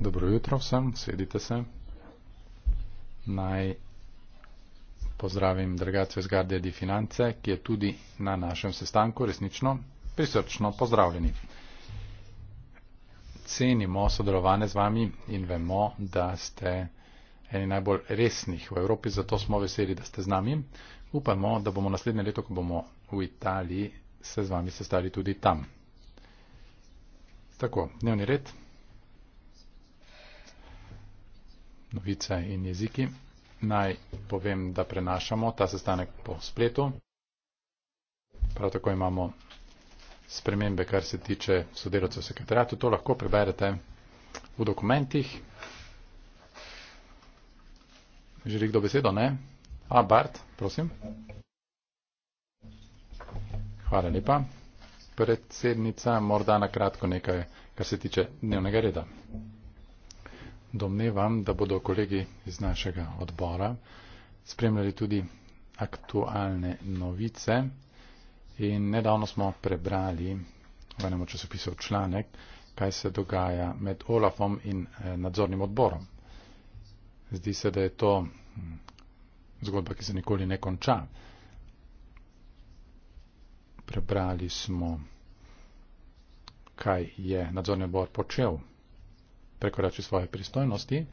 Dobro jutro vsem, sedite se. Naj pozdravim dragacijo z Gardije di Finance, ki je tudi na našem sestanku resnično prisrčno pozdravljeni. Cenimo sodelovanje z vami in vemo, da ste eni najbolj resnih v Evropi, zato smo veseli, da ste z nami. Upamo, da bomo naslednje leto, ko bomo v Italiji, se z vami sestali tudi tam. Tako, dnevni red, novice in jeziki. Naj povem, da prenašamo ta sestanek po spletu. Prav tako imamo spremembe, kar se tiče sodelavcev sekretariatu. To lahko preberete v dokumentih. Želi kdo besedo? Ne. A, Bart, prosim. Hvala lepa. Predsednica, morda na kratko nekaj, kar se tiče dnevnega reda. Domnevam, da bodo kolegi iz našega odbora spremljali tudi aktualne novice in nedavno smo prebrali v enem časopisu članek, kaj se dogaja med Olafom in eh, nadzornim odborom. Zdi se, da je to hm, zgodba, ki se nikoli ne konča prebrali smo, kaj je nadzorni odbor počel prekorači svoje pristojnosti.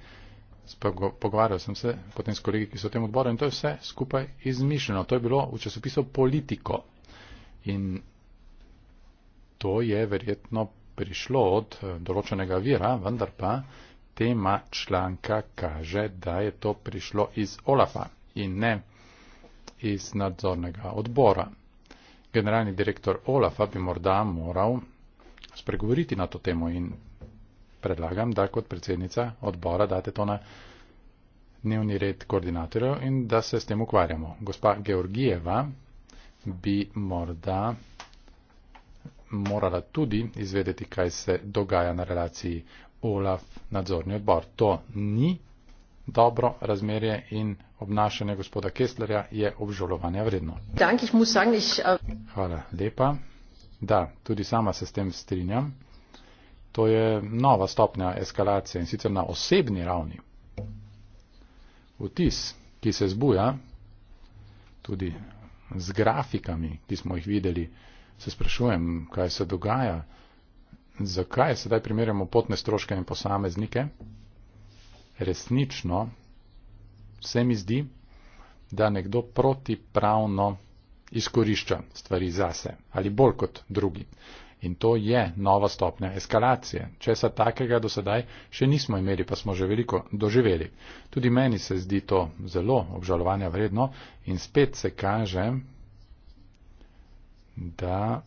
Pogovarjal sem se potem s kolegi, ki so v tem odboru in to je vse skupaj izmišljeno. To je bilo v časopisu politiko in to je verjetno prišlo od eh, določenega vira, vendar pa tema članka kaže, da je to prišlo iz Olafa in ne iz nadzornega odbora generalni direktor OLAF-a bi morda moral spregovoriti na to temo in predlagam, da kot predsednica odbora date to na dnevni red koordinatorjev in da se s tem ukvarjamo. Gospa Georgijeva bi morda morala tudi izvedeti, kaj se dogaja na relaciji OLAF nadzorni odbor. To ni dobro razmerje in obnašanje gospoda Kestlerja je obžalovanja vredno. Äh, Hvala lepa. Da, tudi sama se s tem strinjam. To je nova stopnja eskalacije in sicer na osebni ravni. Vtis, ki se zbuja, tudi z grafikami, ki smo jih videli, se sprašujem, kaj se dogaja, zakaj sedaj primerjamo potne stroške in posameznike resnično se mi zdi, da nekdo protipravno izkorišča stvari zase ali bolj kot drugi. In to je nova stopnja eskalacije. Česa takega do sedaj še nismo imeli, pa smo že veliko doživeli. Tudi meni se zdi to zelo obžalovanja vredno in spet se kaže, da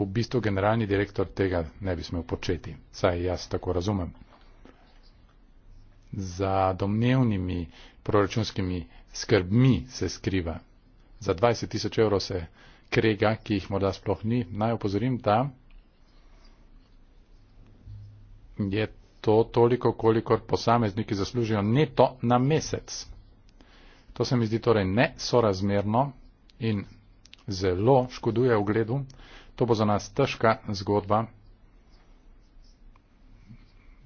v bistvu generalni direktor tega ne bi smel početi. Saj jaz tako razumem za domnevnimi proračunskimi skrbmi se skriva. Za 20 tisoč evrov se krega, ki jih morda sploh ni. Naj opozorim, da je to toliko, kolikor posamezniki zaslužijo neto na mesec. To se mi zdi torej nesorazmerno in zelo škoduje v gledu. To bo za nas težka zgodba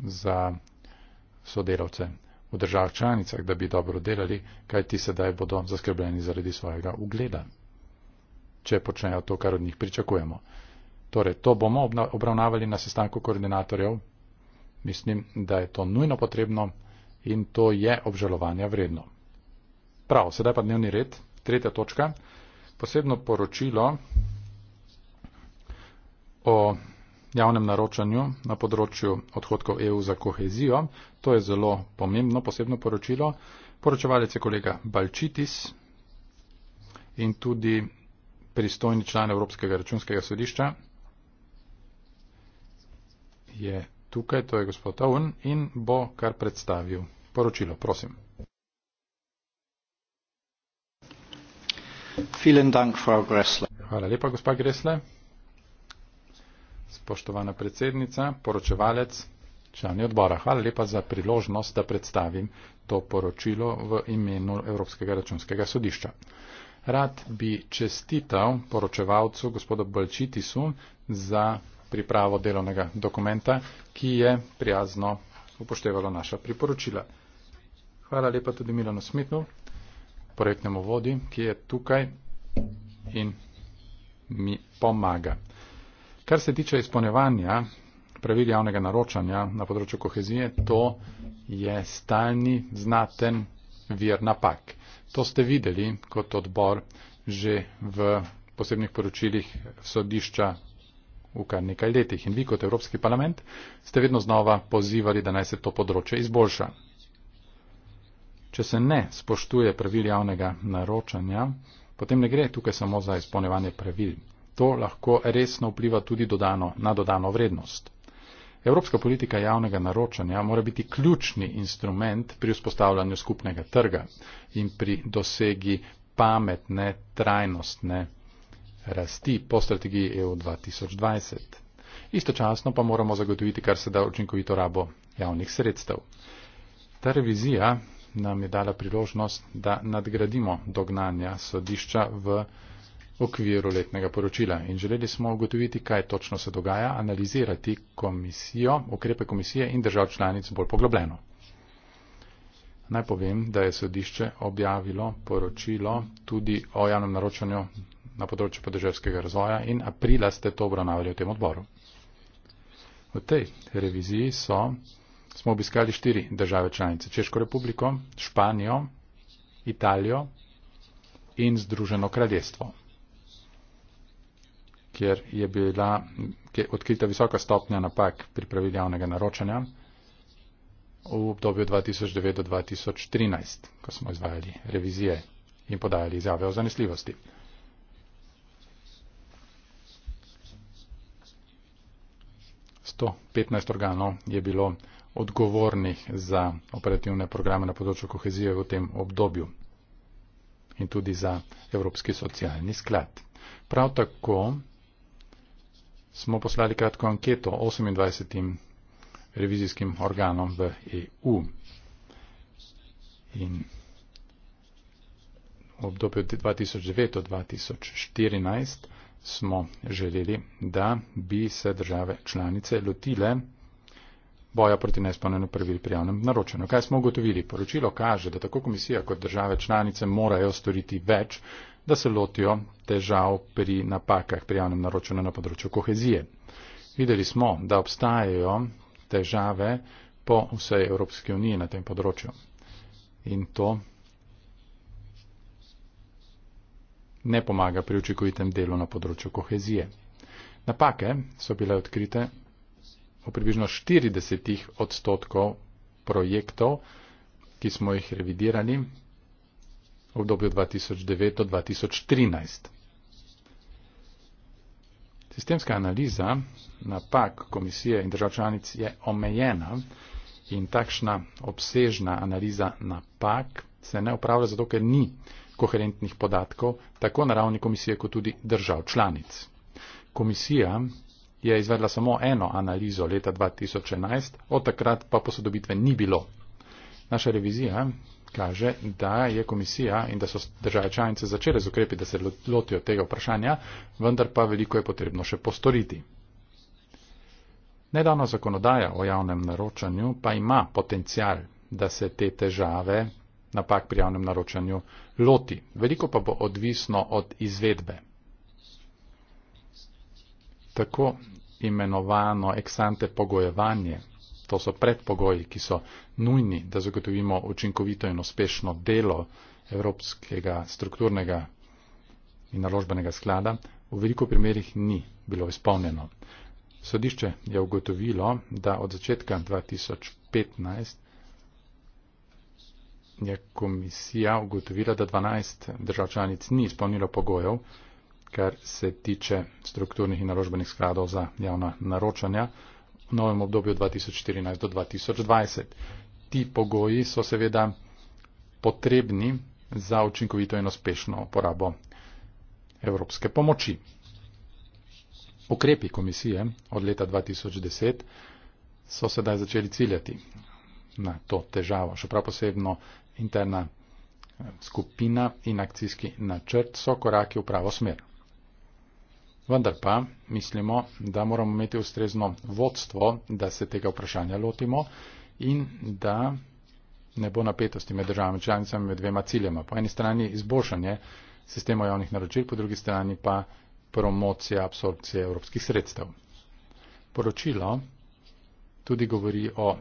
za sodelavce v državah članicah, da bi dobro delali, kaj ti sedaj bodo zaskrbljeni zaradi svojega ugleda, če počnejo to, kar od njih pričakujemo. Torej, to bomo obravnavali na sestanku koordinatorjev. Mislim, da je to nujno potrebno in to je obžalovanja vredno. Prav, sedaj pa dnevni red, tretja točka, posebno poročilo o javnem naročanju na področju odhodkov EU za kohezijo. To je zelo pomembno posebno poročilo. Poročevalec je kolega Balčitis in tudi pristojni član Evropskega računskega sodišča je tukaj, to je gospod Taun in bo kar predstavil poročilo. Prosim. Hvala lepa, gospa Gresle. Spoštovana predsednica, poročevalec, člani odbora, hvala lepa za priložnost, da predstavim to poročilo v imenu Evropskega računskega sodišča. Rad bi čestital poročevalcu gospodu Balčitisu za pripravo delovnega dokumenta, ki je prijazno upoštevalo naša priporočila. Hvala lepa tudi Milano Smitnu, projektnemu vodi, ki je tukaj in mi pomaga. Kar se tiče izpolnevanja pravil javnega naročanja na področju kohezije, to je stalni znaten vir napak. To ste videli kot odbor že v posebnih poročilih sodišča v kar nekaj letih. In vi kot Evropski parlament ste vedno znova pozivali, da naj se to področje izboljša. Če se ne spoštuje pravil javnega naročanja, potem ne gre tukaj samo za izpolnevanje pravil to lahko resno vpliva tudi dodano, na dodano vrednost. Evropska politika javnega naročanja mora biti ključni instrument pri vzpostavljanju skupnega trga in pri dosegi pametne, trajnostne rasti po strategiji EU 2020. Istočasno pa moramo zagotoviti kar se da učinkovito rabo javnih sredstev. Ta revizija nam je dala priložnost, da nadgradimo dognanja sodišča v okviru letnega poročila in želeli smo ugotoviti, kaj točno se dogaja, analizirati komisijo, ukrepe komisije in držav članic bolj poglobljeno. Naj povem, da je sodišče objavilo poročilo tudi o javnem naročanju na področju podeželskega razvoja in aprila ste to obravnavali v tem odboru. V tej reviziji so, smo obiskali štiri države članice. Češko republiko, Španijo, Italijo in Združeno kraljestvo kjer je bila odkrita visoka stopnja napak pri pravil javnega naročanja v obdobju 2009 do 2013, ko smo izvajali revizije in podajali izjave o zanesljivosti. To 15 organov je bilo odgovornih za operativne programe na področju kohezije v tem obdobju in tudi za Evropski socialni sklad. Prav tako smo poslali kratko anketo 28 revizijskim organom v EU. In v obdobju 2009-2014 smo želeli, da bi se države članice lotile boja proti neizpolnjenju pravil pri javnem naročanju. Kaj smo ugotovili? Poročilo kaže, da tako komisija kot države članice morajo storiti več, da se lotijo težav pri napakah pri javnem naročanju na področju kohezije. Videli smo, da obstajajo težave po vsej Evropski uniji na tem področju. In to ne pomaga pri učinkovitem delu na področju kohezije. Napake so bile odkrite v približno 40 odstotkov projektov, ki smo jih revidirali v obdobju 2009 do 2013. Sistemska analiza napak komisije in držav članic je omejena in takšna obsežna analiza napak se ne upravlja zato, ker ni koherentnih podatkov tako na ravni komisije kot tudi držav članic. Komisija je izvedla samo eno analizo leta 2011, od takrat pa posodobitve ni bilo. Naša revizija kaže, da je komisija in da so države članice začele z ukrepi, da se lotijo tega vprašanja, vendar pa veliko je potrebno še postoriti. Nedavna zakonodaja o javnem naročanju pa ima potencial, da se te težave, napak pri javnem naročanju, loti. Veliko pa bo odvisno od izvedbe. Tako imenovano eksante pogojevanje To so predpogoji, ki so nujni, da zagotovimo učinkovito in uspešno delo Evropskega strukturnega in naložbenega sklada. V veliko primerjih ni bilo izpolnjeno. Sodišče je ugotovilo, da od začetka 2015 je komisija ugotovila, da 12 držav članic ni izpolnilo pogojev, kar se tiče strukturnih in naložbenih skladov za javna naročanja v novem obdobju 2014 do 2020. Ti pogoji so seveda potrebni za učinkovito in uspešno uporabo evropske pomoči. Ukrepi komisije od leta 2010 so sedaj začeli ciljati na to težavo. Še prav posebno interna eh, skupina in akcijski načrt so koraki v pravo smer. Vendar pa mislimo, da moramo imeti ustrezno vodstvo, da se tega vprašanja lotimo in da ne bo napetosti med državami članicami med dvema ciljema. Po eni strani izboljšanje sistema javnih naročil, po drugi strani pa promocija absorpcije evropskih sredstev. Poročilo tudi govori o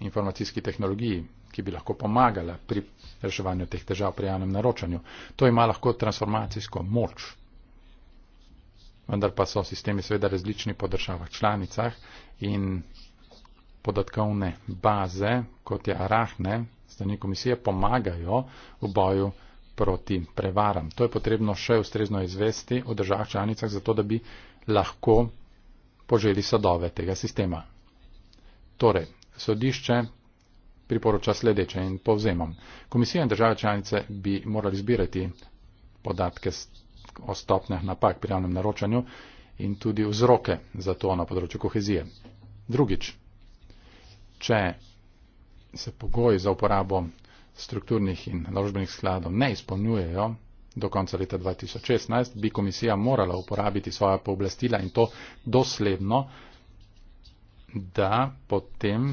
informacijski tehnologiji, ki bi lahko pomagala pri reševanju teh težav pri javnem naročanju. To ima lahko transformacijsko moč vendar pa so sistemi seveda različni po državah članicah in podatkovne baze, kot je Arahne, strani komisije, pomagajo v boju proti prevaram. To je potrebno še ustrezno izvesti v državah članicah, zato da bi lahko poželi sadove tega sistema. Torej, sodišče priporoča sledeče in povzemam. Komisija in države članice bi morali zbirati podatke o stopnjah napak pri javnem naročanju in tudi vzroke za to na področju kohezije. Drugič, če se pogoji za uporabo strukturnih in naložbenih skladov ne izpolnjujejo do konca leta 2016, bi komisija morala uporabiti svoja pooblastila in to dosledno, da potem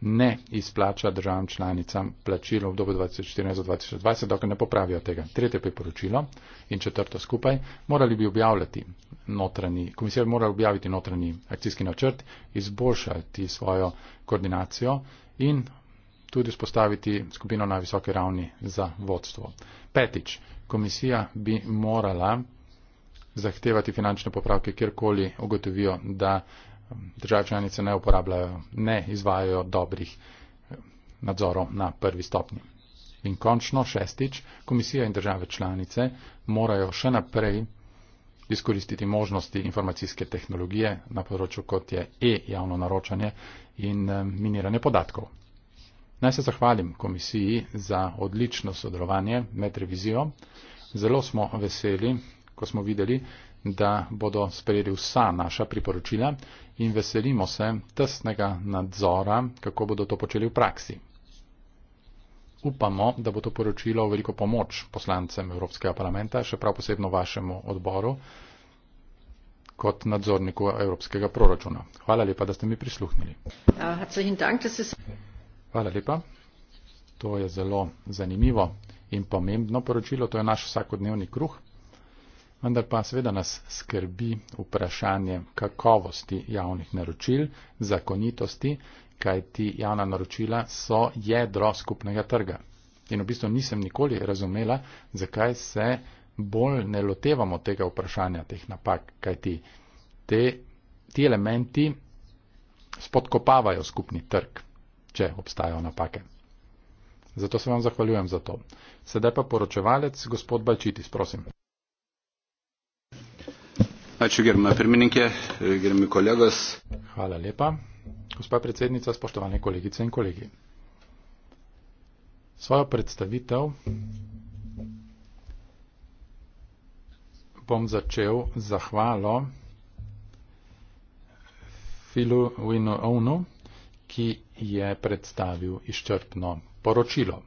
ne izplača državam članicam plačilo v dobu 2014-2020, dokler ne popravijo tega. Tretje priporočilo in četrto skupaj, morali bi objavljati notranji, komisija bi morala objaviti notranji akcijski načrt, izboljšati svojo koordinacijo in tudi spostaviti skupino na visoke ravni za vodstvo. Petič, komisija bi morala zahtevati finančne popravke, kjerkoli ugotovijo, da države članice ne uporabljajo, ne izvajajo dobrih eh, nadzorov na prvi stopni. In končno šestič, komisija in države članice morajo še naprej izkoristiti možnosti informacijske tehnologije na področju kot je e-javno naročanje in eh, miniranje podatkov. Naj se zahvalim komisiji za odlično sodelovanje med revizijo. Zelo smo veseli, ko smo videli, da bodo sprejeli vsa naša priporočila in veselimo se tesnega nadzora, kako bodo to počeli v praksi. Upamo, da bo to poročilo veliko pomoč poslancem Evropskega parlamenta, še prav posebno vašemu odboru kot nadzorniku Evropskega proračuna. Hvala lepa, da ste mi prisluhnili. Ja, Hvala lepa. To je zelo zanimivo in pomembno poročilo. To je naš vsakodnevni kruh vendar pa seveda nas skrbi vprašanje kakovosti javnih naročil, zakonitosti, kaj ti javna naročila so jedro skupnega trga. In v bistvu nisem nikoli razumela, zakaj se bolj ne lotevamo tega vprašanja, teh napak, kaj ti te, ti elementi spodkopavajo skupni trg, če obstajajo napake. Zato se vam zahvaljujem za to. Sedaj pa poročevalec, gospod Bačitis, prosim. Ačiū gerbime pirmininkė, gerbimi kolegos. Hvala lepa. Gospa predsednica, spoštovane kolegice in kolegi. Svojo predstavitev bom začel zahvalo Filu Winoonu, ki je predstavil izčrpno poročilo.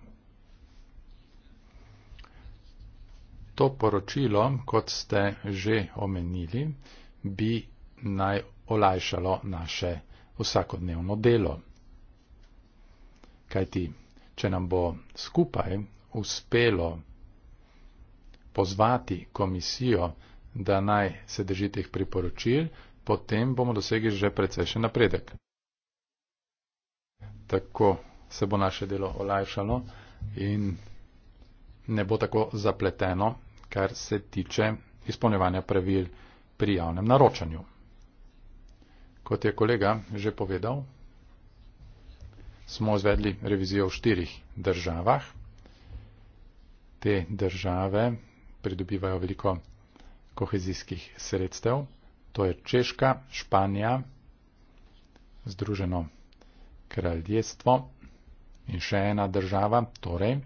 to poročilo, kot ste že omenili, bi naj olajšalo naše vsakodnevno delo. Kajti, če nam bo skupaj uspelo pozvati komisijo, da naj se drži teh priporočil, potem bomo dosegli že precejšen napredek. Tako se bo naše delo olajšalo in ne bo tako zapleteno, kar se tiče izpolnevanja pravil pri javnem naročanju. Kot je kolega že povedal, smo izvedli revizijo v štirih državah. Te države pridobivajo veliko kohezijskih sredstev. To je Češka, Španija, Združeno kraljestvo in še ena država. Torej,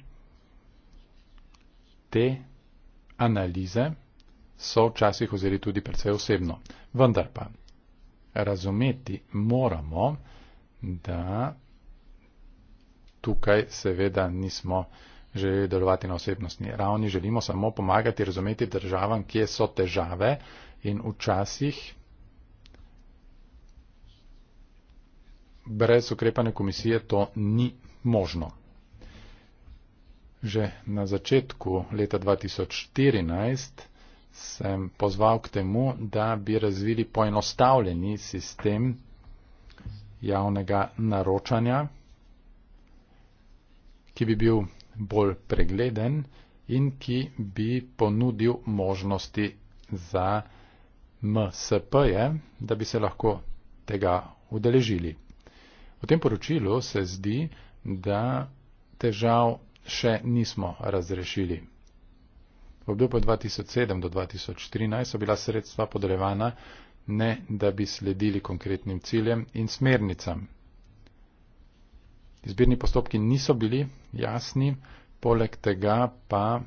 te analize so včasih vzeli tudi precej osebno. Vendar pa razumeti moramo, da tukaj seveda nismo želeli delovati na osebnostni ravni, želimo samo pomagati razumeti državam, kje so težave in včasih brez ukrepane komisije to ni možno. Že na začetku leta 2014 sem pozval k temu, da bi razvili poenostavljeni sistem javnega naročanja, ki bi bil bolj pregleden in ki bi ponudil možnosti za MSP-je, da bi se lahko tega udeležili. V tem poročilu se zdi, da težav še nismo razrešili. V obdobju 2007 do 2013 so bila sredstva podeljevana ne, da bi sledili konkretnim ciljem in smernicam. Izbirni postopki niso bili jasni, poleg tega pa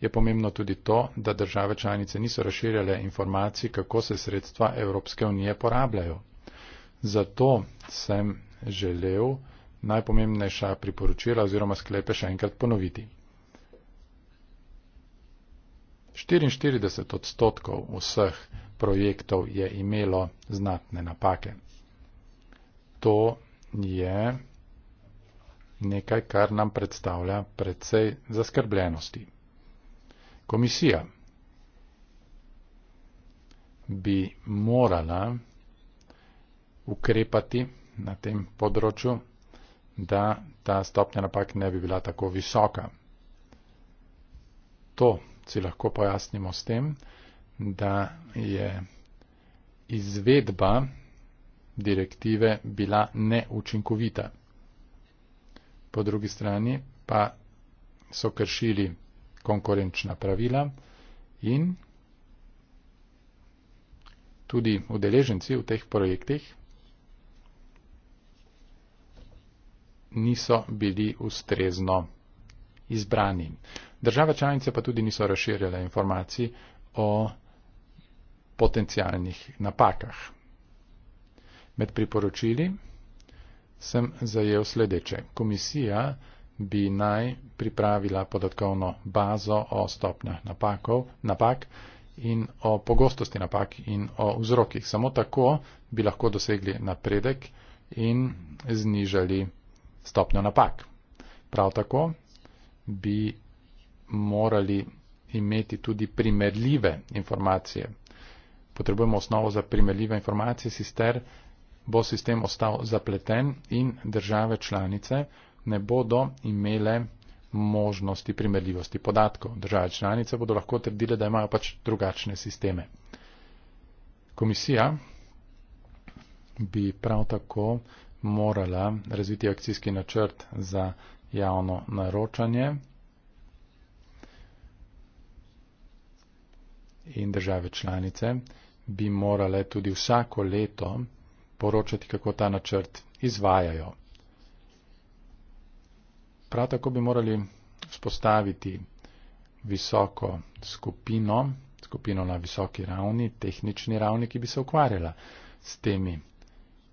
je pomembno tudi to, da države članice niso razširjale informacij, kako se sredstva Evropske unije porabljajo. Zato sem želel, najpomembnejša priporočila oziroma sklepe še enkrat ponoviti. 44 odstotkov vseh projektov je imelo znatne napake. To je nekaj, kar nam predstavlja predvsej zaskrbljenosti. Komisija bi morala ukrepati na tem področju da ta stopnja napak ne bi bila tako visoka. To si lahko pojasnimo s tem, da je izvedba direktive bila neučinkovita. Po drugi strani pa so kršili konkurenčna pravila in tudi udeleženci v teh projektih niso bili ustrezno izbrani. Države članice pa tudi niso razširjale informacij o potencijalnih napakah. Med priporočili sem zajel sledeče. Komisija bi naj pripravila podatkovno bazo o stopnjah napakov, napak in o pogostosti napak in o vzrokih. Samo tako bi lahko dosegli napredek in znižali napak stopnjo napak. Prav tako bi morali imeti tudi primerljive informacije. Potrebujemo osnovo za primerljive informacije, sicer bo sistem ostal zapleten in države članice ne bodo imele možnosti primerljivosti podatkov. Države članice bodo lahko trdile, da imajo pač drugačne sisteme. Komisija bi prav tako morala razviti akcijski načrt za javno naročanje in države članice bi morale tudi vsako leto poročati, kako ta načrt izvajajo. Prav tako bi morali vzpostaviti visoko skupino, skupino na visoki ravni, tehnični ravni, ki bi se ukvarjala s temi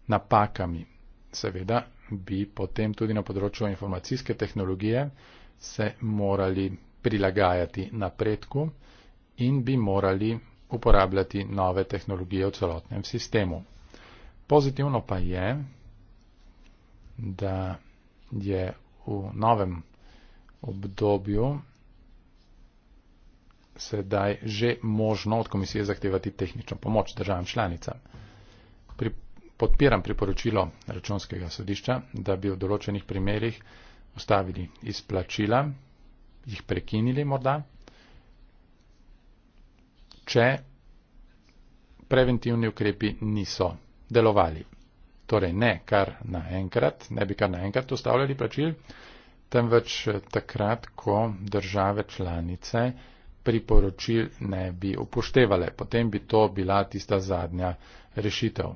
napakami seveda bi potem tudi na področju informacijske tehnologije se morali prilagajati napredku in bi morali uporabljati nove tehnologije v celotnem sistemu. Pozitivno pa je, da je v novem obdobju sedaj že možno od komisije zahtevati tehnično pomoč državam članicam podpiram priporočilo računskega sodišča, da bi v določenih primerjih ustavili izplačila, jih prekinili morda, če preventivni ukrepi niso delovali. Torej ne kar naenkrat, ne bi kar naenkrat ustavljali plačil, temveč eh, takrat, ko države članice priporočil ne bi upoštevale. Potem bi to bila tista zadnja rešitev.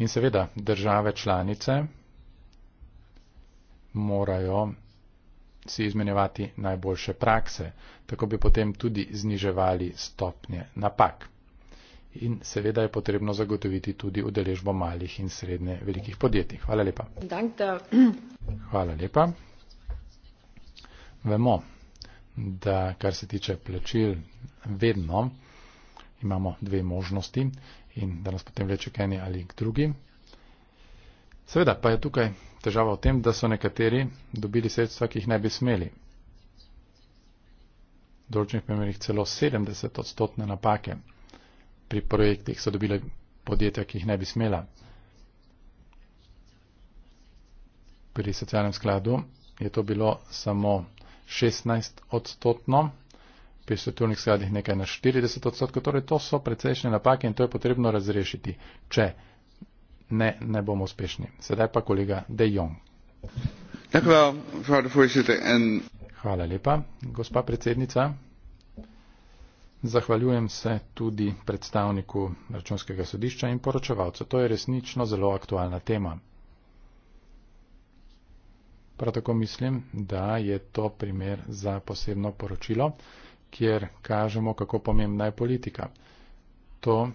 In seveda države članice morajo si izmenjevati najboljše prakse, tako bi potem tudi zniževali stopnje napak. In seveda je potrebno zagotoviti tudi udeležbo malih in srednje velikih podjetij. Hvala lepa. Hvala lepa. Vemo, da kar se tiče plačil, vedno imamo dve možnosti in da nas potem vleče k eni ali k drugi. Seveda pa je tukaj težava v tem, da so nekateri dobili sredstva, ki jih ne bi smeli. V določenih primerih celo 70 odstotne napake pri projektih so dobile podjetja, ki jih ne bi smela. Pri socialnem skladu je to bilo samo 16 odstotno pristotovnih skladih nekaj na 40 odstotkov. Torej, to so precejšnje napake in to je potrebno razrešiti. Če ne, ne bomo uspešni. Sedaj pa kolega De Jong. Hvala lepa, gospa predsednica. Zahvaljujem se tudi predstavniku računskega sodišča in poročevalcu. To je resnično zelo aktualna tema. Prav tako mislim, da je to primer za posebno poročilo kjer kažemo, kako pomembna je politika. To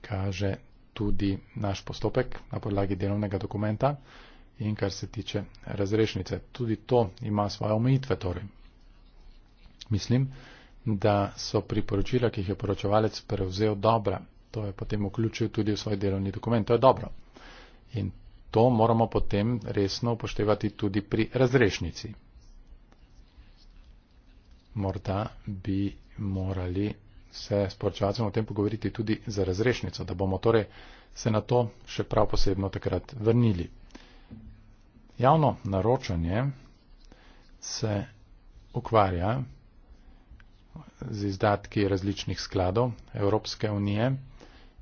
kaže tudi naš postopek na podlagi delovnega dokumenta in kar se tiče razrešnice. Tudi to ima svoje omejitve. Torej. Mislim, da so priporočila, ki jih je poročevalec prevzel, dobra. To je potem vključil tudi v svoj delovni dokument. To je dobro. In to moramo potem resno upoštevati tudi pri razrešnici morda bi morali se s poročevalcem o tem pogovoriti tudi za razrešnico, da bomo torej se na to še prav posebno takrat vrnili. Javno naročanje se ukvarja z izdatki različnih skladov Evropske unije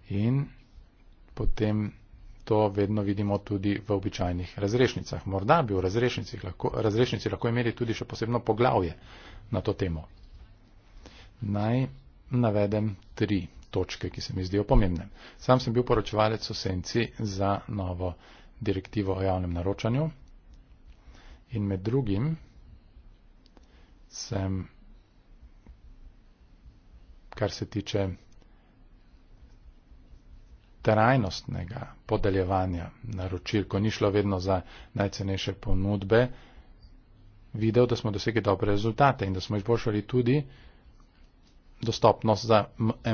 in potem to vedno vidimo tudi v običajnih razrešnicah. Morda bi v razrešnici lahko, razrešnici lahko imeli tudi še posebno poglavje, na to temo. Naj navedem tri točke, ki se mi zdijo pomembne. Sam sem bil poročevalec v Senci za novo direktivo o javnem naročanju in med drugim sem, kar se tiče trajnostnega podeljevanja naročil, ko ni šlo vedno za najcenejše ponudbe, videl, da smo dosegli dobre rezultate in da smo izboljšali tudi dostopnost za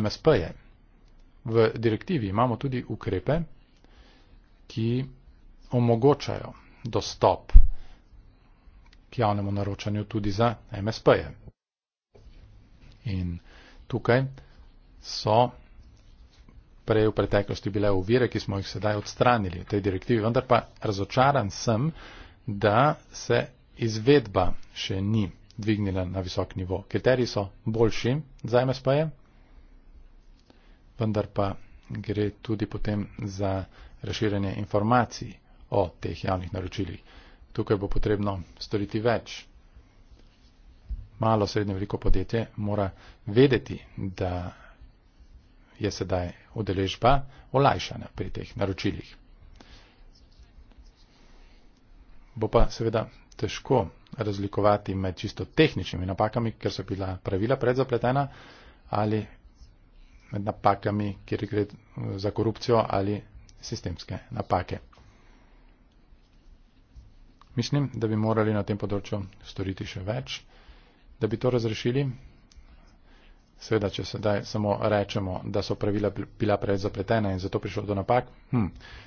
MSP-je. V direktivi imamo tudi ukrepe, ki omogočajo dostop k javnemu naročanju tudi za MSP-je. In tukaj so prej v preteklosti bile uvire, ki smo jih sedaj odstranili v tej direktivi, vendar pa razočaran sem, da se izvedba še ni dvignila na visok nivo. Kriteriji so boljši za MSP-je, vendar pa gre tudi potem za razširjanje informacij o teh javnih naročilih. Tukaj bo potrebno storiti več. Malo srednje veliko podjetje mora vedeti, da je sedaj udeležba olajšana pri teh naročilih. Bo pa seveda težko razlikovati med čisto tehničnimi napakami, ker so bila pravila predzapletena, ali med napakami, kjer gre za korupcijo ali sistemske napake. Mislim, da bi morali na tem področju storiti še več, da bi to razrešili Seveda, če sedaj samo rečemo, da so pravila bila preveč zapletena in zato prišlo do napak, hm,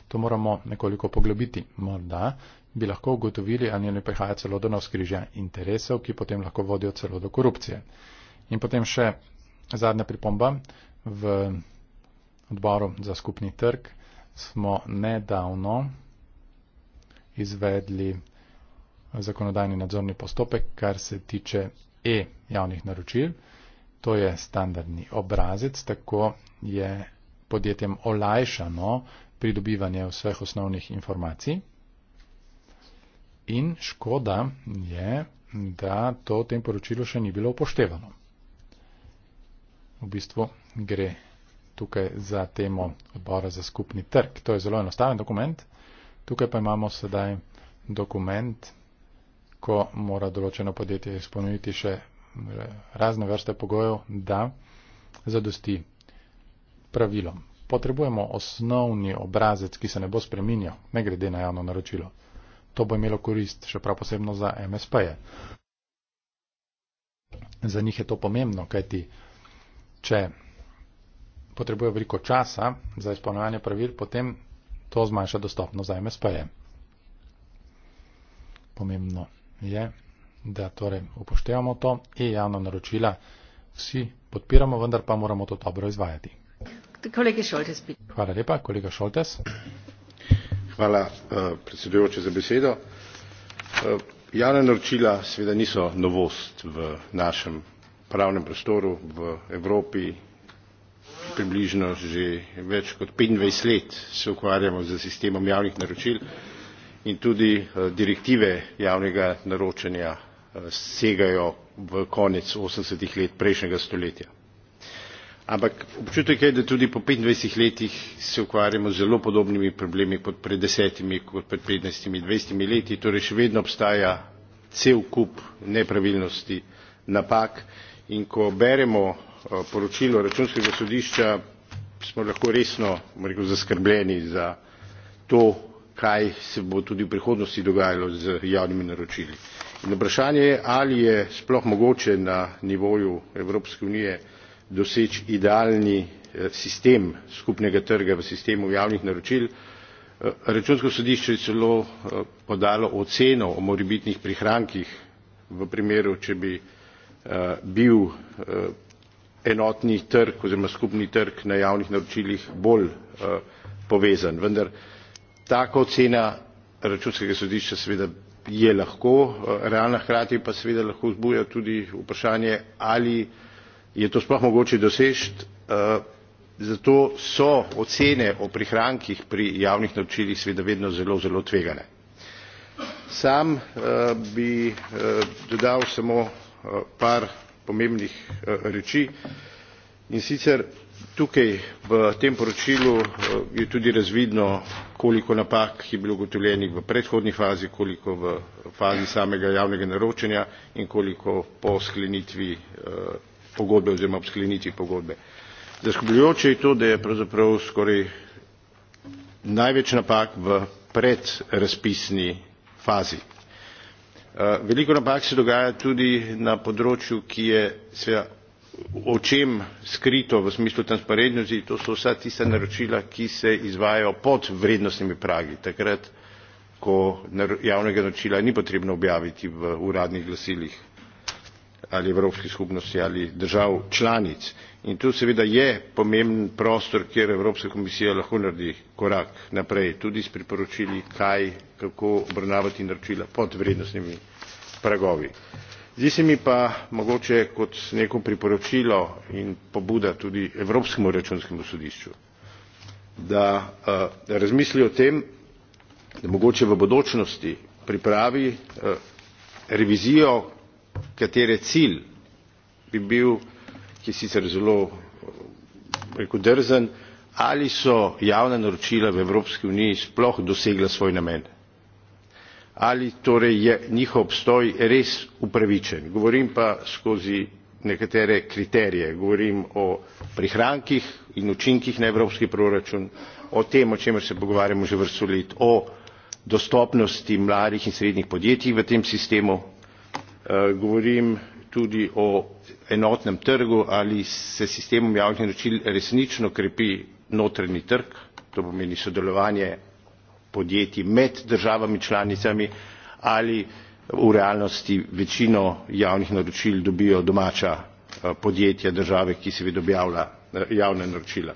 to moramo nekoliko poglobiti. Morda bi lahko ugotovili, ali ne prihaja celo do navskrižja interesov, ki potem lahko vodijo celo do korupcije. In potem še zadnja pripomba. V odboru za skupni trg smo nedavno izvedli zakonodajni nadzorni postopek, kar se tiče e-javnih naročil. To je standardni obrazec, tako je podjetjem olajšano pridobivanje vseh osnovnih informacij. In škoda je, da to v tem poročilu še ni bilo upoštevano. V bistvu gre tukaj za temo odbora za skupni trg. To je zelo enostaven dokument. Tukaj pa imamo sedaj dokument, ko mora določeno podjetje izpolniti še razne vrste pogojev, da zadosti pravilom. Potrebujemo osnovni obrazec, ki se ne bo spreminjal, ne glede na javno naročilo. To bo imelo korist, še prav posebno za MSP-je. Za njih je to pomembno, kajti če potrebujejo veliko časa za izpolnjevanje pravil, potem to zmanjša dostopnost za MSP-je. Pomembno je, da torej upoštevamo to e-javna naročila. Vsi podpiramo, vendar pa moramo to dobro izvajati. Šoltes, Hvala lepa, kolega Šoltes. Hvala, eh, predsedujoče, za besedo. Eh, javna naročila seveda niso novost v našem pravnem prostoru v Evropi. Približno že več kot 25 let se ukvarjamo z sistemom javnih naročil in tudi eh, direktive javnega naročanja Eh, segajo v konec osemdeset ih let prejšnjega stoletja ampak občutek je da tudi po petindvajset letih se ukvarjamo z zelo podobnimi problemi kot pred desetimi kot pred petnajstimi dvajsetimi leti torej še vedno obstaja cel kup nepravilnosti napak in ko beremo eh, poročilo računskega sodišča smo lahko resno bom rekel zaskrbljeni za to kaj se bo tudi v prihodnosti dogajalo z javnimi naročili in vprašanje je ali je sploh mogoče na nivoju evropske unije doseči idealni eh, sistem skupnega trga v sistemu javnih naročil. Eh, računsko sodišče je celo eh, podalo oceno o morebitnih prihrankih v primeru če bi bil enotni trg oziroma skupni trg na javnih naročilih bolj povezan vendar taka ocena računskega sodišča seveda je lahko eh, realna hkrati pa seveda lahko vzbuja tudi vprašanje ali je to sploh mogoče doseči eh, zato so ocene o prihrankih pri javnih naročilih seveda vedno zelo zelo tvegane. sam eh, bi dodal samo par pomembnih reči in sicer tukaj v tem poročilu eh, je tudi razvidno koliko napak je bilo ugotovljenih v predhodni fazi koliko v fazi samega javnega naročanja in koliko po sklenitvi eh, pogodbe oziroma ob sklenitvi pogodbe. zaskrbljujoče je to da je pravzaprav skoraj največ napak v predrazpisni fazi. Eh, veliko napak se dogaja tudi na področju ki je seveda očem skrito v smislu transparentnosti to so vsa tista naročila ki se izvajajo pod vrednostnimi pragi takrat ko javnega naročila ni potrebno objaviti v uradnih glasilih ali evropske skupnosti ali držav članic in tu seveda je pomemben prostor kjer evropska komisija lahko naredi korak naprej tudi s priporočili kaj kako obravnavati naročila pod vrednostnimi pragovi zdi se mi pa mogoče kot neko priporočilo in pobuda tudi evropskemu računskemu sodišču da eh, razmisli o tem da mogoče v bodočnosti pripravi eh, revizijo katere cilj bi bil ki je sicer zelo bi eh, rekel drzen ali so javna naročila v evropski uniji sploh dosegla svoj namen ali torej je njihov obstoj res upravičen govorim pa skozi nekatere kriterije govorim o prihrankih in učinkih na evropski proračun o tem o čemer se pogovarjamo že vrsto let o dostopnosti mladih in srednjih podjetij v tem sistemu eh, govorim tudi o enotnem trgu ali se s sistemom javnih naročil resnično krepi notranji trg to pomeni sodelovanje podjetij med državami članicami ali v realnosti večino javnih naročil dobijo domača eh, podjetja države, ki seveda objavlja eh, javna naročila.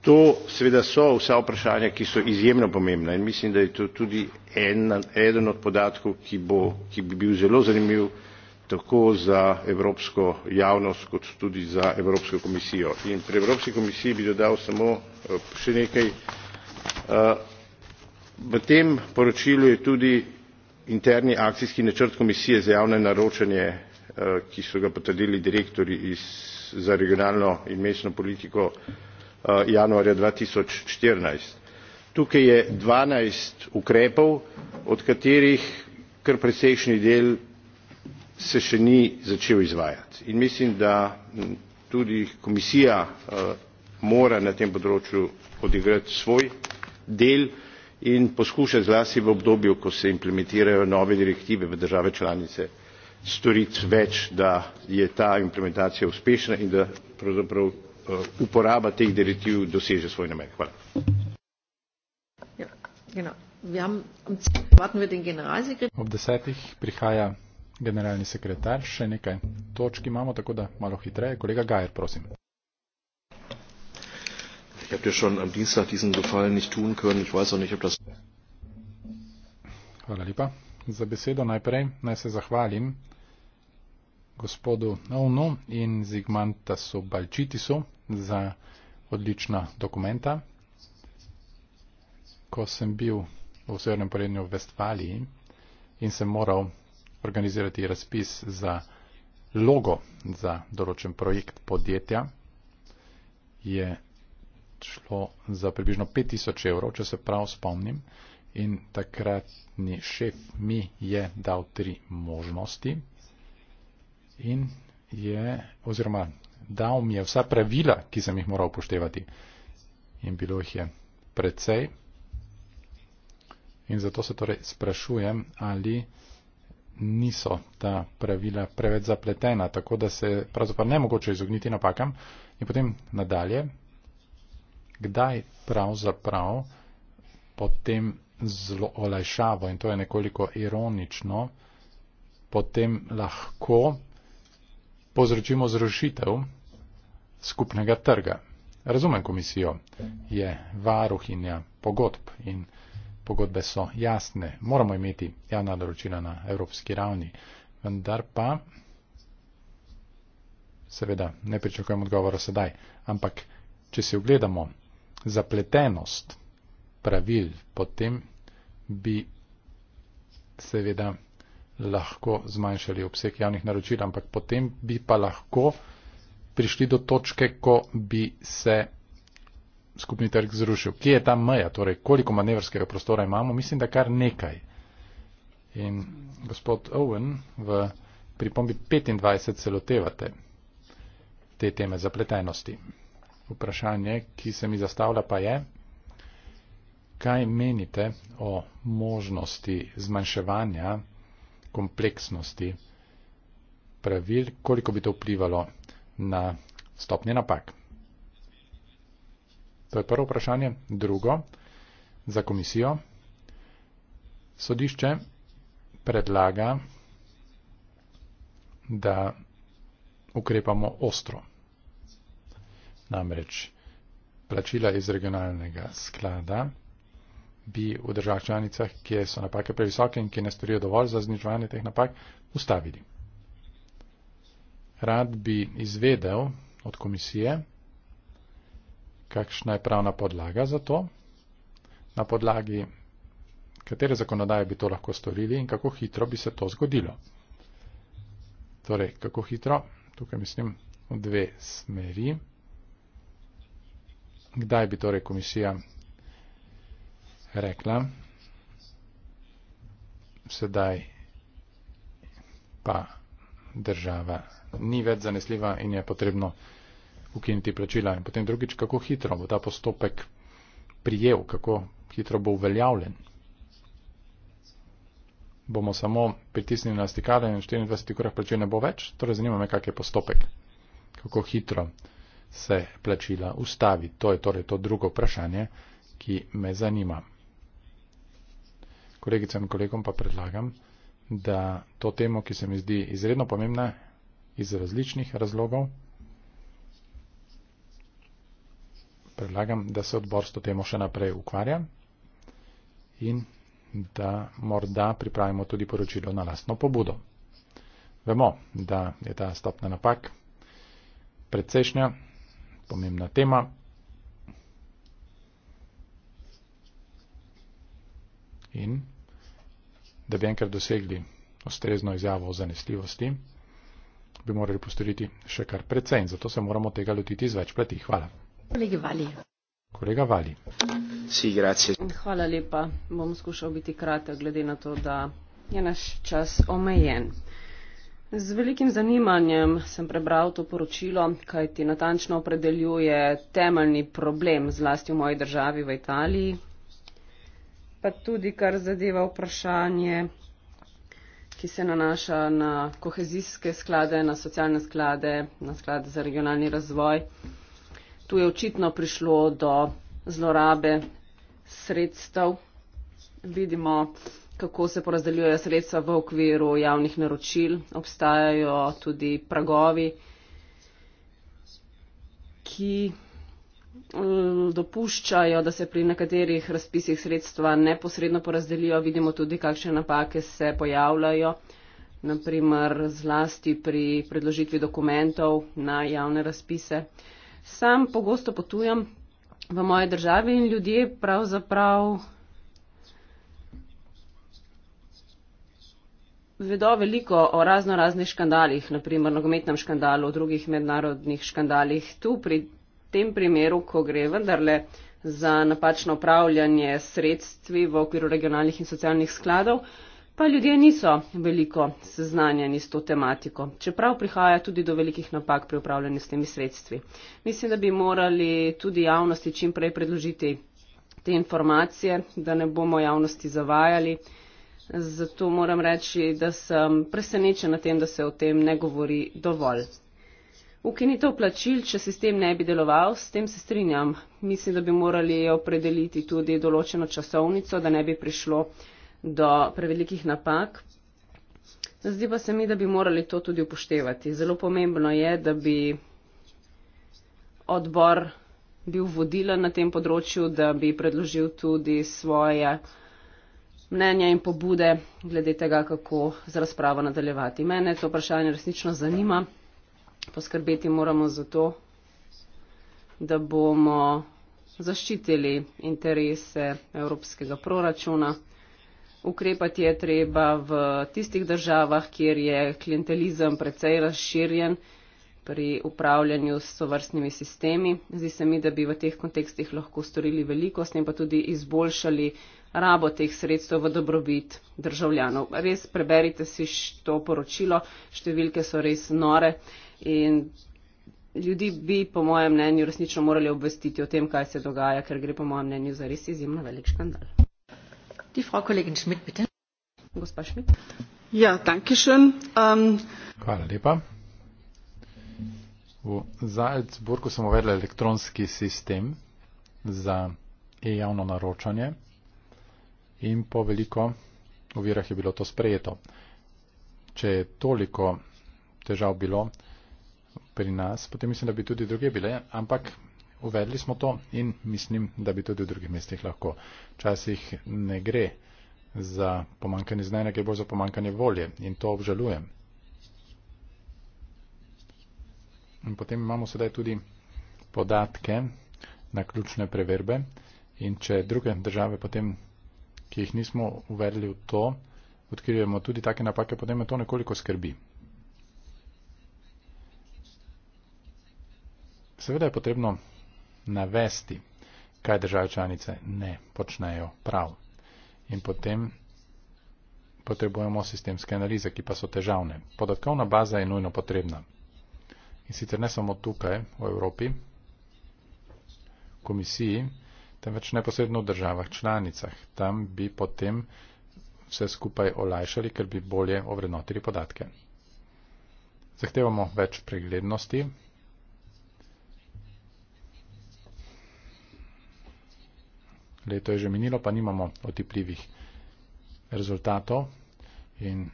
To seveda so vsa vprašanja, ki so izjemno pomembna in mislim, da je to tudi en, eden od podatkov, ki, bo, ki bi bil zelo zanimiv tako za evropsko javnost kot tudi za Evropsko komisijo. In pri Evropski komisiji bi dodal samo eh, še nekaj v tem poročilu je tudi interni akcijski načrt komisije za javno naročanje eh, ki so ga potrdili direktorji za regionalno in mestno politiko eh, januarja. dva tisoč štirinajst tukaj je dvanajst ukrepov od katerih kar precejšnji del se še ni začel izvajati in mislim da tudi komisija eh, mora na tem področju odigrati svoj del in poskušati zlasti v obdobju ko se implementirajo nove direktive v države članice storiti več da je ta implementacija uspešna in da pravzaprav eh, uporaba teh direktiv doseže svoj namen. Hvala. Ja, Ob desetih prihaja generalni sekretar, še nekaj točk imamo, tako da malo hitreje. Kolega Gajer, prosim. Ich habe dir schon am Dienstag diesen Gefallen nicht tun können. Ich weiß auch nicht, ob das. Hvala lepa. Za besedo najprej naj se zahvalim gospodu Ovnu in Zigmantasu Balčitisu za odlična dokumenta. Ko sem bil v severnem porednju v Vestfaliji in sem moral organizirati razpis za logo za določen projekt podjetja, je šlo za približno 5000 evrov, če se prav spomnim. In takratni šef mi je dal tri možnosti in je, oziroma dal mi je vsa pravila, ki sem jih moral upoštevati. In bilo jih je precej. In zato se torej sprašujem, ali niso ta pravila preveč zapletena, tako da se pravzaprav ne mogoče izogniti napakam. In potem nadalje kdaj pravzaprav potem zelo olajšavo, in to je nekoliko ironično, potem lahko povzročimo zrušitev skupnega trga. Razumem komisijo, je varuhinja pogodb in pogodbe so jasne, moramo imeti javna določila na evropski ravni, vendar pa seveda ne pričakujem odgovora sedaj, ampak če si ogledamo zapletenost pravil, potem bi seveda lahko zmanjšali obseg javnih naročil, ampak potem bi pa lahko prišli do točke, ko bi se skupni trg zrušil. Kje je ta meja, torej koliko manevrskega prostora imamo? Mislim, da kar nekaj. In gospod Owen v pripombi 25 se lotevate te teme zapletenosti vprašanje, ki se mi zastavlja, pa je, kaj menite o možnosti zmanjševanja kompleksnosti pravil, koliko bi to vplivalo na stopnje napak. To je prvo vprašanje. Drugo, za komisijo. Sodišče predlaga, da ukrepamo ostro. Namreč plačila iz regionalnega sklada bi v državah članicah, kjer so napake previsoke in ki ne storijo dovolj za znižovanje teh napak, ustavili. Rad bi izvedel od komisije, kakšna je pravna podlaga za to, na podlagi katere zakonodaje bi to lahko storili in kako hitro bi se to zgodilo. Torej, kako hitro, tukaj mislim, v dve smeri kdaj bi torej komisija rekla, sedaj pa država ni več zanesljiva in je potrebno ukiniti plačila. In potem drugič, kako hitro bo ta postopek prijel, kako hitro bo uveljavljen. Bomo samo pritisnili na stikale in 24 urah plačil ne bo več. Torej zanima me, kak je postopek, kako hitro se plačila ustavi. To je torej to drugo vprašanje, ki me zanima. Kolegicam in kolegom pa predlagam, da to temo, ki se mi zdi izredno pomembna iz različnih razlogov, predlagam, da se odbor s to temo še naprej ukvarja in da morda pripravimo tudi poročilo na lastno pobudo. Vemo, da je ta stopna napak predsešnja pomembna tema. In da bi enkrat dosegli ustrezno izjavo o zanesljivosti, bi morali postoriti še kar precej in zato se moramo tega lotiti z več plati. Hvala. Kolega Vali. Kolega Vali. Si, grazie. Hvala lepa. Bom skušal biti kratek, glede na to, da je naš čas omejen. Z velikim zanimanjem sem prebral to poročilo, kaj ti natančno opredeljuje temeljni problem zlasti v moji državi v Italiji, pa tudi kar zadeva vprašanje, ki se nanaša na kohezijske sklade, na socialne sklade, na sklade za regionalni razvoj. Tu je očitno prišlo do zlorabe sredstev. Vidimo, kako se porazdeljujejo sredstva v okviru javnih naročil. Obstajajo tudi pragovi, ki eh, dopuščajo, da se pri nekaterih razpisih sredstva neposredno porazdelijo. Vidimo tudi, kakšne napake se pojavljajo, naprimer zlasti pri predložitvi dokumentov na javne razpise. Sam pogosto potujem v moje državi in ljudje pravzaprav vedo veliko o razno raznih škandalih, naprimer nogometnem škandalu, drugih mednarodnih škandalih. Tu pri tem primeru, ko gre vendarle za napačno upravljanje sredstvi v okviru regionalnih in socialnih skladov, pa ljudje niso veliko seznanjeni s to tematiko, čeprav prihaja tudi do velikih napak pri upravljanju s temi sredstvi. Mislim, da bi morali tudi javnosti čim prej predložiti te informacije, da ne bomo javnosti zavajali. Zato moram reči, da sem presenečen na tem, da se o tem ne govori dovolj. Ukinitev plačil, če sistem ne bi deloval, s tem se strinjam. Mislim, da bi morali opredeliti tudi določeno časovnico, da ne bi prišlo do prevelikih napak. Zdi pa se mi, da bi morali to tudi upoštevati. Zelo pomembno je, da bi odbor bil vodila na tem področju, da bi predložil tudi svoje mnenja in pobude glede tega, kako z razpravo nadaljevati. Mene to vprašanje resnično zanima. Poskrbeti moramo za to, da bomo zaščitili interese evropskega proračuna. Ukrepati je treba v tistih državah, kjer je klientelizem precej razširjen pri upravljanju s sovrstnimi sistemi. Zdi se mi, da bi v teh kontekstih lahko storili veliko s tem pa tudi izboljšali rabo teh sredstev v dobrobit državljanov. Res preberite si to poročilo, številke so res nore in ljudi bi, po mojem mnenju, resnično morali obvestiti o tem, kaj se dogaja, ker gre, po mojem mnenju, za res izjemno velik škandal. Ja, danke schön. Um, Hvala lepa. V Zalcburgu smo uvedli elektronski sistem za e-javno naročanje in po veliko ovirah je bilo to sprejeto. Če je toliko težav bilo pri nas, potem mislim, da bi tudi druge bile, ampak uvedli smo to in mislim, da bi tudi v drugih mestih lahko. Včasih ne gre za pomankanje znanja, gre bolj za pomankanje volje in to obžalujem. In potem imamo sedaj tudi podatke na ključne preverbe in če druge države potem ki jih nismo uvedli v to, odkrijemo tudi take napake, potem me to nekoliko skrbi. Seveda je potrebno navesti, kaj države članice ne počnejo prav. In potem potrebujemo sistemske analize, ki pa so težavne. Podatkovna baza je nujno potrebna. In sicer ne samo tukaj, v Evropi, komisiji, temveč neposredno v državah članicah. Tam bi potem vse skupaj olajšali, ker bi bolje ovrednotili podatke. Zahtevamo več preglednosti. Leto je že minilo, pa nimamo otipljivih rezultatov in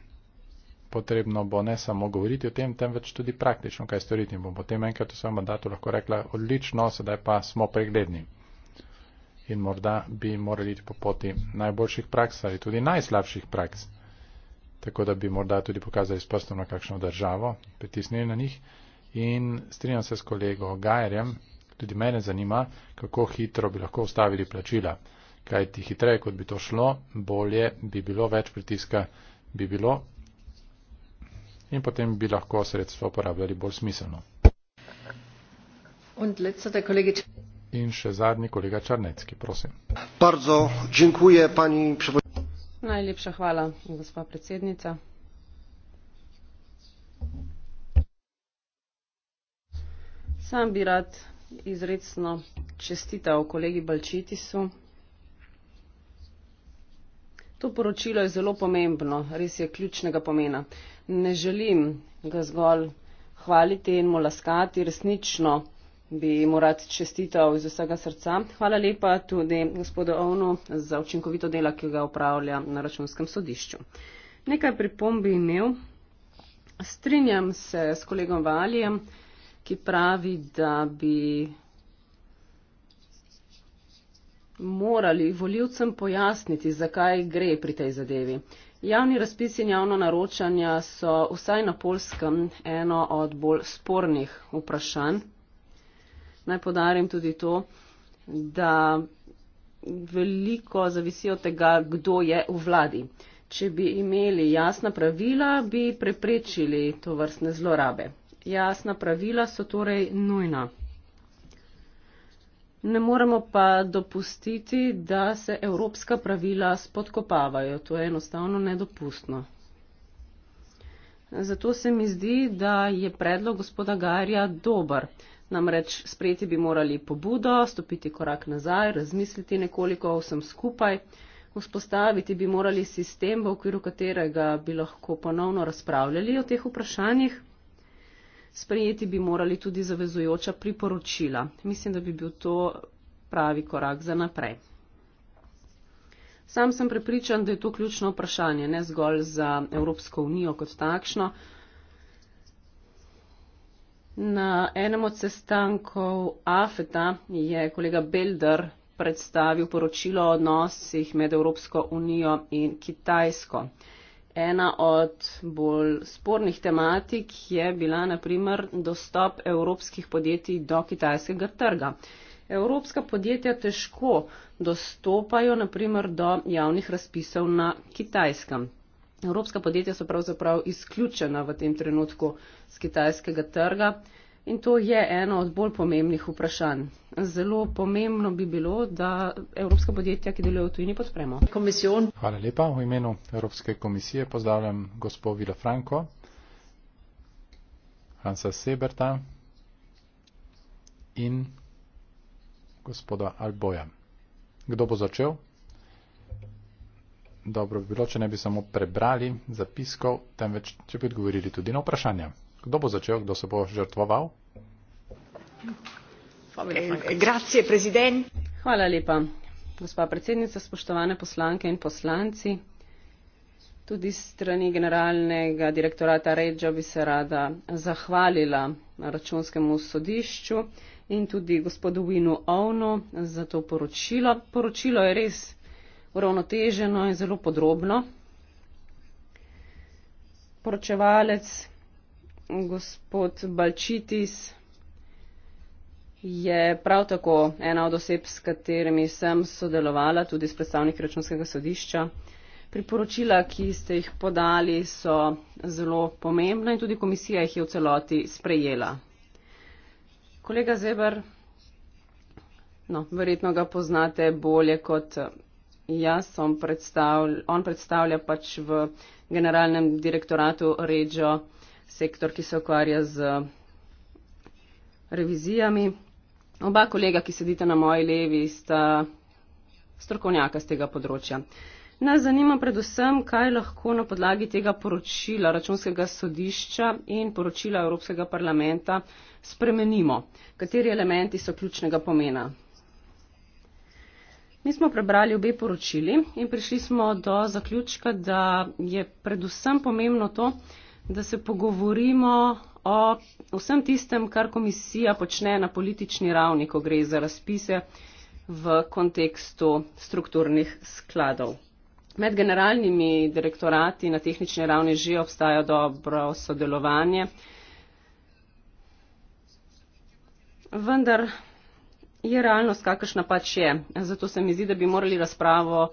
potrebno bo ne samo govoriti o tem, temveč tudi praktično kaj storiti. Bom potem enkrat v svojem mandatu lahko rekla, odlično, sedaj pa smo pregledni in morda bi morali iti po poti najboljših praks ali tudi najslabših praks. Tako da bi morda tudi pokazali s prstom na kakšno državo, pritisnili na njih in strinjam se s kolego Gajerjem, tudi mene zanima, kako hitro bi lahko ustavili plačila. Kaj ti hitreje, kot bi to šlo, bolje bi bilo, več pritiska bi bilo in potem bi lahko sredstvo uporabljali bolj smiselno. In še zadnji kolega Črnecki, prosim. Bardzo, dziękuję, pani... Najlepša hvala, gospa predsednica. Sam bi rad izredno čestital kolegi Balčitisu. To poročilo je zelo pomembno, res je ključnega pomena. Ne želim ga zgolj hvaliti in molaskati, resnično bi mu rad čestital iz vsega srca. Hvala lepa tudi gospodu Ovnu za učinkovito delo, ki ga upravlja na računskem sodišču. Nekaj pripombi imel. Strinjam se s kolegom Valjem, ki pravi, da bi morali voljivcem pojasniti, zakaj gre pri tej zadevi. Javni razpis in javno naročanja so vsaj na polskem eno od bolj spornih vprašanj. Naj podarim tudi to, da veliko zavisi od tega, kdo je v vladi. Če bi imeli jasna pravila, bi preprečili to vrstne zlorabe. Jasna pravila so torej nujna. Ne moremo pa dopustiti, da se evropska pravila spodkopavajo. To je enostavno nedopustno. Zato se mi zdi, da je predlog gospoda Garja dober. Namreč sprejeti bi morali pobudo, stopiti korak nazaj, razmisliti nekoliko o vsem skupaj, vzpostaviti bi morali sistem, v okviru katerega bi lahko ponovno razpravljali o teh vprašanjih. Sprejeti bi morali tudi zavezujoča priporočila. Mislim, da bi bil to pravi korak za naprej. Sam sem prepričan, da je to ključno vprašanje, ne zgolj za Evropsko unijo kot takšno, Na enem od sestankov AFETA e je kolega Belder predstavil poročilo o odnosih med Evropsko unijo in Kitajsko. Ena od bolj spornih tematik je bila naprimer dostop evropskih podjetij do kitajskega trga. Evropska podjetja težko dostopajo naprimer do javnih razpisov na kitajskem. Evropska podjetja so pravzaprav izključena v tem trenutku z kitajskega trga in to je eno od bolj pomembnih vprašanj. Zelo pomembno bi bilo, da evropska podjetja, ki delujejo v tujini, podpremo. Komisjon. Hvala lepa. V imenu Evropske komisije pozdravljam gospod Vila Franko, Hansa Seberta in gospoda Alboja. Kdo bo začel? dobro bi bilo, če ne bi samo prebrali zapiskov, temveč če bi odgovorili tudi na vprašanja. Kdo bo začel, kdo se bo žrtvoval? Eh, Hvala lepa, gospa predsednica, spoštovane poslanke in poslanci. Tudi strani generalnega direktorata Reggio bi se rada zahvalila računskemu sodišču in tudi gospodu Winu Ovnu za to poročilo. Poročilo je res uravnoteženo in zelo podrobno. Poročevalec gospod Balčitis je prav tako ena od oseb, s katerimi sem sodelovala, tudi s predstavniki računskega sodišča. Priporočila, ki ste jih podali, so zelo pomembna in tudi komisija jih je v celoti sprejela. Kolega Zeber, no, verjetno ga poznate bolje kot Jaz sem predstavljal, on predstavlja pač v generalnem direktoratu Regio sektor, ki se ukvarja z revizijami. Oba kolega, ki sedite na moji levi, sta strokovnjaka z tega področja. Nas zanima predvsem, kaj lahko na podlagi tega poročila računskega sodišča in poročila Evropskega parlamenta spremenimo. Kateri elementi so ključnega pomena? Mi smo prebrali obe poročili in prišli smo do zaključka, da je predvsem pomembno to, da se pogovorimo o vsem tistem, kar komisija počne na politični ravni, ko gre za razpise v kontekstu strukturnih skladov. Med generalnimi direktorati na tehnični ravni že obstaja dobro sodelovanje. Vendar je realnost, kakršna pač je. Zato se mi zdi, da bi morali razpravo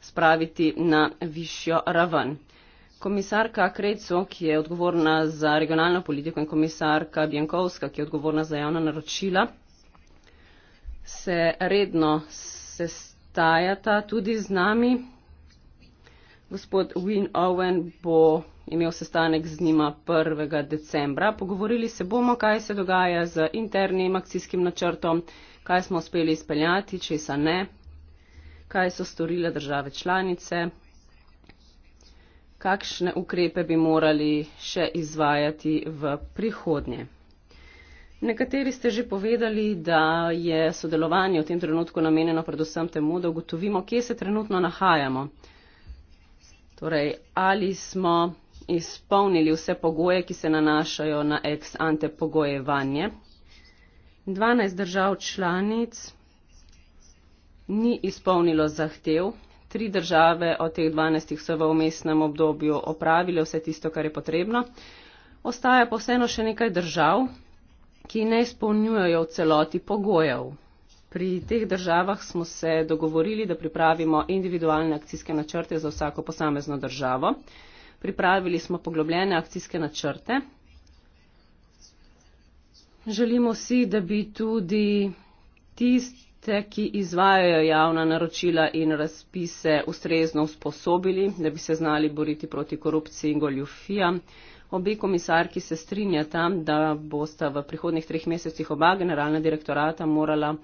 spraviti na višjo raven. Komisarka Krejco, ki je odgovorna za regionalno politiko in komisarka Bjankovska, ki je odgovorna za javna naročila, se redno sestajata tudi z nami. Gospod Win Owen bo imel sestanek z njima 1. decembra. Pogovorili se bomo, kaj se dogaja z internim akcijskim načrtom kaj smo uspeli izpeljati, česa ne, kaj so storile države članice, kakšne ukrepe bi morali še izvajati v prihodnje. Nekateri ste že povedali, da je sodelovanje v tem trenutku namenjeno predvsem temu, da ugotovimo, kje se trenutno nahajamo. Torej, ali smo izpolnili vse pogoje, ki se nanašajo na ex ante pogojevanje, 12 držav članic ni izpolnilo zahtev, tri države od teh 12 so v umestnem obdobju opravile vse tisto, kar je potrebno. Ostaja pa vseeno še nekaj držav, ki ne izpolnjujejo v celoti pogojev. Pri teh državah smo se dogovorili, da pripravimo individualne akcijske načrte za vsako posamezno državo. Pripravili smo poglobljene akcijske načrte, Želimo si, da bi tudi tiste, ki izvajajo javna naročila in razpise, ustrezno usposobili, da bi se znali boriti proti korupciji in goljufijam. Obe komisarki se strinjata, da bosta v prihodnih treh mesecih oba generalna direktorata morala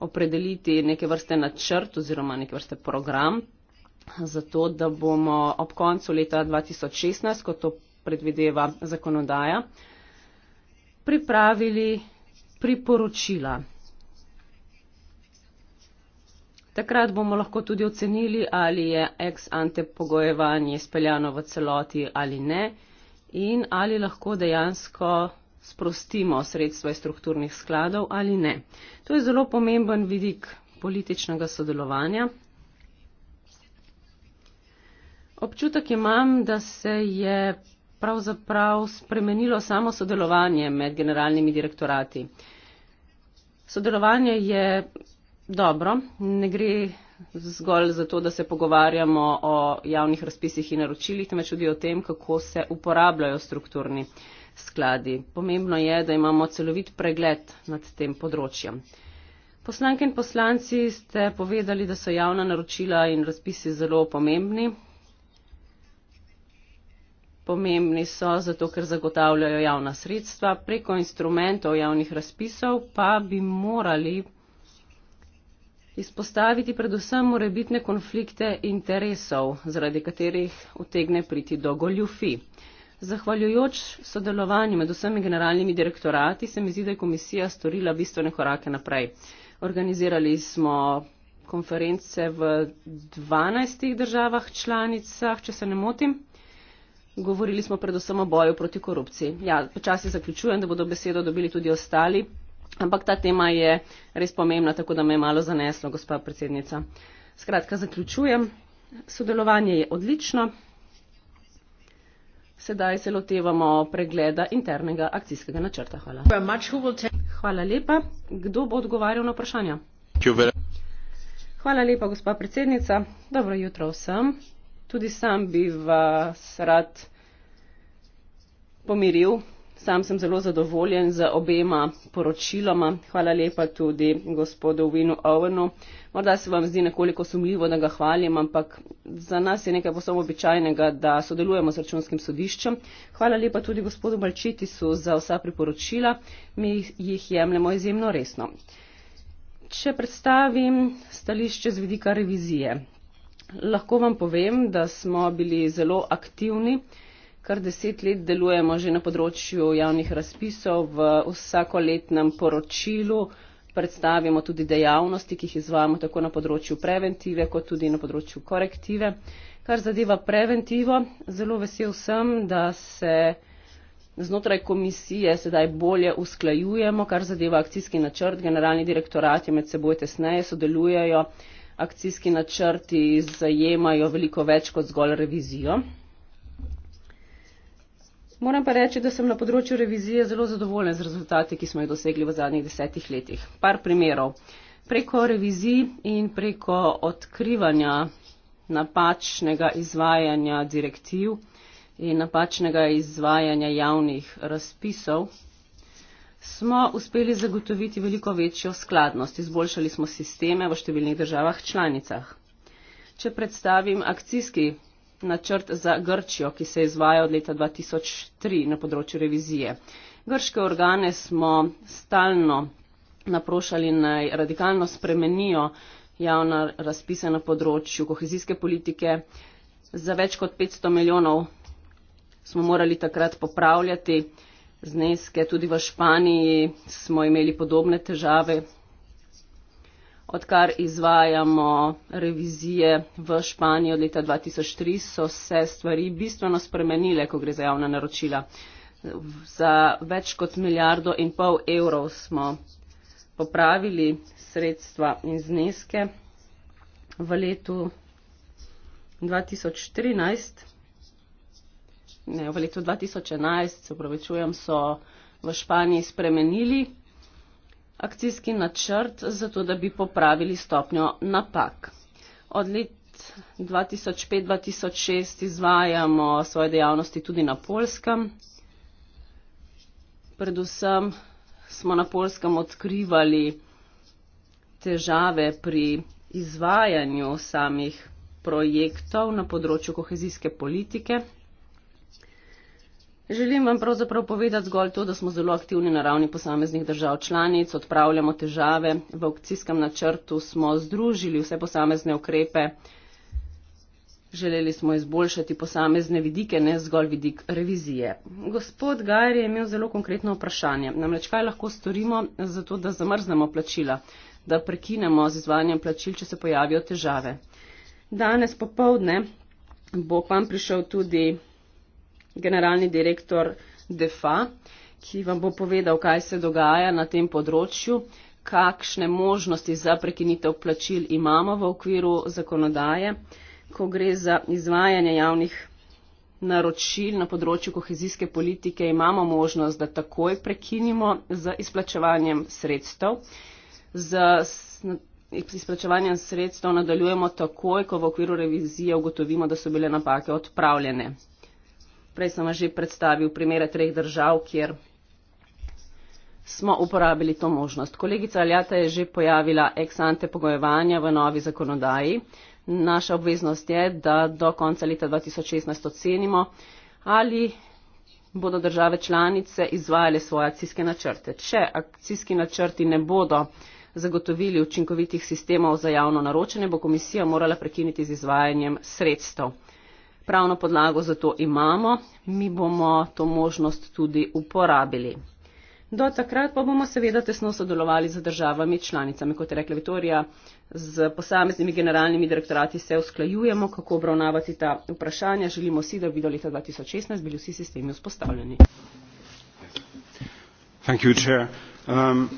opredeliti neke vrste načrt oziroma neke vrste program, zato da bomo ob koncu leta 2016, kot to predvideva zakonodaja, pripravili priporočila. Takrat bomo lahko tudi ocenili, ali je ex ante pogojevanje speljano v celoti ali ne in ali lahko dejansko sprostimo sredstva iz strukturnih skladov ali ne. To je zelo pomemben vidik političnega sodelovanja. Občutek imam, da se je pravzaprav spremenilo samo sodelovanje med generalnimi direktorati. Sodelovanje je dobro, ne gre zgolj za to, da se pogovarjamo o javnih razpisih in naročilih, temveč tudi o tem, kako se uporabljajo strukturni skladi. Pomembno je, da imamo celovit pregled nad tem področjem. Poslanke in poslanci ste povedali, da so javna naročila in razpisi zelo pomembni, pomembni so zato, ker zagotavljajo javna sredstva, preko instrumentov javnih razpisov pa bi morali izpostaviti predvsem morebitne konflikte interesov, zaradi katerih utegne priti do goljufi. Zahvaljujoč sodelovanju med vsemi generalnimi direktorati se mi zdi, da je komisija storila bistvene korake naprej. Organizirali smo konference v 12 državah članicah, če se ne motim. Govorili smo predvsem o boju proti korupciji. Ja, počasi zaključujem, da bodo besedo dobili tudi ostali, ampak ta tema je res pomembna, tako da me je malo zaneslo, gospa predsednica. Skratka, zaključujem. Sodelovanje je odlično. Sedaj se lotevamo pregleda internega akcijskega načrta. Hvala. Hvala lepa. Kdo bo odgovarjal na vprašanja? Hvala lepa, gospa predsednica. Dobro jutro vsem. Tudi sam bi vas rad pomiril. Sam sem zelo zadovoljen z obema poročiloma. Hvala lepa tudi gospodu Vinu Owenu. Morda se vam zdi nekoliko sumljivo, da ga hvalim, ampak za nas je nekaj posebno običajnega, da sodelujemo z računskim sodiščem. Hvala lepa tudi gospodu Balčitisu za vsa priporočila. Mi jih jemljemo izjemno resno. Če predstavim stališče z vidika revizije, lahko vam povem, da smo bili zelo aktivni kar deset let delujemo že na področju javnih razpisov. V vsakoletnem poročilu predstavimo tudi dejavnosti, ki jih izvajamo tako na področju preventive, kot tudi na področju korektive. Kar zadeva preventivo, zelo vesel sem, da se znotraj komisije sedaj bolje usklajujemo, kar zadeva akcijski načrt. Generalni direktorat je med seboj tesneje sodelujejo. Akcijski načrti zajemajo veliko več kot zgolj revizijo. Moram pa reči, da sem na področju revizije zelo zadovoljna z rezultati, ki smo jih dosegli v zadnjih desetih letih. Par primerov. Preko revizij in preko odkrivanja napačnega izvajanja direktiv in napačnega izvajanja javnih razpisov smo uspeli zagotoviti veliko večjo skladnost. Izboljšali smo sisteme v številnih državah članicah. Če predstavim akcijski načrt za Grčijo, ki se izvaja od leta 2003 na področju revizije. Grške organe smo stalno naprošali naj radikalno spremenijo javna razpise na področju kohezijske politike. Za več kot 500 milijonov smo morali takrat popravljati zneske. Tudi v Španiji smo imeli podobne težave, odkar izvajamo revizije v Španiji od leta 2003, so se stvari bistveno spremenile, ko gre za javna naročila. Za več kot milijardo in pol evrov smo popravili sredstva in zneske v letu 2013. Ne, v letu 2011, se upravičujem, so v Španiji spremenili akcijski načrt za to, da bi popravili stopnjo napak. Od let 2005-2006 izvajamo svoje dejavnosti tudi na polskem. Predvsem smo na polskem odkrivali težave pri izvajanju samih projektov na področju kohezijske politike. Želim vam pravzaprav povedati zgolj to, da smo zelo aktivni na ravni posameznih držav članic, odpravljamo težave. V akcijskem načrtu smo združili vse posamezne ukrepe. Želeli smo izboljšati posamezne vidike, ne zgolj vidik revizije. Gospod Gajer je imel zelo konkretno vprašanje. Namreč, kaj lahko storimo za to, da zamrznemo plačila, da prekinemo z izvanjem plačil, če se pojavijo težave. Danes popovdne bo k vam prišel tudi generalni direktor DEFA, ki vam bo povedal, kaj se dogaja na tem področju, kakšne možnosti za prekinitev plačil imamo v okviru zakonodaje, ko gre za izvajanje javnih naročil na področju kohezijske politike, imamo možnost, da takoj prekinimo z izplačevanjem sredstev. Z izplačevanjem sredstev nadaljujemo takoj, ko v okviru revizije ugotovimo, da so bile napake odpravljene prej sem vam že predstavil primere treh držav, kjer smo uporabili to možnost. Kolegica Aljata je že pojavila ex ante pogojevanja v novi zakonodaji. Naša obveznost je, da do konca leta 2016 ocenimo, ali bodo države članice izvajale svoje akcijske načrte. Če akcijski načrti ne bodo zagotovili učinkovitih sistemov za javno naročanje, bo komisija morala prekiniti z izvajanjem sredstev pravno podlago za to imamo, mi bomo to možnost tudi uporabili. Do takrat pa bomo seveda tesno sodelovali z državami članicami, kot je rekla Vitorija, z posameznimi generalnimi direktorati se usklajujemo, kako obravnavati ta vprašanja. Želimo si, da bi do leta 2016 bili vsi sistemi vzpostavljeni. Um,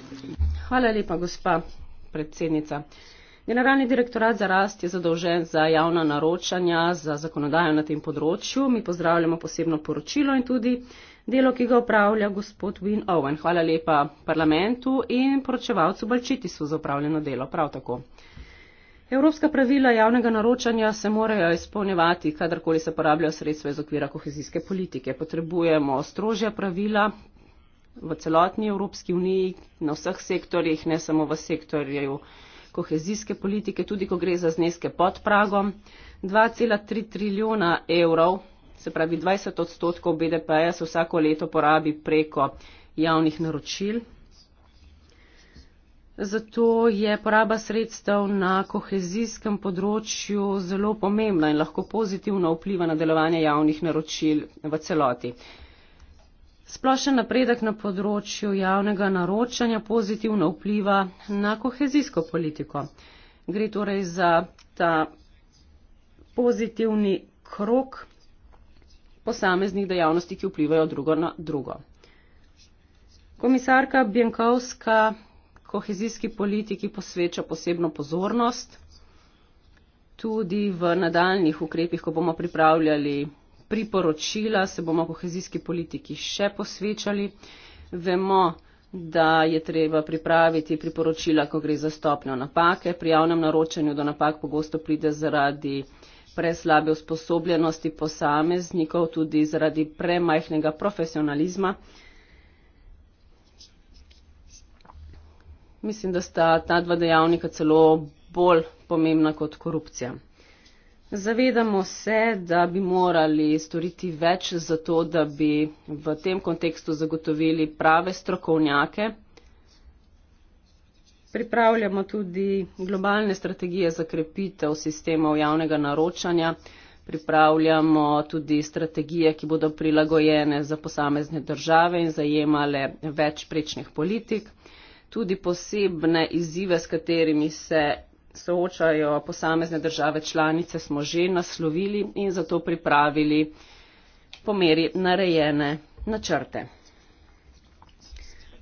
Hvala lepa, gospa predsednica. Generalni direktorat za rast je zadolžen za javna naročanja, za zakonodajo na tem področju. Mi pozdravljamo posebno poročilo in tudi delo, ki ga upravlja gospod Win Owen. Hvala lepa parlamentu in poročevalcu Balčitisu za upravljeno delo. Prav tako. Evropska pravila javnega naročanja se morajo izpolnjevati, kadarkoli se porabljajo sredstva iz okvira kohezijske politike. Potrebujemo strožja pravila v celotni Evropski uniji, na vseh sektorjih, ne samo v sektorju kohezijske politike, tudi ko gre za zneske pod pragom. 2,3 trilijona evrov, se pravi 20 odstotkov BDP-ja, se vsako leto porabi preko javnih naročil. Zato je poraba sredstev na kohezijskem področju zelo pomembna in lahko pozitivno vpliva na delovanje javnih naročil v celoti. Splošen napredek na področju javnega naročanja pozitivno vpliva na kohezijsko politiko. Gre torej za ta pozitivni krok posameznih dejavnosti, ki vplivajo drugo na drugo. Komisarka Bjenkovska kohezijski politiki posveča posebno pozornost tudi v nadaljnih ukrepih, ko bomo pripravljali priporočila se bomo kohezijski politiki še posvečali. Vemo, da je treba pripraviti priporočila, ko gre za stopnjo napake. Pri javnem naročanju do napak pogosto pride zaradi preslabe usposobljenosti posameznikov, tudi zaradi premajhnega profesionalizma. Mislim, da sta ta dva dejavnika celo bolj pomembna kot korupcija. Zavedamo se, da bi morali storiti več za to, da bi v tem kontekstu zagotovili prave strokovnjake. Pripravljamo tudi globalne strategije za krepitev sistemov javnega naročanja. Pripravljamo tudi strategije, ki bodo prilagojene za posamezne države in zajemale več prečnih politik. Tudi posebne izzive, s katerimi se soočajo posamezne države članice, smo že naslovili in zato pripravili po meri narejene načrte.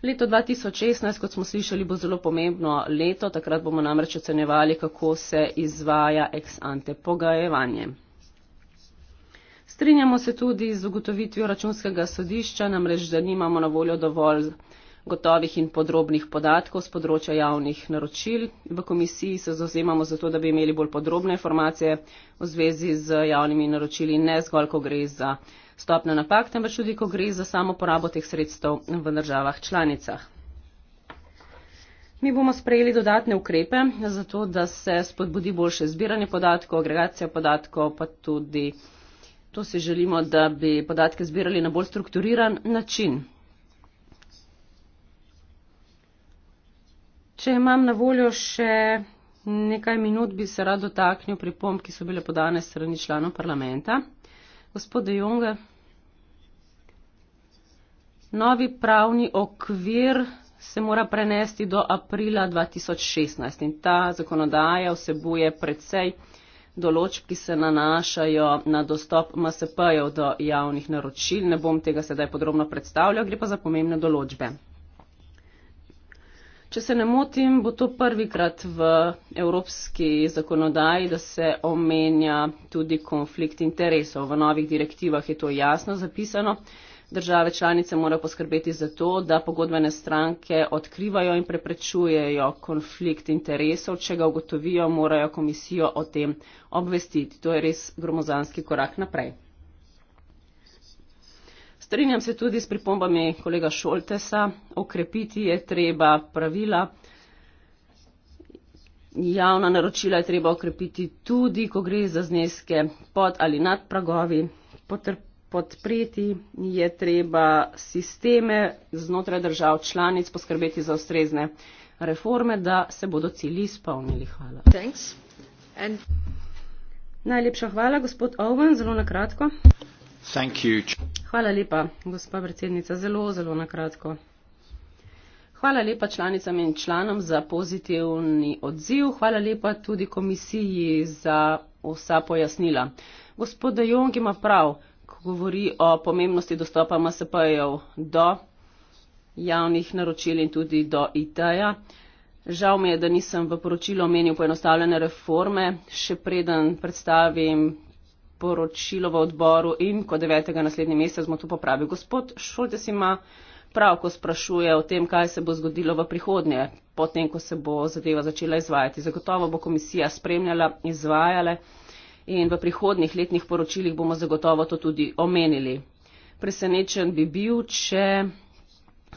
Leto 2016, kot smo slišali, bo zelo pomembno leto, takrat bomo namreč ocenjevali, kako se izvaja ex ante pogajevanje. Strinjamo se tudi z ugotovitvijo računskega sodišča, namreč, da nimamo na voljo dovolj gotovih in podrobnih podatkov z področja javnih naročil. V komisiji se zauzemamo za to, da bi imeli bolj podrobne informacije v zvezi z javnimi naročili, ne zgolj, ko gre za stopne napak, temveč tudi, ko gre za samo porabo teh sredstev v državah članicah. Mi bomo sprejeli dodatne ukrepe za to, da se spodbudi boljše zbiranje podatkov, agregacija podatkov, pa tudi to si želimo, da bi podatke zbirali na bolj strukturiran način. Če imam na voljo še nekaj minut, bi se rad dotaknil pripomb, ki so bile podane strani članov parlamenta. Gospod De Jong, novi pravni okvir se mora prenesti do aprila 2016 in ta zakonodaja vsebuje predvsej določb, ki se nanašajo na dostop MSP-jev do javnih naročil. Ne bom tega sedaj podrobno predstavljal, gre pa za pomembne določbe. Če se ne motim, bo to prvikrat v evropski zakonodaji, da se omenja tudi konflikt interesov. V novih direktivah je to jasno zapisano. Države članice morajo poskrbeti za to, da pogodbene stranke odkrivajo in preprečujejo konflikt interesov. Če ga ugotovijo, morajo komisijo o tem obvestiti. To je res gromozanski korak naprej. Strinjam se tudi s pripombami kolega Šoltesa, okrepiti je treba pravila. Javna naročila je treba okrepiti tudi, ko gre za zneske pod ali nad pragovi. Podpreti je treba sisteme znotraj držav članic poskrbeti za ustrezne reforme, da se bodo cili izpolnili. Hvala. And... Najlepša hvala, gospod Owen, zelo na kratko. Hvala lepa, gospa predsednica. Zelo, zelo nakratko. Hvala lepa članicam in članom za pozitivni odziv. Hvala lepa tudi komisiji za vsa pojasnila. Gospod Dejong ima prav, ko govori o pomembnosti dostopa MSP-jev do javnih naročil in tudi do IT-ja. Žal mi je, da nisem v poročilu omenil poenostavljene reforme, še preden predstavim poročilo v odboru in ko 9. naslednji mesec smo to popravili. Gospod Šoldes ima prav, ko sprašuje o tem, kaj se bo zgodilo v prihodnje, potem, ko se bo zadeva začela izvajati. Zagotovo bo komisija spremljala, izvajale in v prihodnih letnih poročilih bomo zagotovo to tudi omenili. Presenečen bi bil, če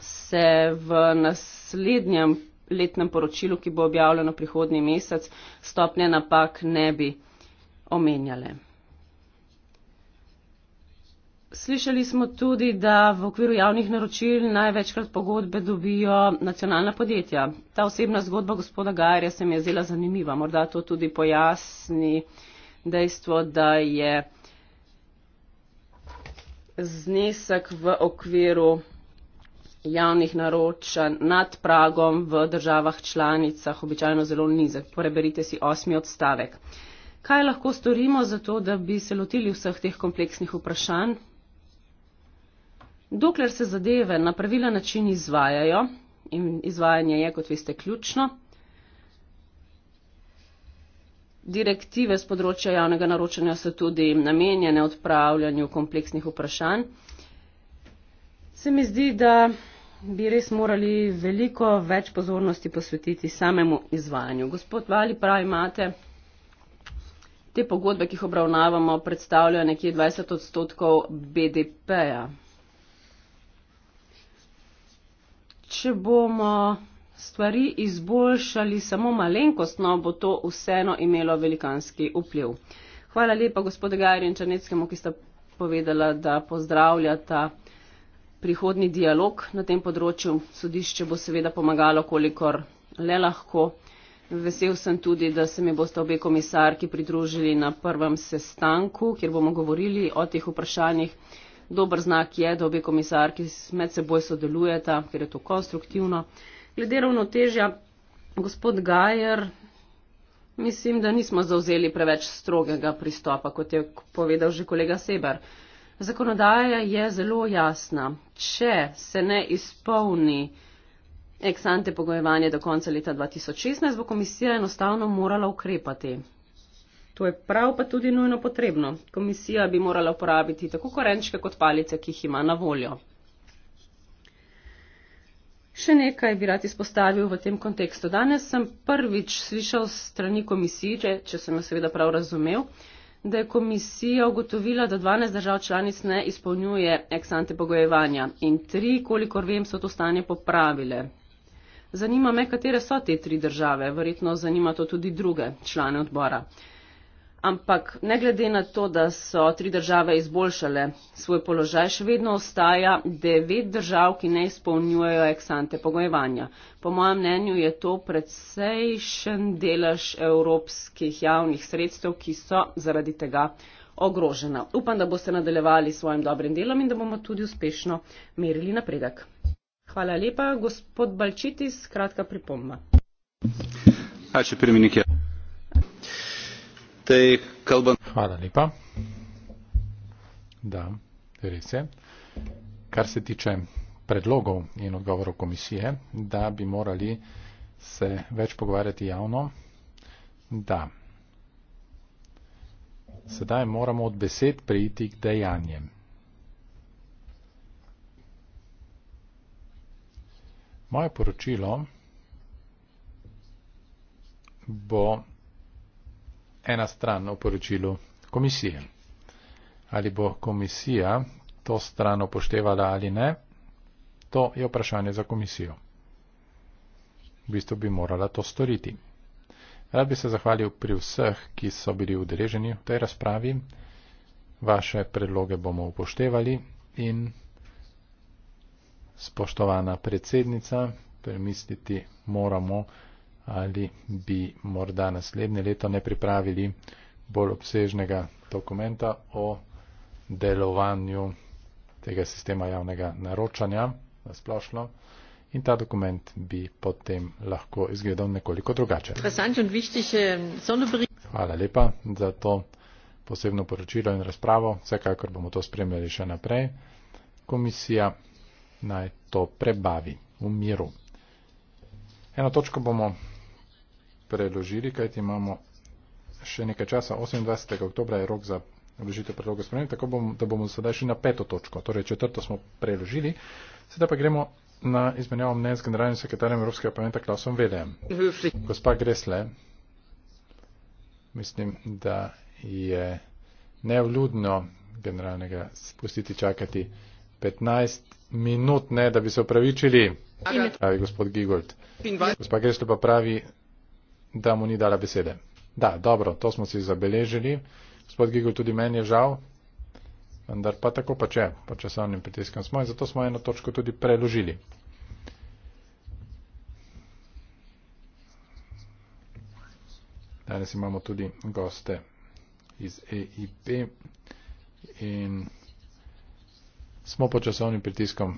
se v naslednjem letnem poročilu, ki bo objavljeno prihodnji mesec, stopnje napak ne bi omenjale. Slišali smo tudi, da v okviru javnih naročil največkrat pogodbe dobijo nacionalna podjetja. Ta osebna zgodba gospoda Gajerja se mi je zela zanimiva. Morda to tudi pojasni dejstvo, da je znesek v okviru javnih naročanj nad pragom v državah članicah običajno zelo nizek. Poreberite si osmi odstavek. Kaj lahko storimo za to, da bi se lotili vseh teh kompleksnih vprašanj? Dokler se zadeve na pravila način izvajajo, in izvajanje je, kot veste, ključno, direktive z področja javnega naročanja so tudi namenjene odpravljanju kompleksnih vprašanj, se mi zdi, da bi res morali veliko več pozornosti posvetiti samemu izvajanju. Gospod Vali pravi, imate te pogodbe, ki jih obravnavamo, predstavljajo nekje 20 odstotkov BDP-ja. če bomo stvari izboljšali samo malenkostno, bo to vseeno imelo velikanski vpliv. Hvala lepa gospode Gajri in Črneckemu, ki sta povedala, da pozdravljata prihodni dialog na tem področju. Sodišče bo seveda pomagalo, kolikor le lahko. Vesel sem tudi, da se mi boste obe komisarki pridružili na prvem sestanku, kjer bomo govorili o teh vprašanjih dober znak je, da obe komisarki med seboj sodelujeta, ker je to konstruktivno. Glede ravnotežja, gospod Gajer, mislim, da nismo zauzeli preveč strogega pristopa, kot je povedal že kolega Sebar. Zakonodaja je zelo jasna. Če se ne izpolni eksante pogojevanje do konca leta 2016, bo komisija enostavno morala ukrepati. To je prav pa tudi nujno potrebno. Komisija bi morala uporabiti tako korenčke kot palice, ki jih ima na voljo. Še nekaj bi rad izpostavil v tem kontekstu. Danes sem prvič slišal strani komisije, če sem jo seveda prav razumel, da je komisija ugotovila, da 12 držav članic ne izpolnjuje eksante pogojevanja in tri, kolikor vem, so to stanje popravile. Zanima me, katere so te tri države, verjetno zanima to tudi druge člane odbora ampak ne glede na to, da so tri države izboljšale svoj položaj, še vedno ostaja devet držav, ki ne izpolnjujejo eksante pogojevanja. Po mojem mnenju je to predsejšen delež evropskih javnih sredstev, ki so zaradi tega ogrožena. Upam, da boste nadaljevali s svojim dobrim delom in da bomo tudi uspešno merili napredek. Hvala lepa, gospod Balčiti, skratka pripomba. Hvala, če primi nekje tej kalban. Hvala lepa. Da, res je. Kar se tiče predlogov in odgovorov komisije, da bi morali se več pogovarjati javno, da. Sedaj moramo od besed prejiti k dejanjem. Moje poročilo bo ena stran o poročilu komisije. Ali bo komisija to stran upoštevala ali ne, to je vprašanje za komisijo. V bistvu bi morala to storiti. Rad bi se zahvalil pri vseh, ki so bili udeleženi v tej razpravi. Vaše predloge bomo upoštevali in spoštovana predsednica, premisliti moramo, ali bi morda naslednje leto ne pripravili bolj obsežnega dokumenta o delovanju tega sistema javnega naročanja na splošno. In ta dokument bi potem lahko izgledal nekoliko drugače. Eh, Hvala lepa za to posebno poročilo in razpravo. Vsekakor bomo to spremljali še naprej. Komisija naj to prebavi v miru. Eno točko bomo preložili, kajti imamo še nekaj časa, 28. oktobra je rok za vložitev predloga sprememb, tako bom, da bomo sedaj šli na peto točko, torej četrto smo preložili. Sedaj pa gremo na izmenjavo mnen z generalnim sekretarjem Evropskega parlamenta Klausom Velejem. Gospa Gresle, mislim, da je nevludno generalnega spustiti čakati 15 minut, ne, da bi se opravičili. Pravi gospod Gigold. Gospa Gresle pa pravi, da mu ni dala besede. Da, dobro, to smo si zabeležili. Gospod Gigel, tudi meni je žal, vendar pa tako pa če, pod časovnim pritiskom smo in zato smo eno točko tudi preložili. Danes imamo tudi goste iz EIP in smo pod časovnim pritiskom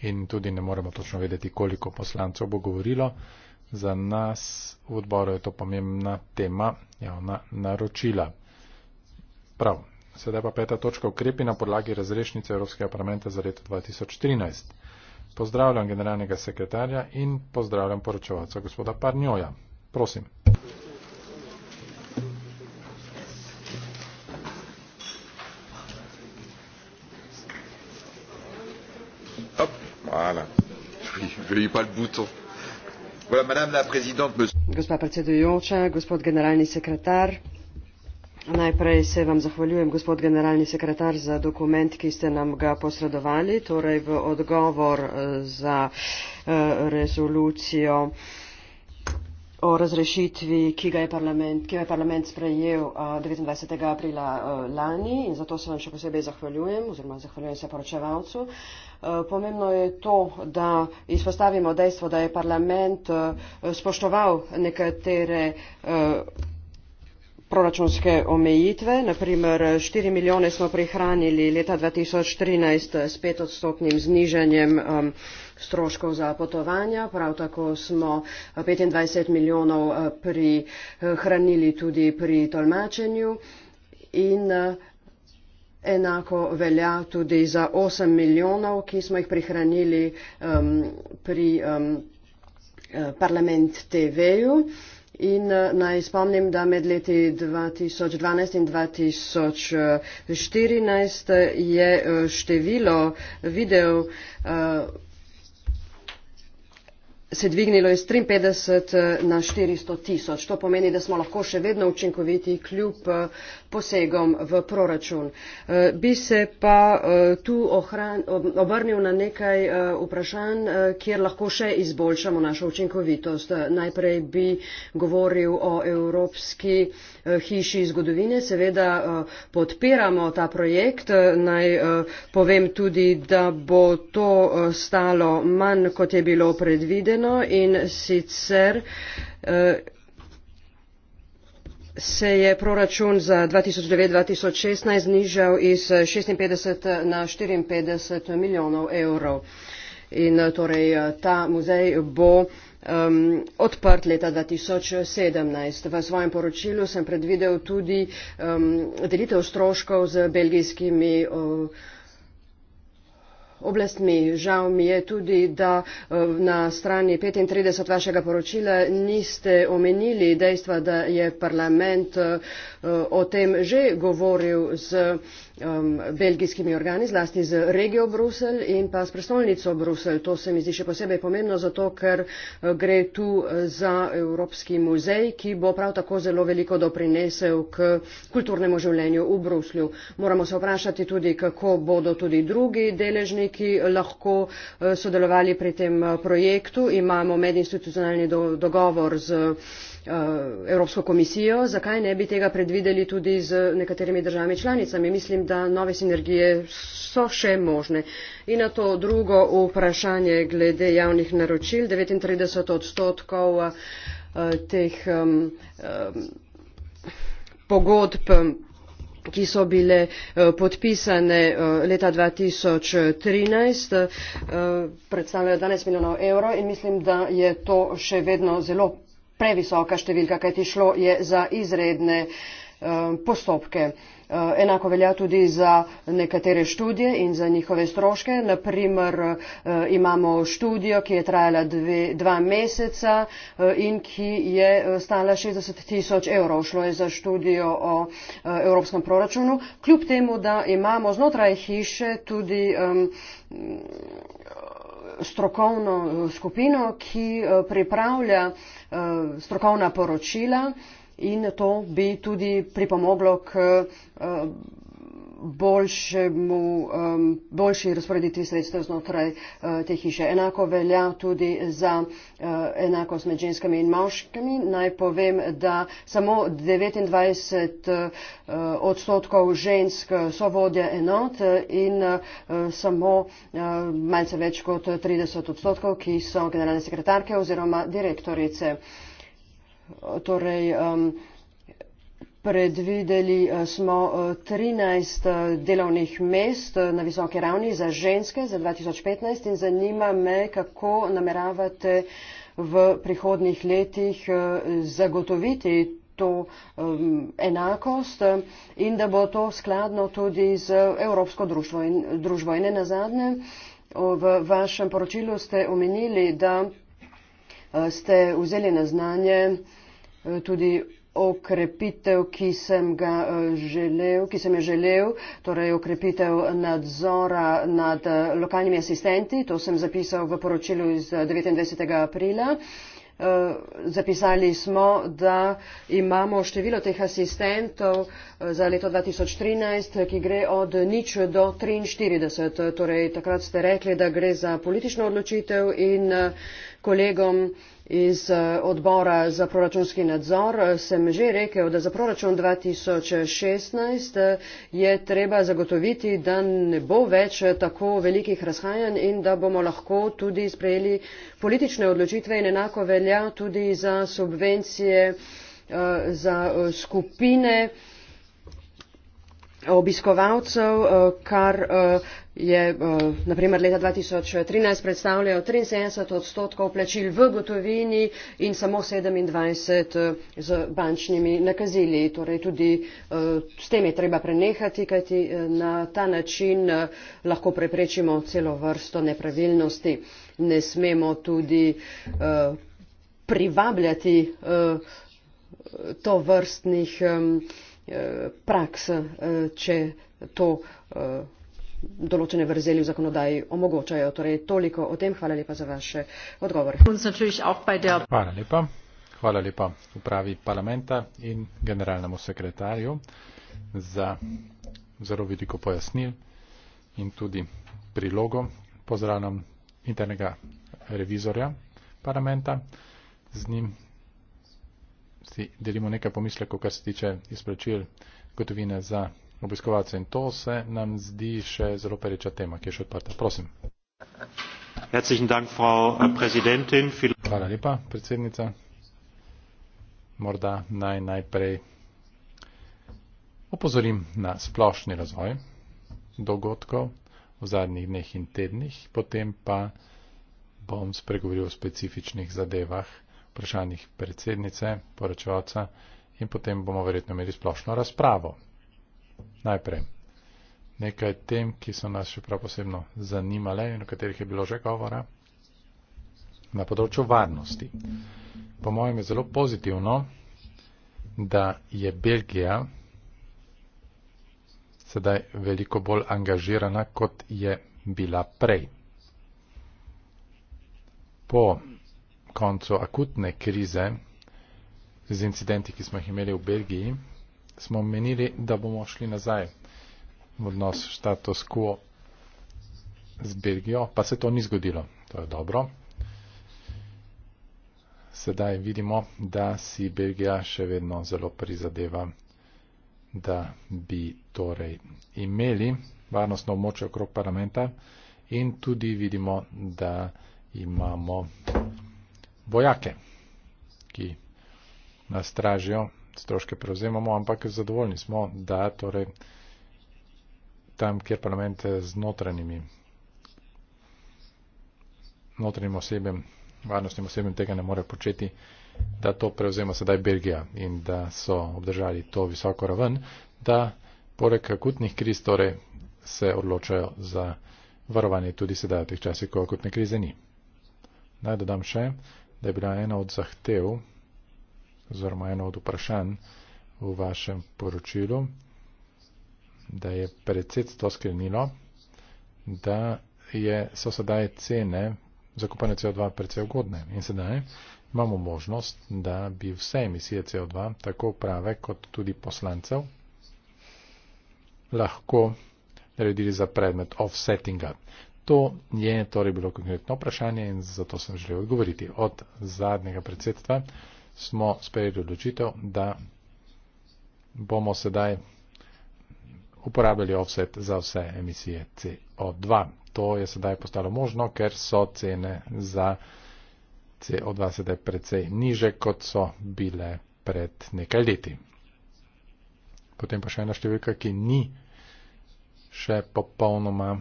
in tudi ne moremo točno vedeti, koliko poslancev bo govorilo za nas v odboru je to pomembna tema, javna naročila. Prav, sedaj pa peta točka ukrepi na podlagi razrešnice Evropskega parlamenta za leto 2013. Pozdravljam generalnega sekretarja in pozdravljam poročevalca gospoda Parnjoja. Prosim. Hop, voilà. Je vais pas le bouton gospa predsedujoča gospod generalni sekretar najprej se vam zahvaljujem gospod generalni sekretar za dokument ki ste nam ga posredovali torej v odgovor eh, za eh, resolucijo o o razrešitvi, ki ga je parlament, ga je parlament sprejel 29. Eh, aprila eh, lani in zato se vam še posebej zahvaljujem oziroma zahvaljujem se poročevalcu. Eh, pomembno je to, da izpostavimo dejstvo, da je parlament spoštoval nekatere proračunske omejitve. Naprimer, 4 milijone smo prihranili leta 2013 s 5 odstotnim znižanjem um, stroškov za potovanja. Prav tako smo 25 eh, milijonov eh, prihranili eh, tudi pri tolmačenju in enako velja tudi za 8 milijonov, ki smo jih prihranili um, pri um, parlament TV-ju. In naj spomnim, da med leti 2012 in 2014 je število video uh, se dvignilo iz 53 eh, na 400 tisoč. To pomeni, da smo lahko še vedno učinkoviti kljub uh, posegom v proračun. Eh, bi se pa eh, tu obrnil na nekaj eh, vprašanj, kjer lahko še izboljšamo našo učinkovitost. Najprej bi govoril o Evropski hiši zgodovine. Seveda podpiramo ta projekt. Naj povem tudi, da bo to stalo manj, kot je bilo predvideno in sicer se je proračun za dva tisoč devet dva tisoč šestnajst znižal iz šestinpetdeset na štiriinpetdeset milijonov evrov in torej ta muzej bo um, odprt leta dva tisoč sedemnajst v svojem poročilu sem predvidel tudi um, delitev stroškov z belgijskimi um, oblastmi. Žal mi je tudi, da eh, na strani 35 vašega poročila niste omenili dejstva, da je parlament uh, Eh, o tem že govoril z um, belgijskimi organi, zlasti z regijo Brusel in pa s prestolnico Brusel. To se mi zdi še posebej pomembno, zato ker eh, gre tu eh, za Evropski muzej, ki bo prav tako zelo veliko doprinesel k kulturnemu življenju v Bruslju. Moramo se vprašati tudi, kako bodo tudi drugi deležniki lahko sodelovali pri tem projektu. Imamo medinstitucionalni do dogovor z. Eh, evropsko komisijo zakaj ne bi tega predvideli tudi z nekaterimi državami članicami mislim da nove sinergije so še možne in na to drugo vprašanje glede javnih naročil devetintrideset odstotkov eh, teh pogodb ki so bile eh, podpisane leta dva tisoč trinajst predstavljajo dvanajst milijonov evrov in mislim da je to še vedno zelo previsoka številka, kajti šlo je za izredne eh, postopke. Eh, enako velja tudi za nekatere študije in za njihove stroške. Naprimer, eh, imamo študijo, ki je trajala dve, dva meseca in ki je stala 60 tisoč evrov. Šlo je za študijo o evropskem proračunu. Kljub temu, da imamo znotraj hiše tudi. Um, strokovno skupino, ki pripravlja uh, Eh, strokovna poročila in to bi tudi pripomoglo k eh, boljšemu, um, boljši razporeditvi sredstev znotraj uh, te hiše. Enako velja tudi za uh, enakost med ženskami in moškimi. Naj povem, da samo 29 uh, odstotkov žensk so vodje enot in uh, samo uh, malce več kot 30 odstotkov, ki so generalne sekretarke oziroma direktorice. Torej, um, Predvideli eh, smo 13 eh, eh, delovnih mest na visoke ravni za ženske za 2015 in zanima me, kako nameravate v prihodnih letih zagotoviti to enakost in da bo to skladno tudi z Evropsko društvo in družbo. In na zadnje, v vašem poročilu ste omenili, da ste vzeli na znanje tudi okrepitev, ki sem ga eh, želel, ki sem jo želel, torej okrepitev nadzora nad eh, lokalnimi asistenti. To sem zapisal v poročilu iz 29. Eh, aprila. Zapisali smo, da imamo število teh asistentov za leto 2013, ki gre od nič do 43. Torej, takrat ste rekli, da gre za politično odločitev in kolegom iz eh, odbora za proračunski nadzor eh, sem že rekel, da za proračun 2016 eh, je treba zagotoviti, da ne bo več tako velikih razhajanj in da bomo lahko tudi sprejeli politične odločitve in enako velja tudi za subvencije za skupine obiskovalcev eh, kar eh, je eh, naprimer leta 2013 predstavljajo 73 odstotkov plačil v gotovini in samo 27 z bančnimi nakazili. Torej tudi s tem je treba prenehati, kajti na ta način lahko preprečimo celo vrsto nepravilnosti. Ne smemo tudi privabljati to vrstnih Eh, praks, eh, če to eh, določene vrzeli v zakonodaji omogočajo. Torej, toliko o tem. Hvala lepa za vaše odgovore. Hvala lepa. Hvala lepa upravi parlamenta in generalnemu sekretarju za zelo veliko pojasnil in tudi prilogo. Pozdravljam internega revizorja parlamenta. Z njim si delimo nekaj pomislekov, kar se tiče izplačil gotovine za obiskovalce. In to se nam zdi še zelo pereča tema, ki je še odprta. Prosim. Äh, Hvala lepa, predsednica. Morda naj najprej opozorim na splošni razvoj dogodkov v zadnjih dneh in tednih, potem pa bom spregovoril o specifičnih zadevah vprašanjih predsednice, poročevalca in potem bomo verjetno imeli splošno razpravo. Najprej nekaj tem, ki so nas še prav posebno zanimale in o katerih je bilo že govora. Na področju varnosti. Po mojem je zelo pozitivno, da je Belgija sedaj veliko bolj angažirana, kot je bila prej. Po koncu akutne krize z incidenti, ki smo jih imeli v Belgiji, smo menili, da bomo šli nazaj v odnos status quo z Belgijo, pa se to ni zgodilo. To je dobro. Sedaj vidimo, da si Belgija še vedno zelo prizadeva, da bi torej imeli varnostno območje okrog parlamenta in tudi vidimo, da imamo vojake, ki nas stražijo, stroške prevzemamo, ampak zadovoljni smo, da torej tam, kjer parlament z notranjimi, notranjim osebem, varnostnim osebem tega ne more početi, da to prevzema sedaj Belgija in da so obdržali to visoko raven, da poleg akutnih kriz torej se odločajo za varovanje tudi sedaj v teh časih, ko akutne krize ni. Naj dodam še, da je bila ena od zahtev oziroma ena od vprašanj v vašem poročilu, da je predsedstvo sklenilo, da je, so sedaj cene zakupane CO2 predvsej ugodne in sedaj imamo možnost, da bi vse emisije CO2, tako prave kot tudi poslancev, lahko naredili za predmet offsettinga. To je torej bilo konkretno vprašanje in zato sem želel odgovoriti. Od zadnjega predsedstva smo sprejeli odločitev, da bomo sedaj uporabljali offset za vse emisije CO2. To je sedaj postalo možno, ker so cene za CO2 sedaj precej niže, kot so bile pred nekaj leti. Potem pa še ena številka, ki ni še popolnoma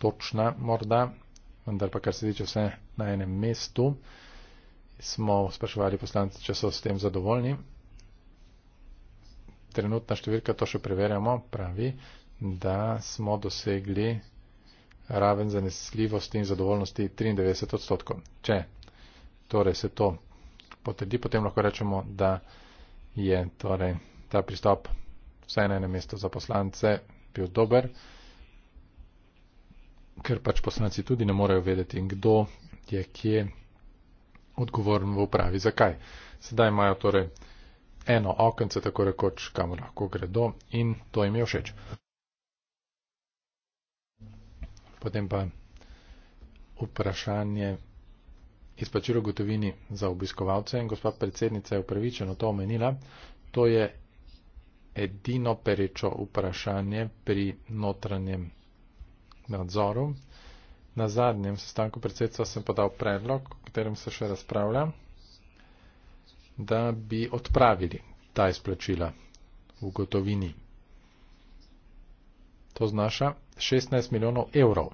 točna morda, vendar pa kar se tiče vse na enem mestu, smo spraševali poslance, če so s tem zadovoljni. Trenutna številka, to še preverjamo, pravi, da smo dosegli raven zanesljivosti in zadovoljnosti 93 odstotkov. Če torej se to potrdi, potem lahko rečemo, da je torej ta pristop vsaj na enem mestu za poslance bil dober ker pač poslanci tudi ne morejo vedeti, kdo je kje odgovoren v upravi, zakaj. Sedaj imajo torej eno okence, tako rekoč, kamor lahko gredo in to jim je všeč. Potem pa vprašanje izplačilo gotovini za obiskovalce in gospod predsednica je upravičeno to omenila. To je edino perečo vprašanje pri notranjem nadzoru. Na zadnjem sestanku predsedstva sem podal predlog, o katerem se še razpravlja, da bi odpravili ta izplačila v gotovini. To znaša 16 milijonov evrov.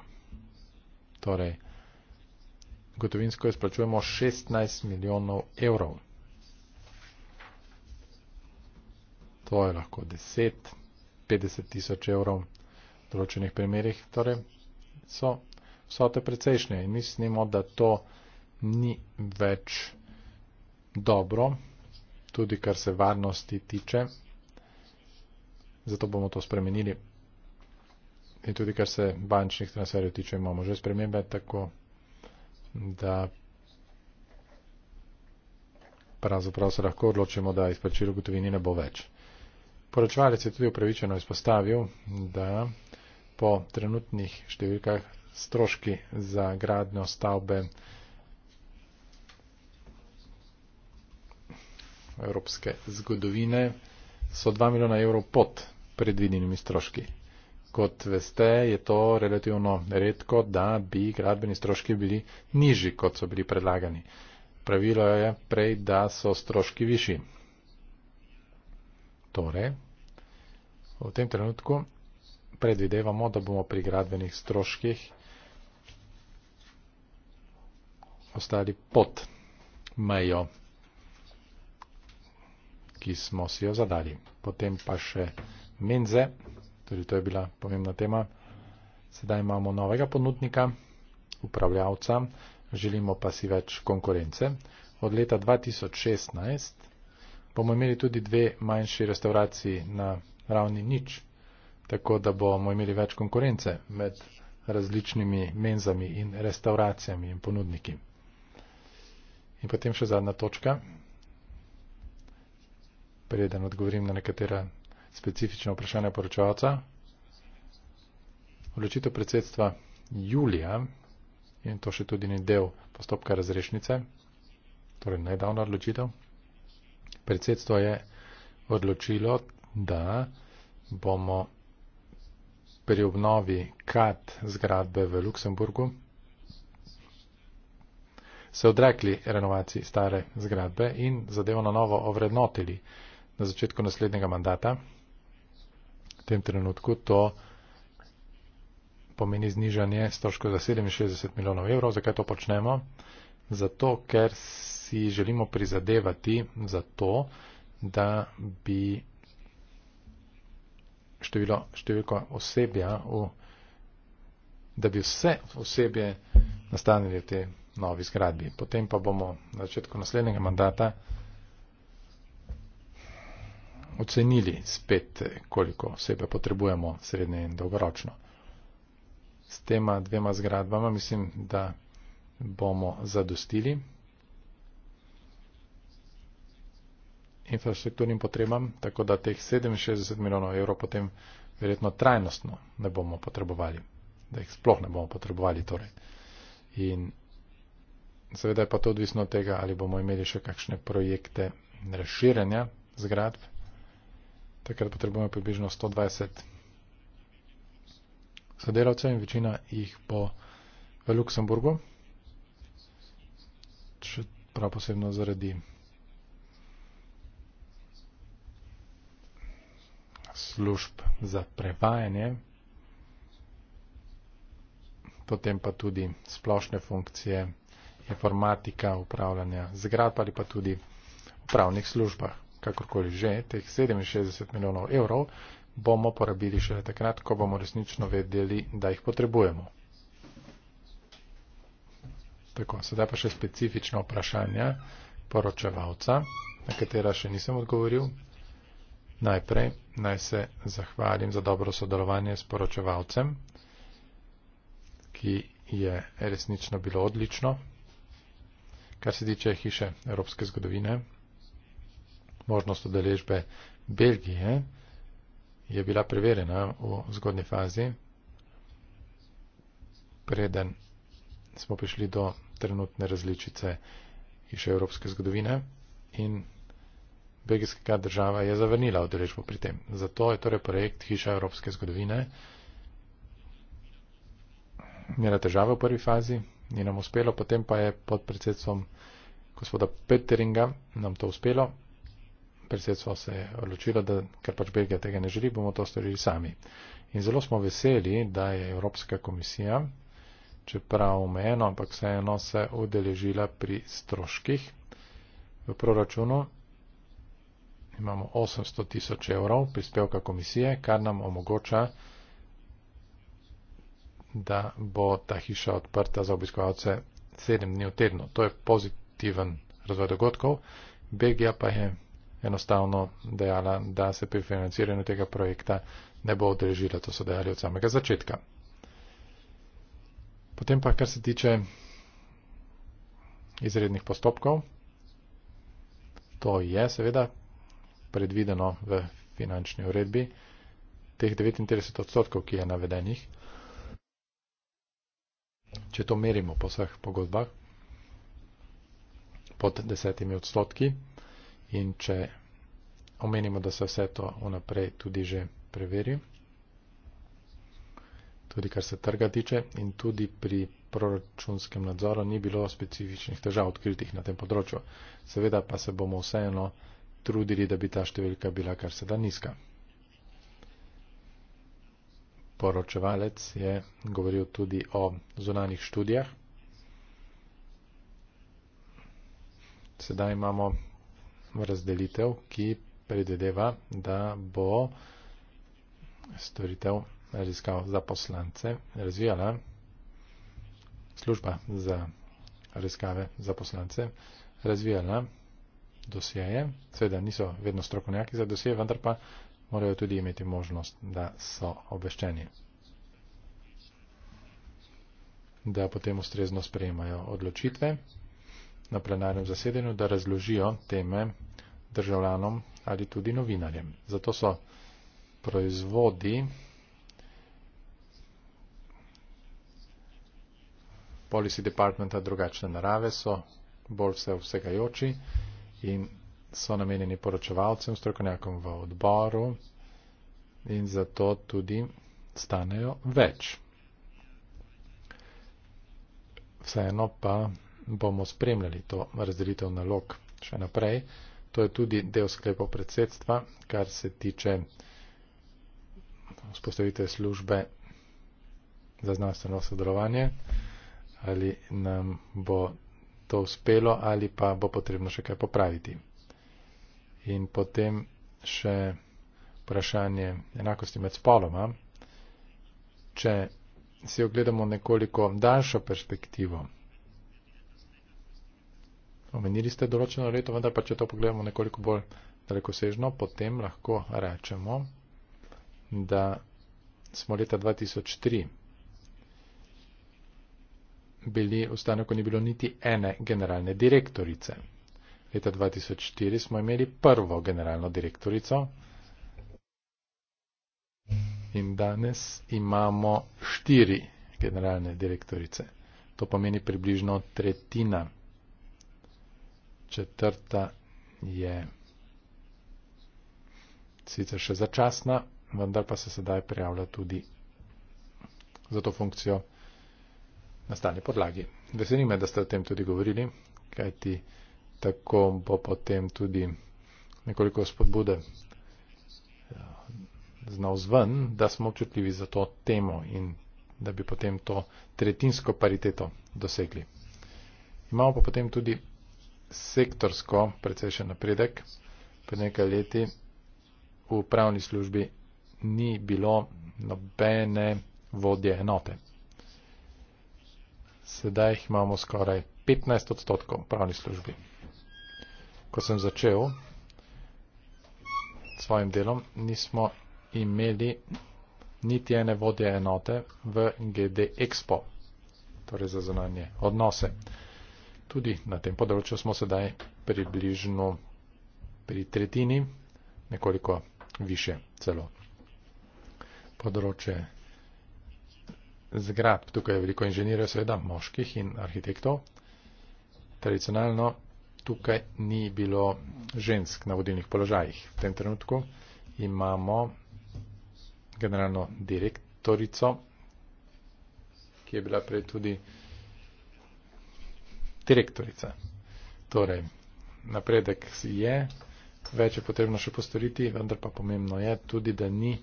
Torej, gotovinsko izplačujemo 16 milijonov evrov. To je lahko 10, 50 tisoč evrov določenih primerjih, torej so vsote precejšnje in mislimo, da to ni več dobro, tudi kar se varnosti tiče. Zato bomo to spremenili. In tudi kar se bančnih transferjev tiče, imamo že spremembe, tako da pravzaprav se lahko odločimo, da izplačilo gotovini ne bo več. Poročevalec je tudi upravičeno izpostavil, da po trenutnih številkah stroški za gradnjo stavbe evropske zgodovine so 2 milijona evrov pod predvidenimi stroški. Kot veste, je to relativno redko, da bi gradbeni stroški bili nižji, kot so bili predlagani. Pravilo je prej, da so stroški višji. Torej, v tem trenutku predvidevamo, da bomo pri gradbenih stroških ostali pod mejo, ki smo si jo zadali. Potem pa še menze, tudi to je bila pomembna tema. Sedaj imamo novega ponudnika, upravljavca, želimo pa si več konkurence. Od leta 2016 bomo imeli tudi dve manjši restauraciji na ravni nič tako da bomo imeli več konkurence med različnimi menzami in restauracijami in ponudniki. In potem še zadnja točka, preden odgovorim na nekatera specifična vprašanja poročavca. Odločitev predsedstva julija, in to še tudi ni del postopka razrešnice, torej najdavna odločitev, predsedstvo je odločilo, da bomo pri obnovi kat zgradbe v Luksemburgu, se odrekli renovaciji stare zgradbe in zadevo na novo ovrednotili na začetku naslednjega mandata. V tem trenutku to pomeni znižanje stroškov za 67 milijonov evrov. Zakaj to počnemo? Zato, ker si želimo prizadevati za to, da bi število, številko osebja, v, da bi vse osebje nastanili v tej novi zgradbi. Potem pa bomo na začetku naslednjega mandata ocenili spet, koliko osebe potrebujemo srednje in dolgoročno. S tema dvema zgradbama mislim, da bomo zadostili. infrastrukturnim potrebam, tako da teh 67 milijonov evrov potem verjetno trajnostno ne bomo potrebovali, da jih sploh ne bomo potrebovali. Torej. In seveda je pa to odvisno od tega, ali bomo imeli še kakšne projekte razširjanja zgradb. Takrat potrebujemo približno 120 sodelavcev in večina jih bo v Luksemburgu, čeprav posebno zaradi služb za prevajanje, potem pa tudi splošne funkcije informatika, upravljanja zgradb ali pa tudi v pravnih službah. Kakorkoli že, teh 67 milijonov evrov bomo porabili šele takrat, ko bomo resnično vedeli, da jih potrebujemo. Tako, sedaj pa še specifično vprašanje poročevalca, na katera še nisem odgovoril. Najprej naj se zahvalim za dobro sodelovanje s poročevalcem, ki je resnično bilo odlično. Kar se tiče hiše evropske zgodovine, možnost odeležbe Belgije je bila preverjena v zgodni fazi, preden smo prišli do trenutne različice hiše evropske zgodovine in belgijska država je zavrnila odrežbo pri tem. Zato je torej projekt Hiša Evropske zgodovine imela težave v prvi fazi in nam uspelo, potem pa je pod predsedstvom gospoda Petteringa nam to uspelo. Predsedstvo se je odločilo, da ker pač Belgija tega ne želi, bomo to storili sami. In zelo smo veseli, da je Evropska komisija, čeprav omejeno, ampak vseeno se udeležila pri stroških v proračunu imamo 800 tisoč evrov prispevka komisije, kar nam omogoča, da bo ta hiša odprta za obiskovalce 7 dni v tednu. To je pozitiven razvoj dogodkov. Belgija pa je enostavno dejala, da se pri financiranju tega projekta ne bo odrežila, to so dejali od samega začetka. Potem pa, kar se tiče izrednih postopkov, to je seveda predvideno v finančni uredbi, teh 39 odstotkov, ki je navedenih, če to merimo po vseh pogodbah, pod desetimi odstotki in če omenimo, da se vse to vnaprej tudi že preveri, tudi kar se trga tiče in tudi pri proračunskem nadzoru ni bilo specifičnih težav odkritih na tem področju. Seveda pa se bomo vseeno trudili, da bi ta številka bila kar se da nizka. Poročevalec je govoril tudi o zunanih študijah. Sedaj imamo razdelitev, ki predvedeva, da bo storitev raziskav za poslance razvijala služba za raziskave za poslance razvijala dosjeje. Seveda niso vedno strokovnjaki za dosjeje, vendar pa morajo tudi imeti možnost, da so obveščeni. Da potem ustrezno sprejemajo odločitve na plenarnem zasedenju, da razložijo teme državljanom ali tudi novinarjem. Zato so proizvodi policy departmenta drugačne narave, so bolj vse vsegajoči in so namenjeni poročevalcem, strokovnjakom v odboru in zato tudi stanejo več. Vseeno pa bomo spremljali to razdelitev nalog še naprej. To je tudi del sklepov predsedstva, kar se tiče vzpostavitve službe za znanstveno sodelovanje, ali nam bo to uspelo ali pa bo potrebno še kaj popraviti. In potem še vprašanje enakosti med spoloma. Če si ogledamo nekoliko daljšo perspektivo, omenili ste določeno leto, vendar pa če to pogledamo nekoliko bolj dalekosežno, potem lahko rečemo, da smo leta 2003 bili v stanju, ko ni bilo niti ene generalne direktorice. Leta 2004 smo imeli prvo generalno direktorico in danes imamo štiri generalne direktorice. To pomeni približno tretjina. Četrta je sicer še začasna, vendar pa se sedaj prijavlja tudi za to funkcijo na stalni podlagi. Veseli me, da ste o tem tudi govorili, kajti tako bo potem tudi nekoliko spodbude eh, znal zven, da smo občutljivi za to temo in da bi potem to tretjinsko pariteto dosegli. Imamo pa potem tudi sektorsko precejšen napredek. Pred nekaj leti v pravni službi ni bilo nobene vodje enote sedaj jih imamo skoraj 15 odstotkov pravni službi. Ko sem začel s svojim delom, nismo imeli niti ene vodje enote v GD Expo, torej za zunanje odnose. Tudi na tem področju smo sedaj približno pri tretjini, nekoliko više celo. Področje zgrab. Tukaj je veliko inženirjev, seveda moških in arhitektov. Tradicionalno tukaj ni bilo žensk na vodilnih položajih. V tem trenutku imamo generalno direktorico, ki je bila prej tudi direktorica. Torej, napredek je, več je potrebno še postoriti, vendar pa pomembno je tudi, da ni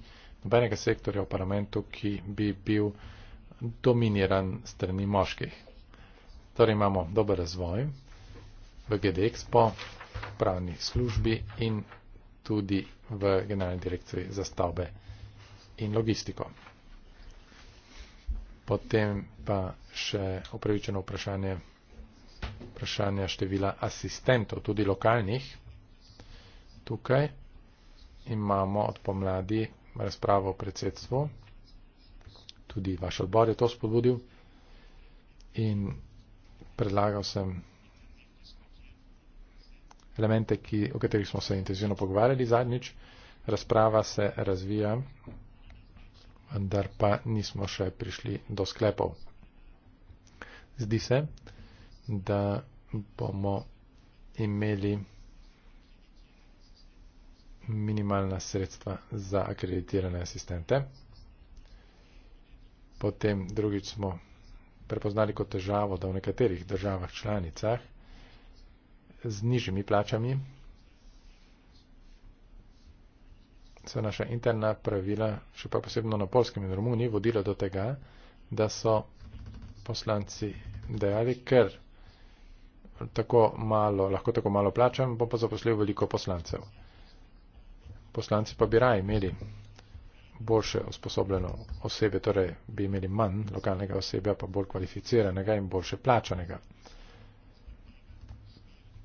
nobenega sektorja v parlamentu, ki bi bil dominiran strani moških. Torej imamo dober razvoj v GD Expo, pravni službi in tudi v generalni direkciji za stavbe in logistiko. Potem pa še upravičeno vprašanje, vprašanje števila asistentov, tudi lokalnih. Tukaj imamo od pomladi razpravo o predsedstvu tudi vaš odbor je to spodbudil in predlagal sem elemente, ki, o katerih smo se intenzivno pogovarjali zadnjič. Razprava se razvija, vendar pa nismo še prišli do sklepov. Zdi se, da bomo imeli minimalna sredstva za akreditirane asistente potem drugič smo prepoznali kot težavo, da v nekaterih državah članicah z nižjimi plačami so naša interna pravila, še pa posebno na polskem in Romuniji, vodila do tega, da so poslanci dejali, ker tako malo, lahko tako malo plačam, bom pa zaposlil veliko poslancev. Poslanci pa bi raje imeli boljše osposobljeno osebe, torej bi imeli manj lokalnega osebja, pa bolj kvalificiranega in boljše plačanega.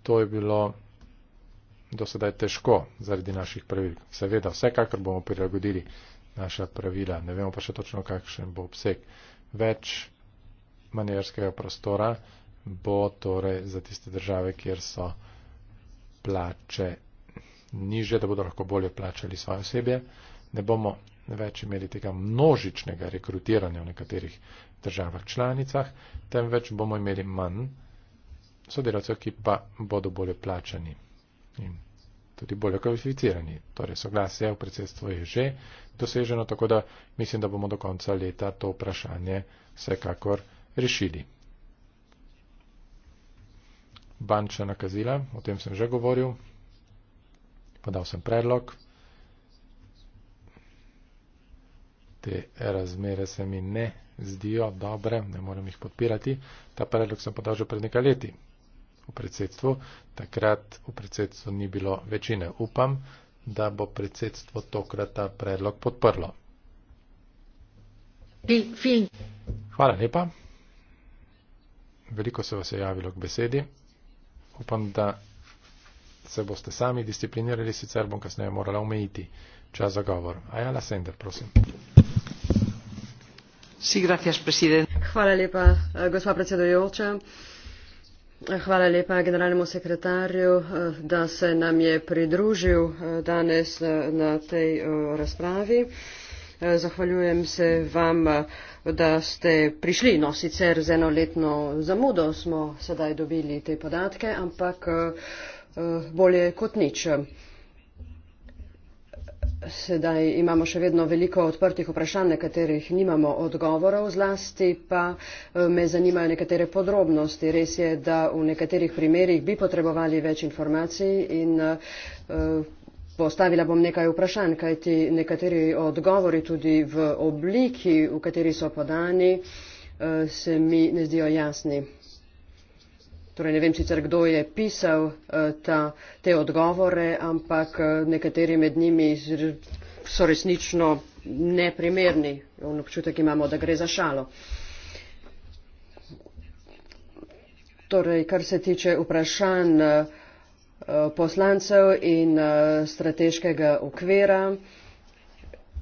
To je bilo do sedaj težko zaradi naših pravil. Seveda, vsekakor bomo prilagodili naša pravila, ne vemo pa še točno, kakšen bo obseg. Več manjerskega prostora bo torej za tiste države, kjer so plače niže, da bodo lahko bolje plačali svoje osebje. Ne bomo več imeli tega množičnega rekrutiranja v nekaterih državah članicah, temveč bomo imeli manj sodelavcev, ki pa bodo bolje plačani in tudi bolje kvalificirani. Torej, soglasje v predsedstvu je že doseženo, tako da mislim, da bomo do konca leta to vprašanje vsekakor rešili. Bančna nakazila, o tem sem že govoril, podal sem predlog. te razmere se mi ne zdijo dobre, ne morem jih podpirati. Ta predlog sem podal že pred nekaj leti v predsedstvu. Takrat v predsedstvu ni bilo večine. Upam, da bo predsedstvo tokrat ta predlog podprlo. Hvala lepa. Veliko se vas je javilo k besedi. Upam, da se boste sami disciplinirali, sicer bom kasneje morala omejiti čas za govor. Ajala Sender, prosim hvala lepa generalnemu sekretarju da se nam je pridružil danes na tej razpravi zahvaljujem se vam da ste prišli no sicer z enoletno zamudo smo sedaj dobili te podatke ampak bolje kot nič. Sedaj imamo še vedno veliko odprtih vprašanj, na katerih nimamo odgovorov zlasti, pa eh, me zanimajo nekatere podrobnosti. Res je, da v nekaterih primerjih bi potrebovali več informacij in eh, postavila bom nekaj vprašanj, kajti nekateri odgovori tudi v obliki, v kateri so podani, eh, se mi ne zdijo jasni torej ne vem sicer kdo je pisal eh, ta, te odgovore, ampak eh, nekateri med njimi so resnično neprimerni. On občutek imamo, da gre za šalo. Torej, kar se tiče vprašanj eh, poslancev in strateškega okvira,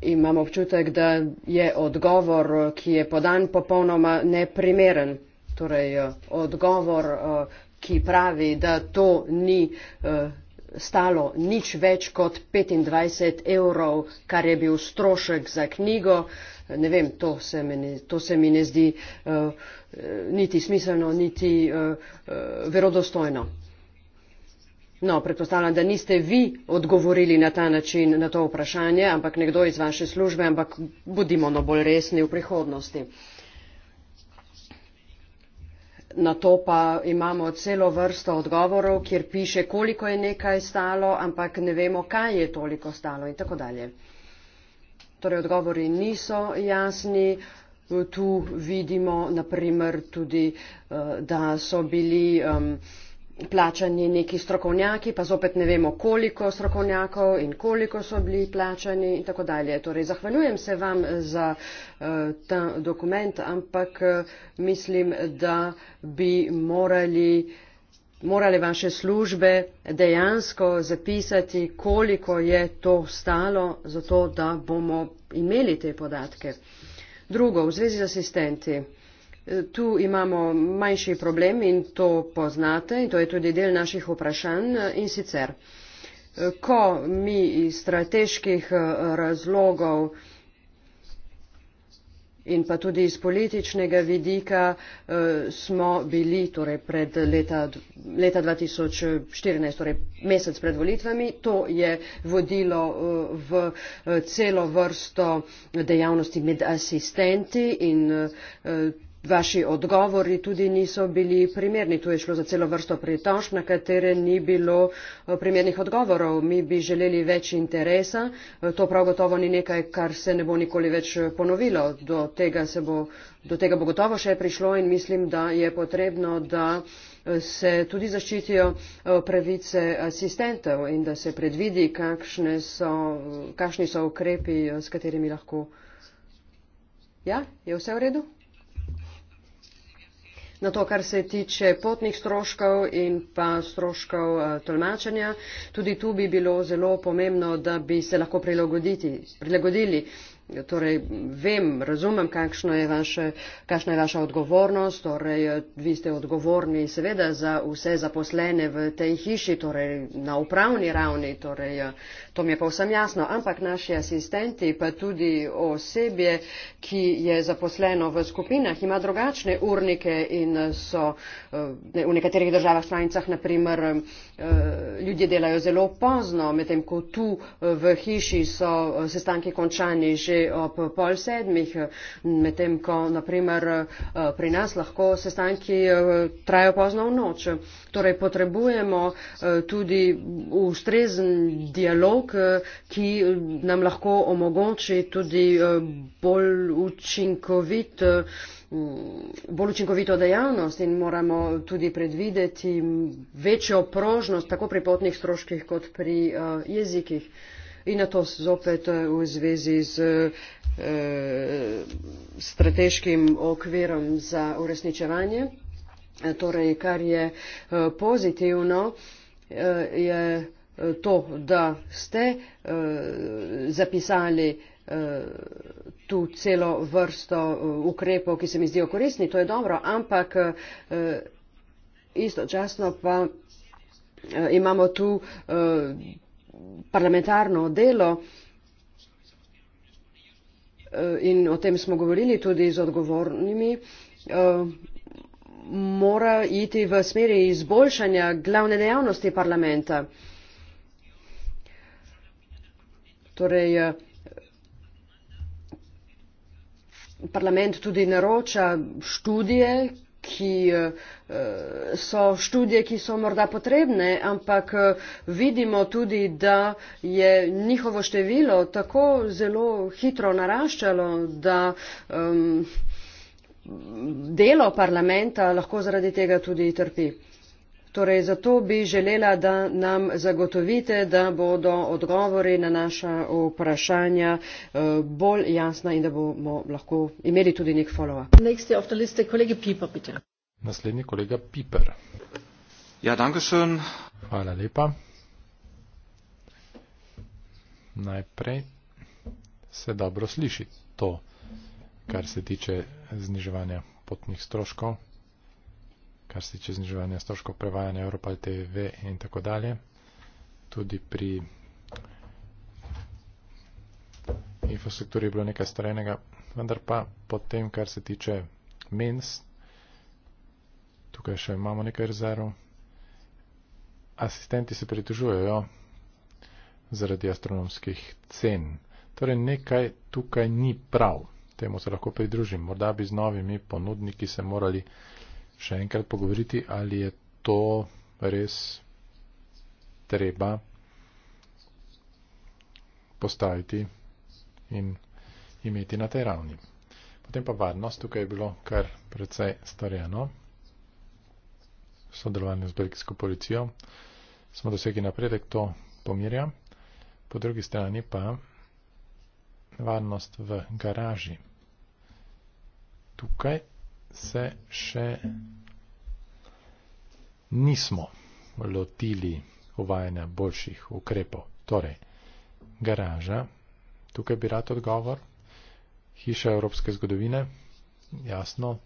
imamo občutek, da je odgovor, ki je podan, popolnoma neprimeren torej, eh, odgovor, eh, ki pravi, da to ni eh, stalo nič več kot 25 evrov, kar je bil strošek za knjigo. Ne vem, to se mi ne, to se mi ne zdi niti smiselno, niti verodostojno. No, predpostavljam, da niste vi odgovorili na ta način na to vprašanje, ampak nekdo iz vaše službe, ampak bodimo no bolj resni v prihodnosti na to pa imamo celo vrsto odgovorov, kjer piše, koliko je nekaj stalo, ampak ne vemo, kaj je toliko stalo in tako dalje. Torej, odgovori niso jasni. Tu vidimo, naprimer, tudi, eh, da so bili. Um, plačani neki strokovnjaki, pa zopet ne vemo, koliko strokovnjakov in koliko so bili plačani in tako dalje. Torej, zahvaljujem se vam za eh, ta dokument, ampak eh, mislim, da bi morali, morali vaše službe dejansko zapisati, koliko je to stalo, zato da bomo imeli te podatke. Drugo, v zvezi z asistenti. Tu imamo manjši problem in to poznate in to je tudi del naših vprašanj in sicer, ko mi iz strateških razlogov in pa tudi iz političnega vidika smo bili torej pred leta, leta 2014, torej mesec pred volitvami, to je vodilo v celo vrsto dejavnosti med asistenti in Vaši odgovori tudi niso bili primerni. Tu je šlo za celo vrsto pritožb, na katere ni bilo eh, primernih odgovorov. Mi bi želeli več interesa. Eh, to prav gotovo ni nekaj, kar se ne bo nikoli več eh, ponovilo. Do tega, bo, do tega bo gotovo še prišlo in mislim, da je potrebno, da se tudi zaščitijo pravice asistentov in da se predvidi, so, kakšni so ukrepi, s katerimi lahko. Ja, je vse v redu? na to, kar se tiče potnih stroškov in pa stroškov eh, tolmačenja. Tudi tu bi bilo zelo pomembno, da bi se lahko prilagodili. Torej, vem, razumem, kakšno je vaše, kakšna je vaša odgovornost. Torej, vi ste odgovorni seveda za vse zaposlene v tej hiši, torej na upravni ravni. Torej, to mi je povsem jasno. Ampak naši asistenti, pa tudi osebje, ki je zaposleno v skupinah, ima drugačne urnike in so eh, v nekaterih državah članicah, naprimer, eh, ljudje delajo zelo pozno, medtem ko tu eh, v hiši so sestanki končani že že ob pol sedmih, medtem ko naprimer pri nas lahko sestanki trajajo pozno v noč. Torej potrebujemo tudi ustrezen dialog, ki nam lahko omogoči tudi bolj učinkovit bolj učinkovito dejavnost in moramo tudi predvideti večjo prožnost tako pri potnih stroških kot pri uh, jezikih. Uh, in na to zopet eh, v zvezi z eh, strateškim okvirom za uresničevanje. Eh, torej, kar je eh, pozitivno, je to, da ste zapisali tu celo vrsto ukrepov, ki se mi zdijo koristni, to je dobro, ampak istočasno pa imamo tu parlamentarno delo eh, in o tem smo govorili tudi z odgovornimi, eh, mora iti v smeri izboljšanja glavne dejavnosti parlamenta. Torej, eh, parlament tudi naroča študije, ki eh, so študije, ki so morda potrebne, ampak eh, vidimo tudi, da je njihovo število tako zelo hitro naraščalo, da ehm, delo parlamenta lahko zaradi tega tudi trpi. Torej, zato bi želela, da nam zagotovite, da bodo odgovori na naša vprašanja eh, bolj jasna in da bomo lahko imeli tudi nek follow-up. Naslednji kolega Piper. Ja, dankeschön. Hvala lepa. Najprej se dobro sliši to, kar se tiče zniževanja potnih stroškov kar se tiče zniževanja stroškov prevajanja Europal TV in tako dalje. Tudi pri infrastrukturi je bilo nekaj starenega, vendar pa potem, kar se tiče mens, tukaj še imamo nekaj rezerv. Asistenti se pritožujejo zaradi astronomskih cen. Torej nekaj tukaj ni prav. Temu se lahko pridružim. Morda bi z novimi ponudniki se morali še enkrat pogovoriti, ali je to res treba postaviti in imeti na tej ravni. Potem pa varnost, tukaj je bilo kar precej starjeno, sodelovanje z belgijsko policijo, smo dosegli napredek, to pomirja. Po drugi strani pa varnost v garaži. Tukaj se še nismo lotili uvajanja boljših ukrepov. Torej, garaža, tukaj bi rad odgovor, hiša evropske zgodovine, jasno,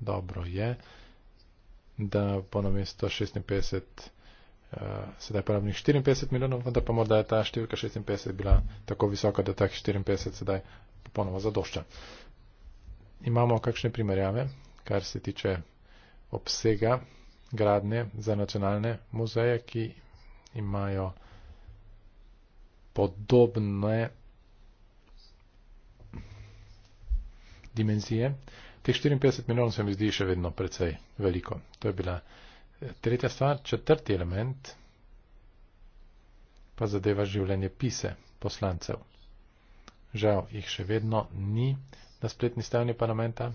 dobro je, da po namesto 56, uh, eh, sedaj porabnih 54 milijonov, da pa morda je ta številka 56 bila tako visoka, da ta 54 sedaj popolnoma zadošča. Imamo kakšne primerjave, kar se tiče obsega gradne za nacionalne muzeje, ki imajo podobne dimenzije. Teh 54 milijonov se mi zdi še vedno precej veliko. To je bila tretja stvar. Četrti element pa zadeva življenje pise poslancev. Žal jih še vedno ni na spletni strani parlamenta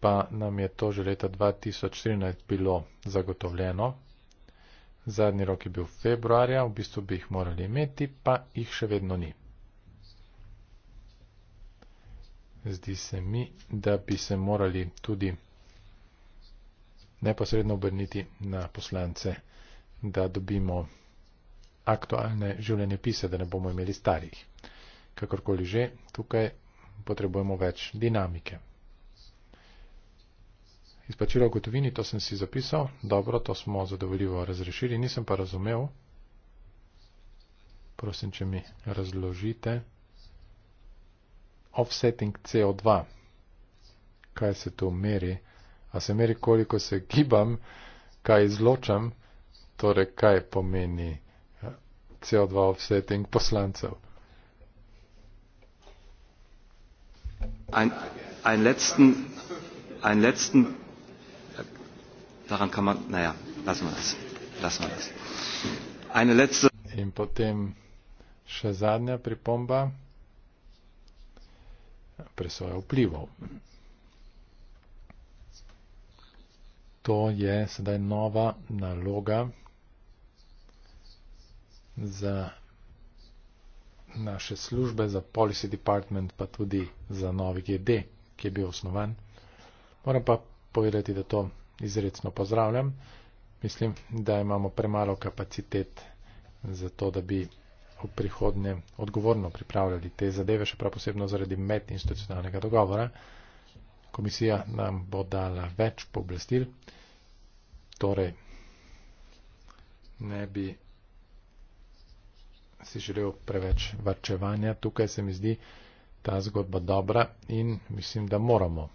pa nam je to že leta 2014 bilo zagotovljeno. Zadnji rok je bil februarja, v bistvu bi jih morali imeti, pa jih še vedno ni. Zdi se mi, da bi se morali tudi neposredno obrniti na poslance, da dobimo aktualne življenjepise, da ne bomo imeli starih. Kakorkoli že, tukaj potrebujemo več dinamike izplačilo v gotovini, to sem si zapisal, dobro, to smo zadovoljivo razrešili, nisem pa razumel. Prosim, če mi razložite. Offsetting CO2. Kaj se to meri? A se meri, koliko se gibam, kaj izločam, torej kaj pomeni eh, CO2 offsetting poslancev? Ein, ein letzten, ein letzten daran kann man, naja, lassen wir das. Lassen wir das. Eine letzte. In potem še zadnja pripomba, presoja vplivov. To je sedaj nova naloga za naše službe, za policy department, pa tudi za novi GD, ki je bil osnovan. Moram pa povedati, da to izredno pozdravljam. Mislim, da imamo premalo kapacitet za to, da bi v prihodnje odgovorno pripravljali te zadeve, še prav posebno zaradi medinstitucionalnega dogovora. Komisija nam bo dala več pooblastil, torej ne bi si želel preveč varčevanja. Tukaj se mi zdi ta zgodba dobra in mislim, da moramo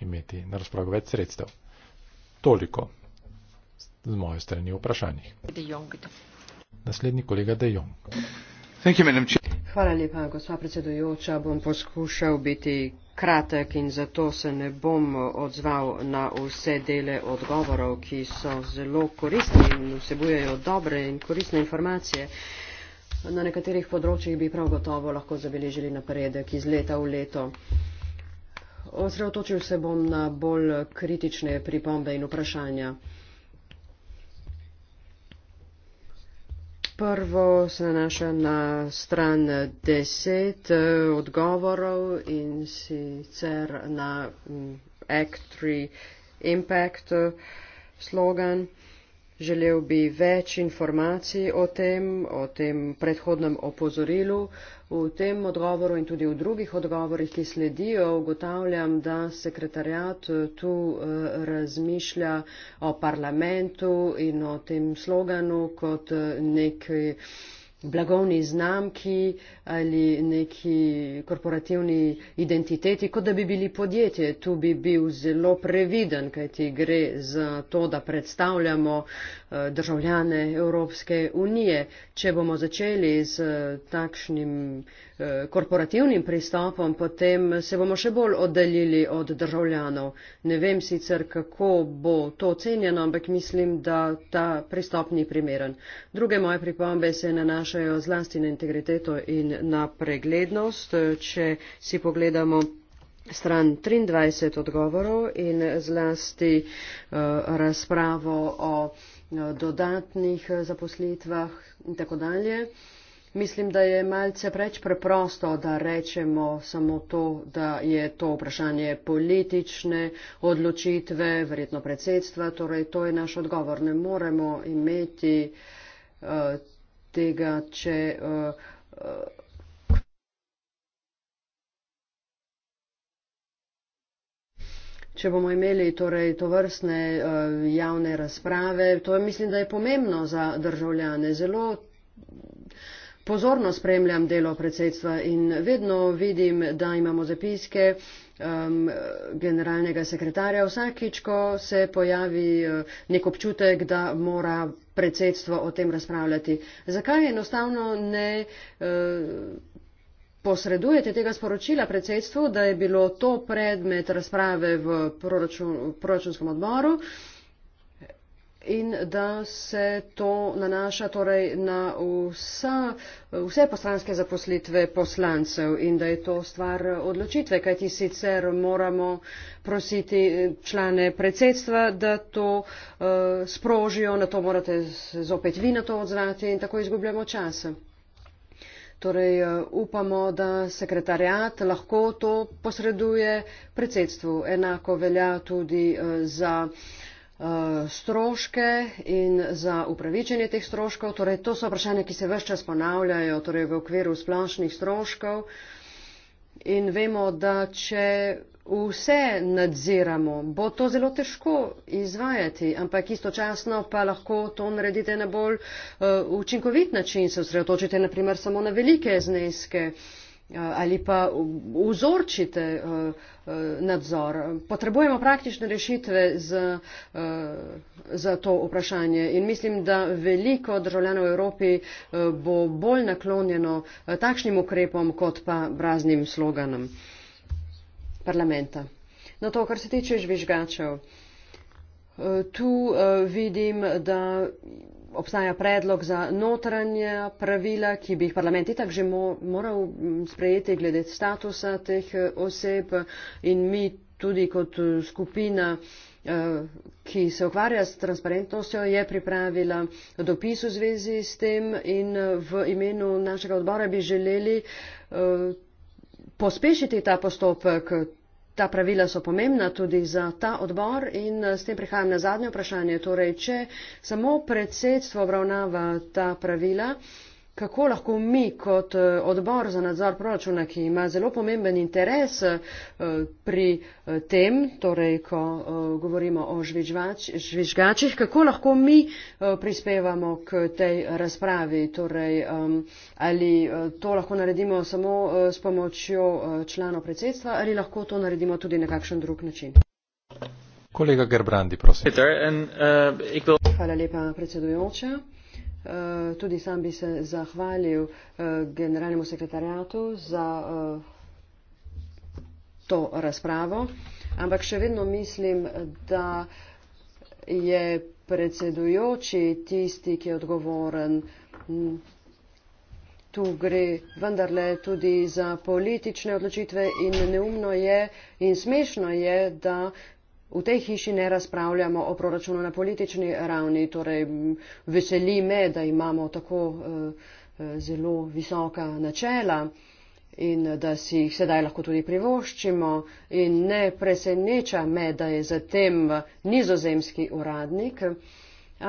imeti na razpolago več sredstev. Toliko z moje strani vprašanjih. Naslednji kolega De Jong. Hvala lepa, gospa predsedujoča. Bom poskušal biti kratek in zato se ne bom odzval na vse dele odgovorov, ki so zelo koristni in vsebujejo dobre in koristne informacije. Na nekaterih področjih bi prav gotovo lahko zabeležili napredek iz leta v leto. Osredotočil se bom na bolj kritične pripombe in vprašanja. Prvo se nanaša na stran 10 eh, odgovorov in sicer na mm, Act 3 Impact eh, slogan. Želel bi več informacij o tem, o tem predhodnem opozorilu. V tem odgovoru in tudi v drugih odgovorih, ki sledijo, ugotavljam, da sekretarjat eh, tu eh, razmišlja o parlamentu in o tem sloganu kot eh, neki blagovni znamki ali neki korporativni identiteti, kot da bi bili podjetje. Tu bi bil zelo previden, kaj ti gre za to, da predstavljamo eh, državljane Evropske unije. Če bomo začeli z takšnim uh, korporativnim pristopom, potem se bomo še bolj oddaljili od državljanov. Ne vem sicer, kako bo to ocenjeno, ampak mislim, da ta pristop ni primeren. Druge moje pripombe se nanašajo zlasti na integriteto in na preglednost. Če si pogledamo stran 23 odgovorov in zlasti uh, razpravo o eh, dodatnih eh, zaposlitvah in tako dalje. Mislim, da je malce preč preprosto, da rečemo samo to, da je to vprašanje politične odločitve, verjetno predsedstva, torej to je naš odgovor. Ne moremo imeti uh, tega, če. Uh, uh, Če bomo imeli torej, to vrstne uh, eh, javne razprave, to je, mislim, da je pomembno za državljane. Zelo Pozorno spremljam delo predsedstva in vedno vidim, da imamo zapiske um, generalnega sekretarja vsakič, ko se pojavi uh, nek občutek, da mora predsedstvo o tem razpravljati. Zakaj enostavno ne uh, posredujete tega sporočila predsedstvu, da je bilo to predmet razprave v proračun, proračunskem odboru? Uh, in da se to nanaša torej na vsa, vse postranske zaposlitve poslancev in da je to stvar odločitve, kajti sicer moramo prositi člane predsedstva, da to uh, sprožijo, na to morate zopet vi na to odzvati in tako izgubljamo čas. Torej eh, upamo, da sekretarjat lahko to posreduje predsedstvu. Enako velja tudi uh, za uh, Eh, stroške in za upravičenje teh stroškov. Torej, to so vprašanja, ki se vse čas ponavljajo torej v okviru splošnih stroškov. In vemo, da če vse nadziramo, bo to zelo težko izvajati, ampak istočasno pa lahko to naredite na bolj uh, učinkovit način, se osredotočite naprimer samo na velike zneske. Uh, Eh, ali pa vzorčite eh, eh, nadzor. Potrebujemo praktične rešitve za, za to vprašanje in mislim, da veliko državljanov v Evropi bo bolj naklonjeno takšnim ukrepom kot pa braznim sloganom parlamenta. Na to, kar se tiče žvižgačev, tu vidim, da obstaja predlog za notranje pravila, ki bi jih parlament itak že moral mm, sprejeti glede statusa teh eh, oseb in mi tudi kot eh, skupina eh, ki se ukvarja s transparentnostjo, je pripravila dopis v zvezi s tem in v imenu našega odbora bi želeli pospešiti ta postopek Ta pravila so pomembna tudi za ta odbor in eh, s tem prihajam na zadnje vprašanje. Torej, če samo predsedstvo obravnava ta pravila, kako lahko mi kot eh, odbor za nadzor proračuna, ki ima zelo pomemben interes eh, pri eh, tem, torej ko govorimo o žvižgačih, kako lahko mi prispevamo k tej razpravi, torej ali to lahko naredimo samo s pomočjo članov predsedstva ali lahko to naredimo tudi na kakšen drug način. Kolega Gerbrandi, prosim. Uh, Hvala lepa, predsedujoča. Eh, tudi sam bi se zahvalil eh, generalnemu sekretarjatu za eh, to razpravo, ampak še vedno mislim, da je predsedujoči tisti, ki je odgovoren. Hm. Tu gre vendarle tudi za politične odločitve in neumno je in smešno je, da V tej hiši ne razpravljamo o proračunu na politični ravni, torej veseli me, da imamo tako eh, eh, zelo visoka načela in da si jih sedaj lahko tudi privoščimo in ne preseneča me, da je zatem nizozemski uradnik,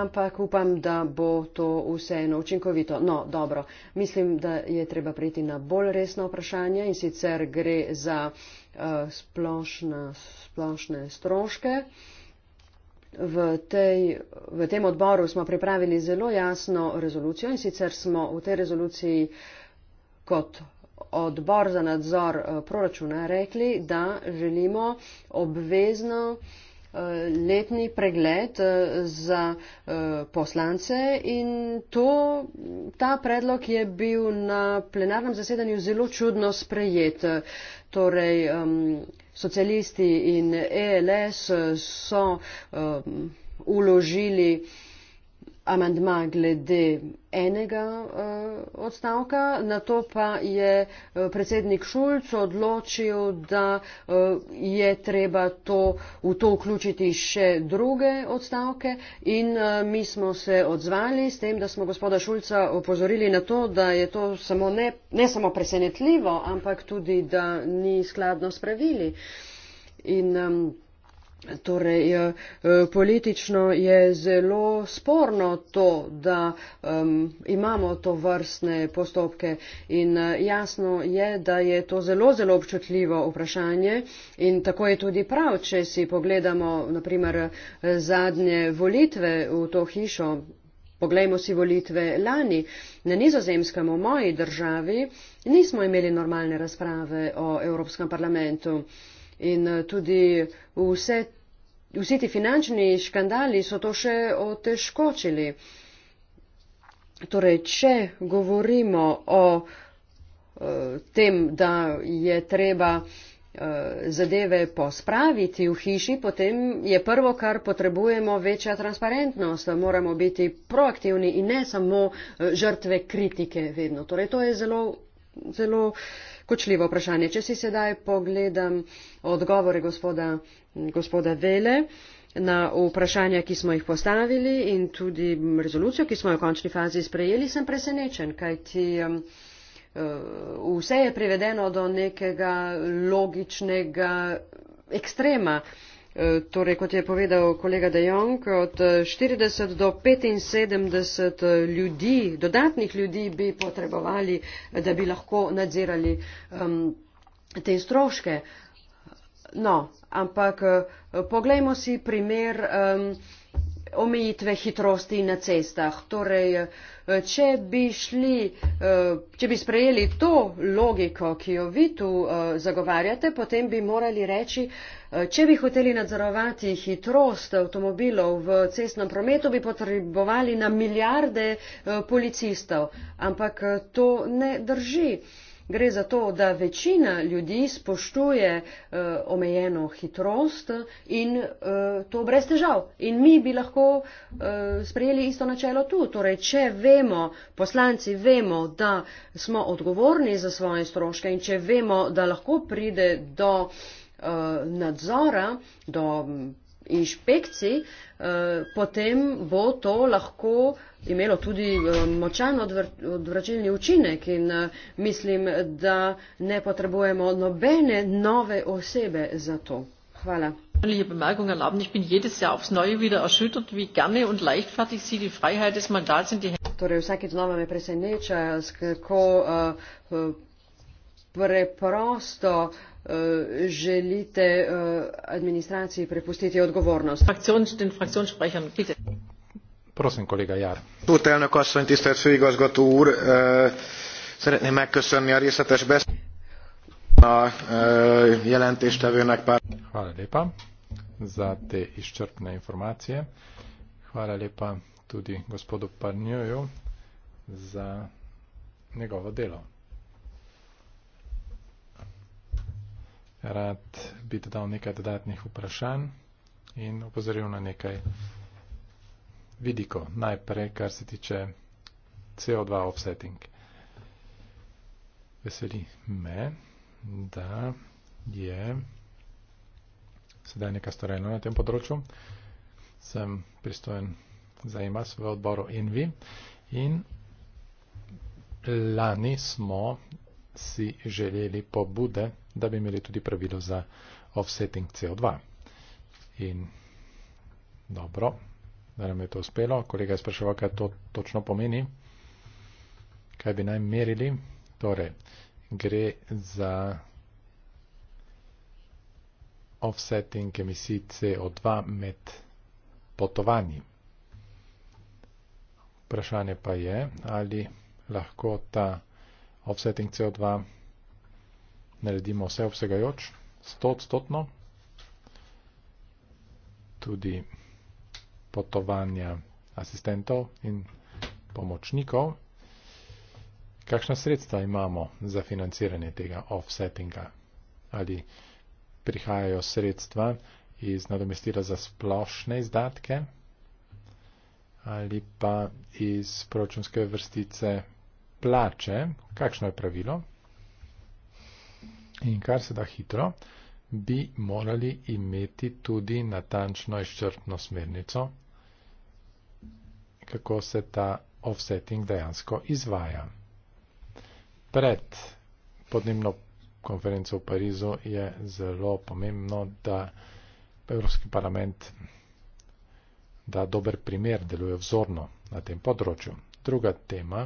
ampak upam, da bo to vseeno učinkovito. No, dobro, mislim, da je treba priti na bolj resno vprašanje in sicer gre za. Uh, Eh, splošne, splošne stroške. V, tej, v tem odboru smo pripravili zelo jasno rezolucijo in sicer smo v tej rezoluciji kot odbor za nadzor eh, proračuna rekli, da želimo obvezno letni pregled eh, za eh, poslance in to, ta predlog je bil na plenarnem zasedanju zelo čudno sprejet. Torej, um, socialisti in ELS so um, uložili uh, amandma glede enega uh, odstavka, na to pa je uh, predsednik Šulc odločil, da uh, je treba to, v to vključiti še druge odstavke in uh, mi smo se odzvali s tem, da smo gospoda Šulca opozorili na to, da je to samo ne, ne samo presenetljivo, ampak tudi, da ni skladno s pravili. In, um, Torej, e, politično je zelo sporno to, da um, imamo to vrstne postopke in e, jasno je, da je to zelo, zelo občutljivo vprašanje in tako je tudi prav, če si pogledamo, naprimer, e, zadnje volitve v to hišo. Poglejmo si volitve lani. Na nizozemskem v moji državi nismo imeli normalne razprave o Evropskem parlamentu in eh, tudi vse, vsi ti finančni škandali so to še otežkočili. Torej, če govorimo o, o eh, tem, da je treba eh, zadeve pospraviti v hiši, potem je prvo, kar potrebujemo, večja transparentnost. Moramo biti proaktivni in ne samo žrtve kritike vedno. Torej, to je zelo, zelo kočljivo vprašanje. Če si sedaj pogledam odgovore gospoda, gospoda Vele na vprašanja, ki smo jih postavili in tudi rezolucijo, ki smo jo v končni fazi sprejeli, sem presenečen, kajti um, uh, vse je privedeno do nekega logičnega ekstrema. E, torej kot je povedal kolega de jong od štirideset do petinsedemdeset e, ljudi dodatnih ljudi bi potrebovali da bi lahko nadzirali um, te stroške no ampak e, poglejmo si primer um, omejitve hitrosti na cestah. Torej, če bi šli, če bi sprejeli to logiko, ki jo vi tu zagovarjate, potem bi morali reči, Če bi hoteli nadzorovati hitrost avtomobilov v cestnem prometu, bi potrebovali na milijarde eh, policistov. Ampak eh, to ne drži. Gre za to, da večina ljudi spoštuje uh, omejeno hitrost in uh, to brez težav. In mi bi lahko uh, sprejeli isto načelo tu. Torej, če vemo, poslanci vemo, da smo odgovorni za svoje stroške in če vemo, da lahko pride do uh, Eh, nadzora, do inšpekcij, eh, potem bo to lahko imelo tudi eh, močan odvračilni učinek in mislim, da ne potrebujemo nobene nove osebe za to. Hvala. Liebe Bemerkung erlauben, ich bin jedes Jahr aufs Neue wieder erschüttert, wie gerne und leichtfertig Sie die Freiheit des Mandats in die Hände. Torej, preprosto uh, želite uh, administraciji prepustiti odgovornost. Prosim, kolega Jar. Elnök asszony, tisztelt főigazgató úr, eh, szeretném megköszönni a részletes beszélgetést a jelentéstevőnek. Pár... Hvala lepa za te izčrpne informacije. Hvala lepa tudi gospodu Parnjoju za njegovo delo. rad bi dodal nekaj dodatnih vprašanj in opozoril na nekaj vidikov. Najprej, kar se tiče CO2 offsetting. Veseli me, da je sedaj nekaj storjeno na tem področju. Sem pristojen za IMAS v odboru Envi in lani smo si želeli pobude da bi imeli tudi pravilo za offsetting CO2. In dobro, da nam je to uspelo. Kolega je spraševal, kaj to točno pomeni, kaj bi naj merili. Torej, gre za offsetting emisij CO2 med potovanji. Vprašanje pa je, ali lahko ta offsetting CO2 naredimo vse obsegajoč, stotstotno, tudi potovanja asistentov in pomočnikov. Kakšna sredstva imamo za financiranje tega offsettinga? Ali prihajajo sredstva iz nadomestila za splošne izdatke ali pa iz proračunske vrstice plače? Kakšno je pravilo? in kar se da hitro, bi morali imeti tudi natančno izčrpno smernico, kako se ta offsetting dejansko izvaja. Pred podnebno konferenco v Parizu je zelo pomembno, da Evropski parlament da dober primer, deluje vzorno na tem področju. Druga tema,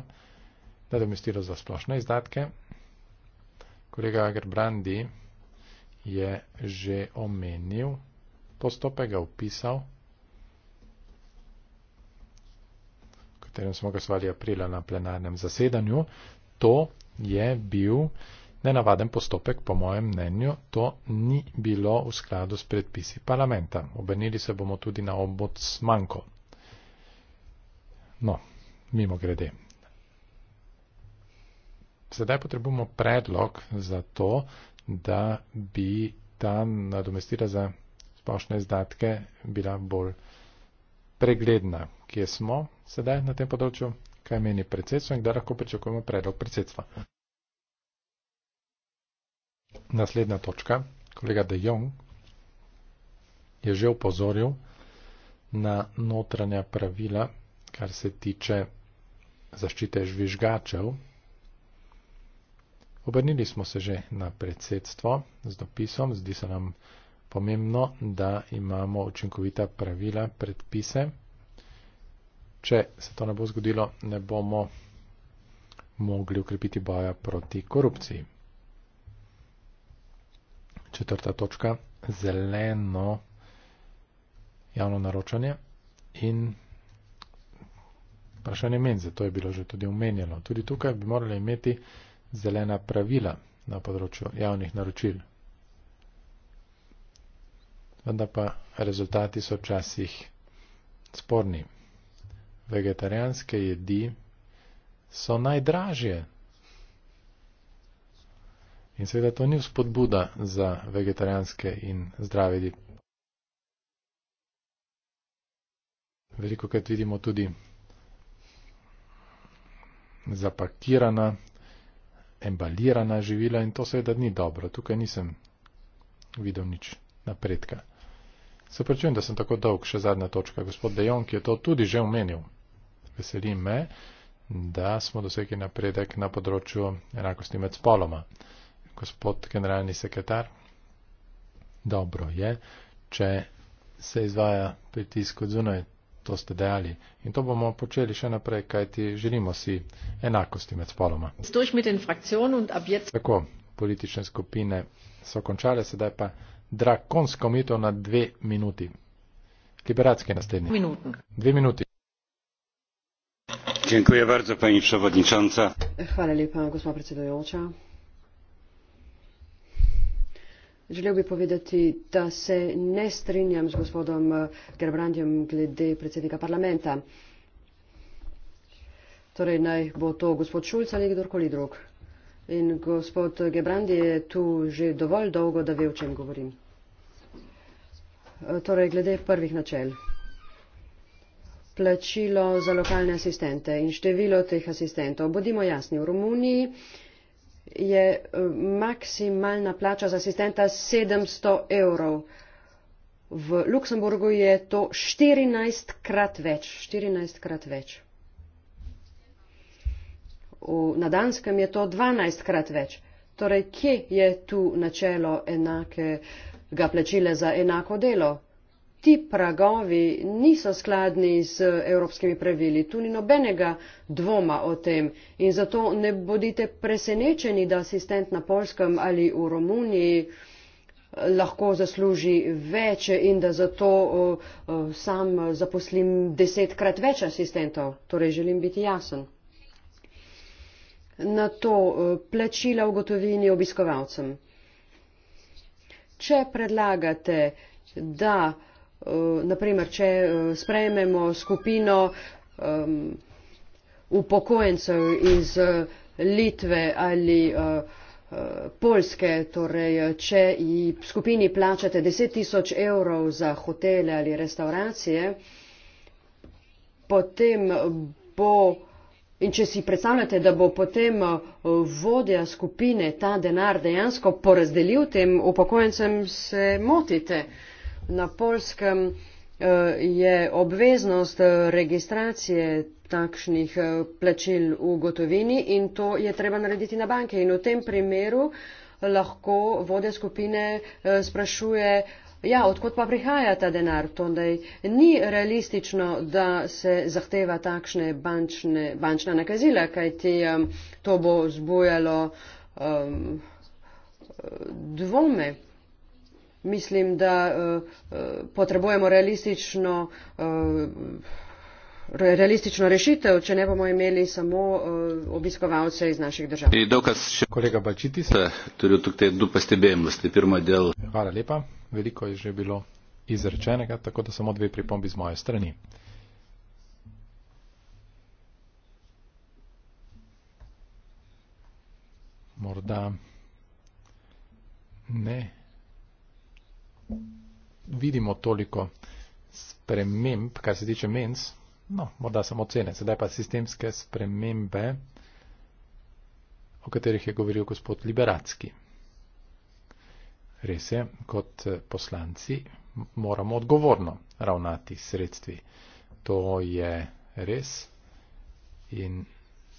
nadomestilo za splošne izdatke, Kolega Agerbrandi je že omenil postopek, ga opisal, v katerem smo glasovali aprila na plenarnem zasedanju. To je bil nenavaden postopek, po mojem mnenju, to ni bilo v skladu s predpisi parlamenta. Obenili se bomo tudi na obod smanko. No, mimo grede, Sedaj potrebujemo predlog za to, da bi ta nadomestila za splošne izdatke bila bolj pregledna. Kje smo sedaj na tem področju, kaj meni predsedstvo in kdaj lahko pričakujemo predlog predsedstva. Naslednja točka. Kolega De Jong je že upozoril na notranja pravila, kar se tiče zaščite žvižgačev Obrnili smo se že na predsedstvo z dopisom, zdi se nam pomembno, da imamo učinkovita pravila, predpise. Če se to ne bo zgodilo, ne bomo mogli ukrepiti boja proti korupciji. Četrta točka. Zeleno javno naročanje in vprašanje menze. To je bilo že tudi omenjeno. Tudi tukaj bi morali imeti zelena pravila na področju javnih naročil. Vendar pa rezultati so včasih sporni. Vegetarijanske jedi so najdražje. In seveda to ni vzpodbuda za vegetarijanske in zdrave jedi. Veliko krat vidimo tudi zapakirana embalirana živila in to seveda ni dobro. Tukaj nisem videl nič napredka. Se pričujem, da sem tako dolg, še zadnja točka. Gospod Dejon, ki je to tudi že omenil. Veseli me, da smo dosegli napredek na področju enakosti med spoloma. Gospod generalni sekretar, dobro je, če se izvaja pritisk od zunaj, to ste dejali. In to bomo počeli še naprej, kajti želimo si enakosti med spoloma. Tako, politične skupine so končale, sedaj pa drakonsko mito na dve minuti. Liberatske naslednje. Dve minuti. Bardzo, Hvala lepa, gospod predsedujoča. Želel bi povedati, da se ne strinjam z gospodom eh, Gerbrandjem glede predsednika parlamenta. Torej naj bo to gospod Šulc ali kdorkoli drug. In gospod Gebrandi je tu že dovolj dolgo, da ve, o čem govorim. Eh, torej, glede prvih načel. Plačilo za lokalne asistente in število teh asistentov. Bodimo jasni, v Romuniji je eh, maksimalna plača za asistenta 700 evrov. V Luksemburgu je to 14 krat več. 14 krat več. V, na Danskem je to 12 krat več. Torej, kje je tu načelo enakega plačila za enako delo? ti pragovi niso skladni z evropskimi pravili. Tu ni nobenega dvoma o tem in zato ne bodite presenečeni, da asistent na Polskem ali v Romuniji eh, lahko zasluži več in da zato uh, uh, sam zaposlim desetkrat več asistentov. Torej želim biti jasen. Na to uh, plačila v gotovini obiskovalcem. Če predlagate, da uh, Eh, naprimer, če eh, sprejmemo skupino um, upokojencev iz eh, Litve ali uh, Polske, torej, če skupini plačate 10 tisoč evrov za hotele ali restauracije, potem bo. In če si predstavljate, da bo potem vodja skupine ta denar dejansko porazdelil tem upokojencem, se motite. Uh, na polskem eh, je obveznost eh, registracije takšnih eh, plačil v gotovini in to je treba narediti na banke. In v tem primeru lahko vode skupine sprašuje, ja, odkot pa prihaja ta denar. Tondej ni realistično, da se zahteva takšne bančne, bančna nakazila, kajti to bo zbujalo dvome mislim, da uh, potrebujemo realistično, uh, realistično rešitev, če ne bomo imeli samo uh, obiskovalce iz naših držav. Kolega Balčitis, tudi od tukaj dupa stebemnosti, prvo del. Hvala lepa, veliko je že bilo izrečenega, tako da samo dve pripombi z moje strani. Morda ne vidimo toliko sprememb, kar se tiče menc, no, morda samo cene, sedaj pa sistemske spremembe, o katerih je govoril gospod Liberacki. Res je, kot eh, poslanci moramo odgovorno ravnati sredstvi. To je res in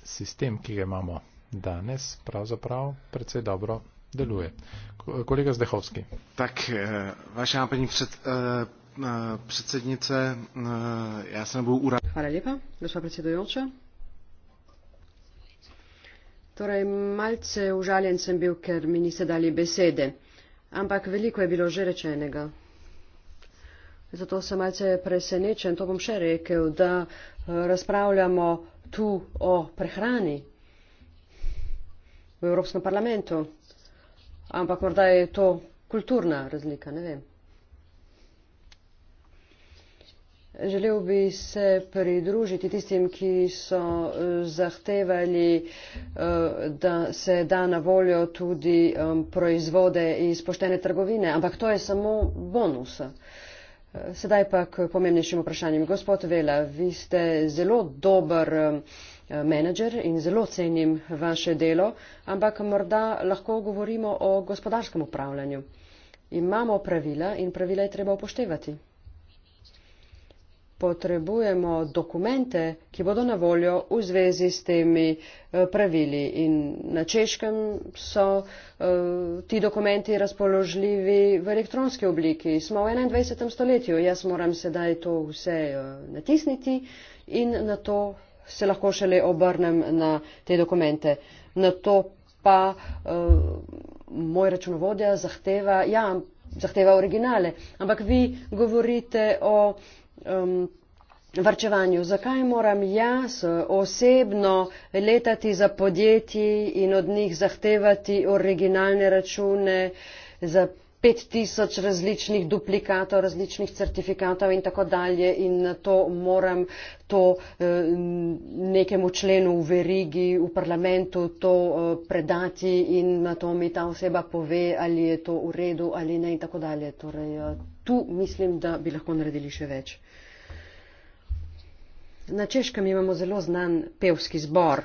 sistem, ki ga imamo danes, pravzaprav precej dobro deluje. Kolega Zdechovský. Tak, eh, vaša paní před, eh, eh, předsednice, já se nebudu urad... Hvala lepa, gospa predsedujoča. Torej, malce užaljen sem bil, ker mi niste dali besede, ampak veliko je bilo že rečenega. Zato sem malce presenečen, to bom še rekel, da razpravljamo tu o prehrani v Evropskem parlamentu ampak morda je to kulturna razlika, ne vem. Želel bi se pridružiti tistim, ki so eh, zahtevali, eh, da se da na voljo tudi proizvode iz poštene trgovine, ampak to je samo bonus. Eh, sedaj pa k pomembnejšim vprašanjem. Gospod Vela, vi ste zelo dober. Eh, menedžer in zelo cenim vaše delo, ampak morda lahko govorimo o gospodarskem upravljanju. Imamo pravila in pravila je treba upoštevati. Potrebujemo dokumente, ki bodo na voljo v zvezi s temi eh, pravili. In na češkem so uh, ti dokumenti razpoložljivi v elektronski obliki. Smo v 21. stoletju, jaz moram sedaj to vse uh, natisniti in na to se lahko šele obrnem na te dokumente. Na to pa uh, moj računovodja zahteva, ja, zahteva originale. Ampak vi govorite o um, varčevanju. Zakaj moram jaz osebno letati za podjetji in od njih zahtevati originalne račune za pet tisoč različnih duplikatov, različnih certifikatov in tako dalje in to moram to eh, nekemu členu v verigi, v parlamentu to eh, predati in na to mi ta oseba pove, ali je to v redu ali ne in tako dalje. Torej, eh, tu mislim, da bi lahko naredili še več. Na Češkem imamo zelo znan pevski zbor.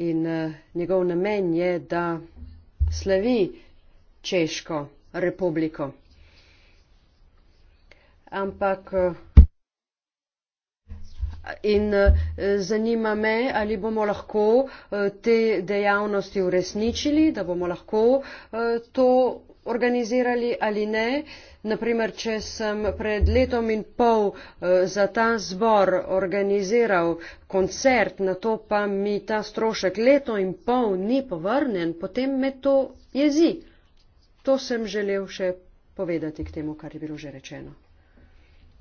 In uh, njegov namen je, da slavi Češko republiko. Ampak eh, in eh, zanima me, ali bomo lahko eh, te dejavnosti uresničili, da bomo lahko to organizirali ali ne. Naprimer, če sem pred letom in pol eh, za ta zbor organiziral koncert, na to pa mi ta strošek leto in pol ni povrnen, potem me to jezi. To sem želel še povedati k temu, kar je bilo že rečeno.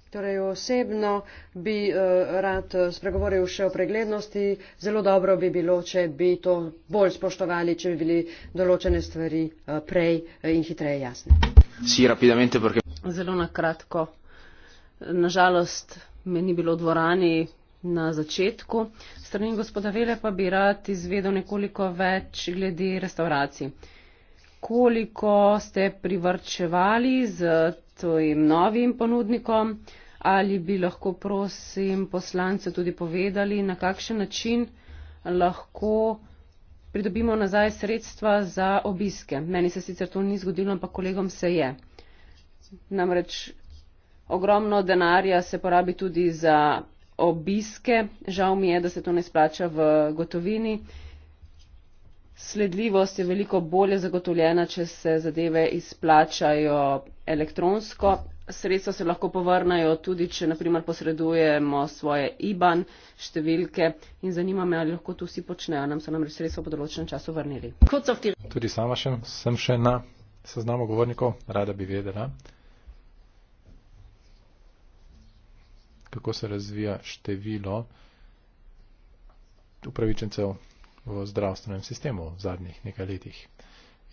Torej, osebno bi uh, rad eh, spregovoril še o preglednosti. Zelo dobro bi bilo, če bi to bolj spoštovali, če bi bili določene stvari uh, prej in hitreje jasne. Si, porque... Zelo na kratko. Nažalost, me ni bilo v dvorani na začetku. Strani gospoda Vele pa bi rad izvedel nekoliko več glede restauracij. Uh, koliko ste privrčevali z tvojim novim ponudnikom, ali bi lahko prosim poslance tudi povedali, na kakšen način lahko pridobimo nazaj sredstva za obiske. Meni se sicer to ni zgodilo, ampak kolegom se je. Namreč ogromno denarja se porabi tudi za obiske. Žal mi je, da se to ne splača v gotovini. Sledljivost je veliko bolje zagotovljena, če se zadeve izplačajo elektronsko. Sredstva se lahko povrnajo tudi, če naprimer posredujemo svoje IBAN številke in zanima me, ali lahko to vsi počnejo, nam so namreč sredstva po določenem času vrnili. Tudi sama še, sem še na seznamu govornikov, rada bi vedela, kako se razvija število upravičencev v zdravstvenem sistemu v zadnjih nekaj letih.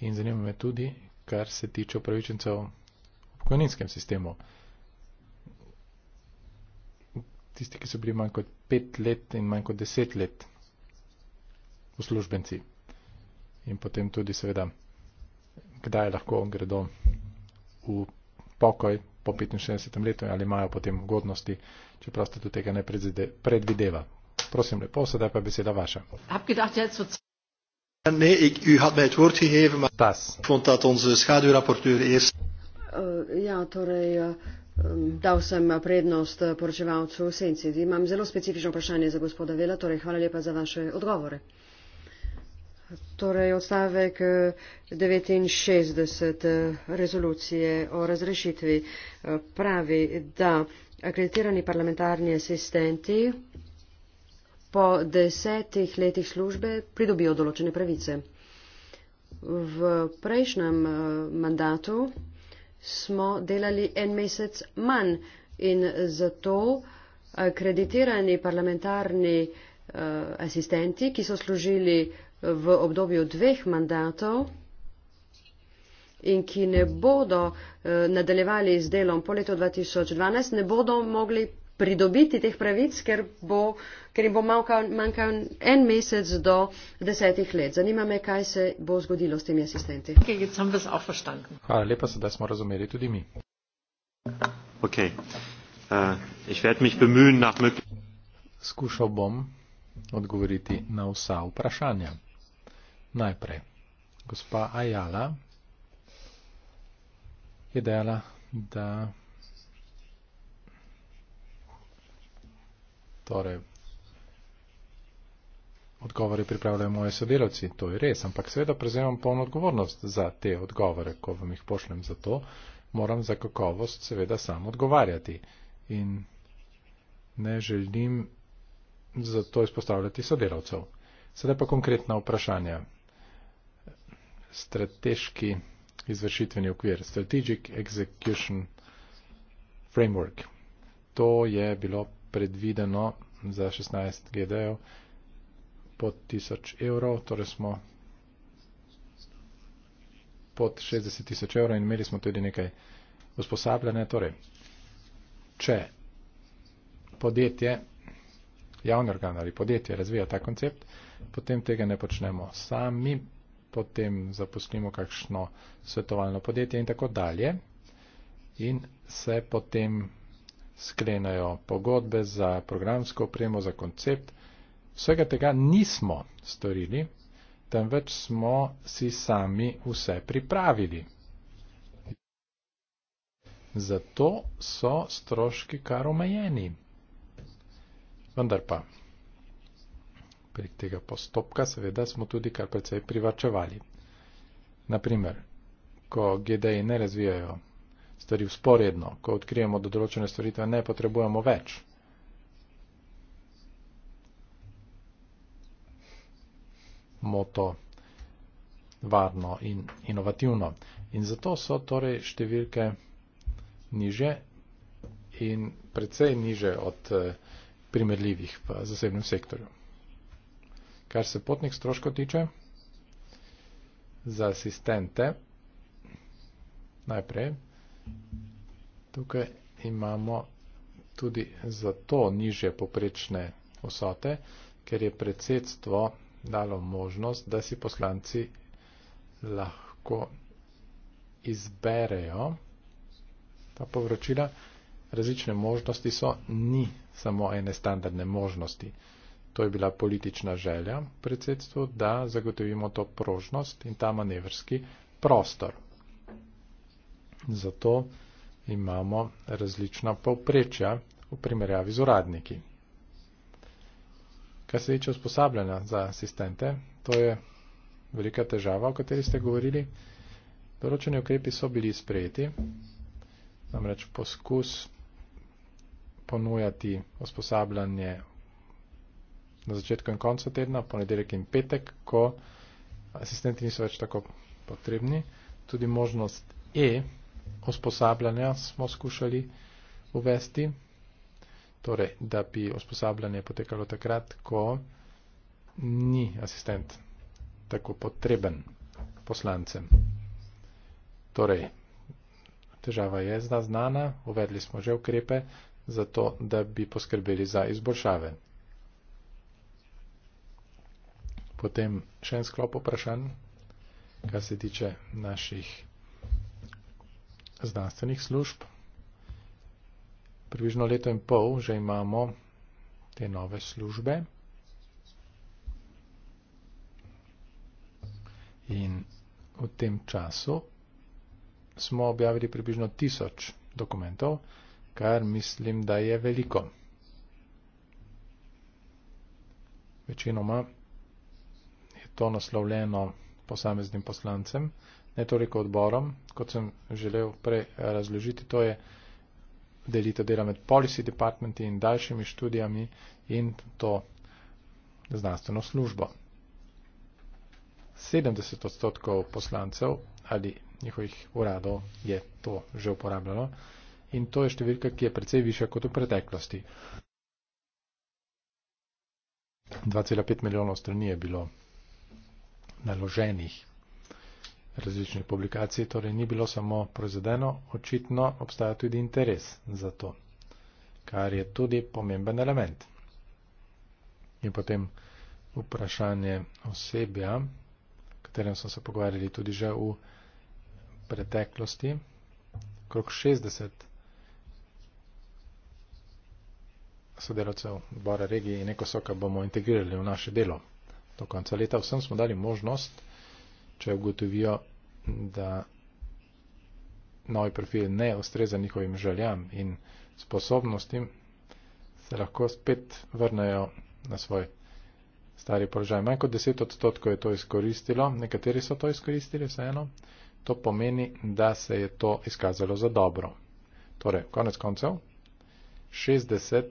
In zanima me tudi, kar se tiče upravičencev v pokojninskem sistemu. Tisti, ki so bili manj kot pet let in manj kot deset let uslužbenci. In potem tudi seveda, kdaj lahko gredo v pokoj po 65. letu ali imajo potem ugodnosti, čeprav se tudi tega ne predvideva Prosim, lepo, sedaj pa beseda vaša. Nee, ik, u had mij het woord gegeven, maar Pas. ik vond dat onze schaduwrapporteur eerst. Uh, ja, torej, uh... Dal sem prednost eh, poročevalcu Senci. Imam zelo specifično vprašanje za gospoda Vela, torej hvala lepa za vaše odgovore. Torej, odstavek 69 rezolucije o razrešitvi pravi, da akreditirani parlamentarni asistenti po desetih letih službe pridobijo določene pravice. V prejšnjem eh, mandatu smo delali en mesec manj in zato akreditirani eh, parlamentarni eh, asistenti, ki so služili v obdobju dveh mandatov in ki ne bodo nadaljevali z delom po letu 2012, ne bodo mogli pridobiti teh pravic, ker bo uh, ker jim bo manjkal, manjkal en mesec do desetih let. Zanima me, kaj se bo zgodilo s temi asistenti. Hvala lepa, sedaj smo razumeli tudi mi. Okay. Uh, ich bemühen, nach... Skušal bom odgovoriti na vsa vprašanja. Najprej, gospa Ajala je dejala, da torej odgovore pripravljajo moje sodelavci. To je res, ampak seveda prevzemam polno odgovornost za te odgovore, ko vam jih pošljem za to. Moram za kakovost seveda sam odgovarjati in ne želim zato izpostavljati sodelavcev. Sedaj pa konkretna vprašanja. Strateški izvršitveni okvir, Strategic Execution Framework. To je bilo predvideno za 16 GDO pod 1000 evrov, torej smo pod 60 tisoč evrov in imeli smo tudi nekaj usposabljanja. Torej, če podjetje, javni organ ali podjetje razvija ta koncept, potem tega ne počnemo sami, potem zaposlimo kakšno svetovalno podjetje in tako dalje in se potem sklenajo pogodbe za programsko opremo, za koncept, Vsega tega nismo storili, temveč smo si sami vse pripravili. Zato so stroški kar omejeni. Vendar pa, prek tega postopka seveda smo tudi kar precej privačevali. Naprimer, ko GDI ne razvijajo stvari usporedno, ko odkrijemo, da določene storitve ne potrebujemo več. moto varno in inovativno. In zato so torej številke niže in precej niže od eh, primerljivih v zasebnem sektorju. Kar se potnik stroško tiče, za asistente, najprej, tukaj imamo tudi zato niže poprečne vsote, ker je predsedstvo dalo možnost, da si poslanci lahko izberejo ta povračila. Različne možnosti so, ni samo ene standardne možnosti. To je bila politična želja predsedstvu, da zagotovimo to prožnost in ta manevrski prostor. Zato imamo različna povprečja v primerjavi z uradniki. Kar se tiče usposabljanja za asistente, to je velika težava, o kateri ste govorili. Določeni ukrepi so bili sprejeti, namreč poskus ponujati usposabljanje na začetku in koncu tedna, ponedeljek in petek, ko asistenti niso več tako potrebni. Tudi možnost E usposabljanja smo skušali uvesti, Torej, da bi usposabljanje potekalo takrat, ko ni asistent tako potreben poslancem. Torej, težava je zna znana, uvedli smo že ukrepe za to, da bi poskrbeli za izboljšave. Potem še en sklop vprašanj, kar se tiče naših znanstvenih služb približno leto in pol že imamo te nove službe. In v tem času smo objavili približno tisoč dokumentov, kar mislim, da je veliko. Večinoma je to naslovljeno posameznim poslancem, ne toliko odborom, kot sem želel prej razložiti, to je delitev dela med policy departmenti in daljšimi študijami in to znanstveno službo. 70 odstotkov poslancev ali njihovih uradov je to že uporabljalo in to je številka, ki je precej višja kot v preteklosti. 2,5 milijonov strani je bilo naloženih različne publikacije, torej ni bilo samo proizvedeno, očitno obstaja tudi interes za to, kar je tudi pomemben element. In potem vprašanje osebja, o katerem smo se pogovarjali tudi že v preteklosti, krok 60 sodelavcev Bora regije in Ekosoka bomo integrirali v naše delo. Do konca leta vsem smo dali možnost, če ugotovijo, da novi profil ne ustreza njihovim željam in sposobnostim, se lahko spet vrnejo na svoj stari položaj. Manj kot deset odstotkov je to izkoristilo, nekateri so to izkoristili vseeno. To pomeni, da se je to izkazalo za dobro. Torej, konec koncev, 60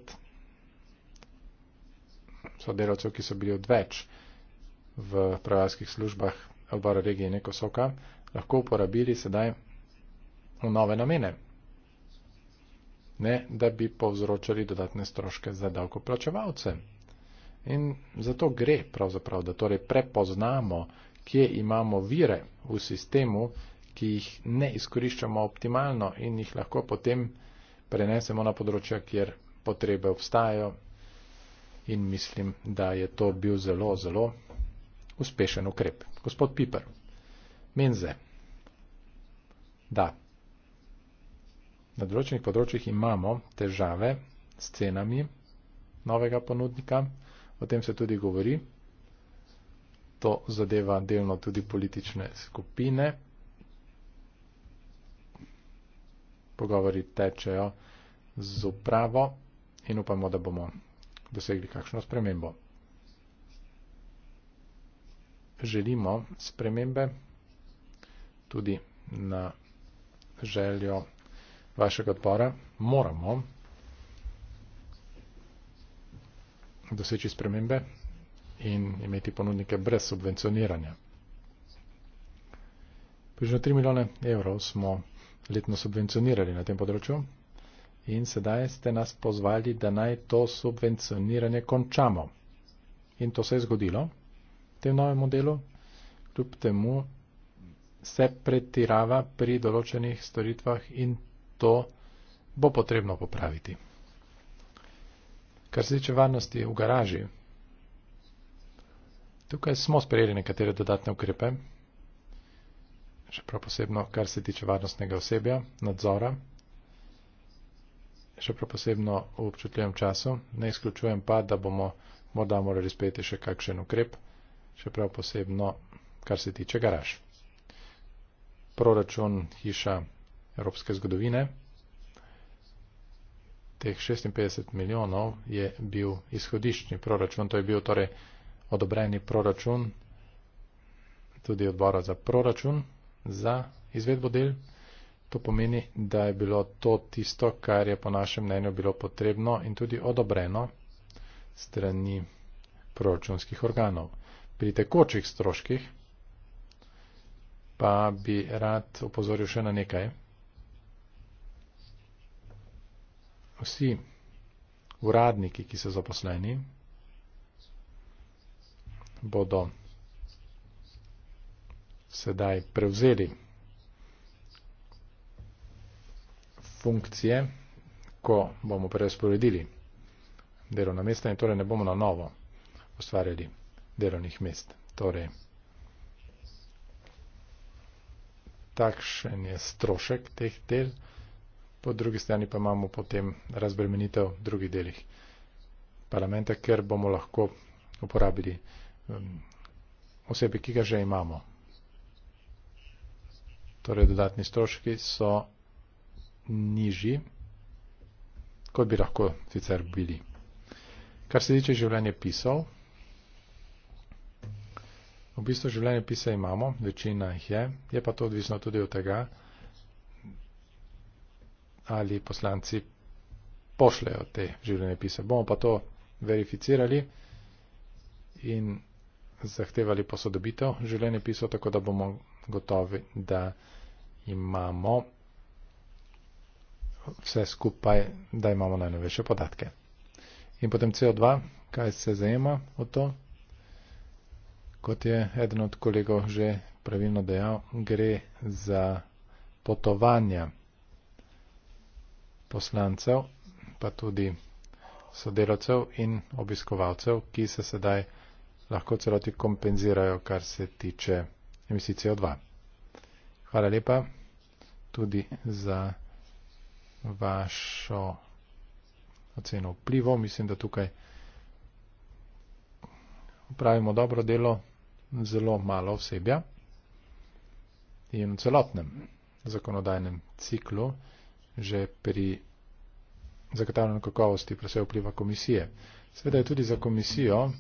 sodelavcev, ki so bili odveč v pravarskih službah, Alvaro regije Nekosoka, lahko uporabili sedaj v nove namene. Ne, da bi povzročali dodatne stroške za davkoplačevalce. In zato gre pravzaprav, da torej prepoznamo, kje imamo vire v sistemu, ki jih ne izkoriščamo optimalno in jih lahko potem prenesemo na področja, kjer potrebe obstajajo. In mislim, da je to bil zelo, zelo uspešen ukrep. Gospod Piper, menze. Da, na določenih področjih imamo težave s cenami novega ponudnika, o tem se tudi govori. To zadeva delno tudi politične skupine. Pogovori tečejo z upravo in upamo, da bomo dosegli kakšno spremembo želimo spremembe, tudi na željo vašega odbora, moramo doseči spremembe in imeti ponudnike brez subvencioniranja. Prižno 3 milijone evrov smo letno subvencionirali na tem področju in sedaj ste nas pozvali, da naj to subvencioniranje končamo. In to se je zgodilo tem novem modelu, kljub temu se pretirava pri določenih storitvah in to bo potrebno popraviti. Kar se tiče varnosti v garaži, tukaj smo sprejeli nekatere dodatne ukrepe, še prav posebno, kar se tiče varnostnega osebja, nadzora, še prav posebno v občutljivem času, ne izključujem pa, da bomo morda morali sprejeti še kakšen ukrep še prav posebno, kar se tiče garaž. Proračun hiša evropske zgodovine, teh 56 milijonov je bil izhodiščni proračun, to je bil torej odobreni proračun tudi odbora za proračun za izvedbo del. To pomeni, da je bilo to tisto, kar je po našem mnenju bilo potrebno in tudi odobreno strani proračunskih organov pri tekočih stroških, pa bi rad opozoril še na nekaj. Vsi uradniki, ki so zaposleni, bodo sedaj prevzeli funkcije, ko bomo preusporedili delovna mesta in torej ne bomo na novo ustvarjali delovnih mest. Torej, takšen je strošek teh del, po drugi strani pa imamo potem razbremenitev v drugih delih parlamenta, ker bomo lahko uporabili um, osebe, ki ga že imamo. Torej, dodatni stroški so nižji, kot bi lahko sicer bili. Kar se tiče življenja pisov, V bistvu življenje pisa imamo, večina jih je, je pa to odvisno tudi od tega, ali poslanci pošljajo te življenje pise. Bomo pa to verificirali in zahtevali posodobitev življenje pisa, tako da bomo gotovi, da imamo vse skupaj, da imamo najnovejše podatke. In potem CO2, kaj se zajema v to? kot je eden od kolegov že pravilno dejal, gre za potovanja poslancev, pa tudi sodelavcev in obiskovalcev, ki se sedaj lahko celoti kompenzirajo, kar se tiče emisij CO2. Hvala lepa tudi za vašo oceno vplivov. Mislim, da tukaj upravimo dobro delo, zelo malo osebja in v celotnem zakonodajnem ciklu že pri zagotavljanju kakovosti presej vpliva komisije. Sveda je tudi za komisijo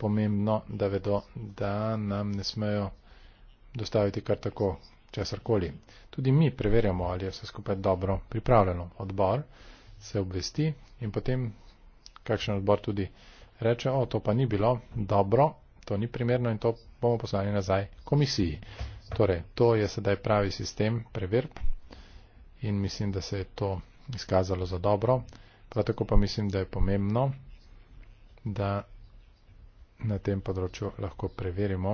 pomembno, da vedo, da nam ne smejo dostaviti kar tako česarkoli. Tudi mi preverjamo, ali je vse skupaj dobro pripravljeno. Odbor se obvesti in potem kakšen odbor tudi reče, o, to pa ni bilo dobro, to ni primerno in to bomo poslali nazaj komisiji. Torej, to je sedaj pravi sistem preverb in mislim, da se je to izkazalo za dobro. Prav tako pa mislim, da je pomembno, da na tem področju lahko preverimo,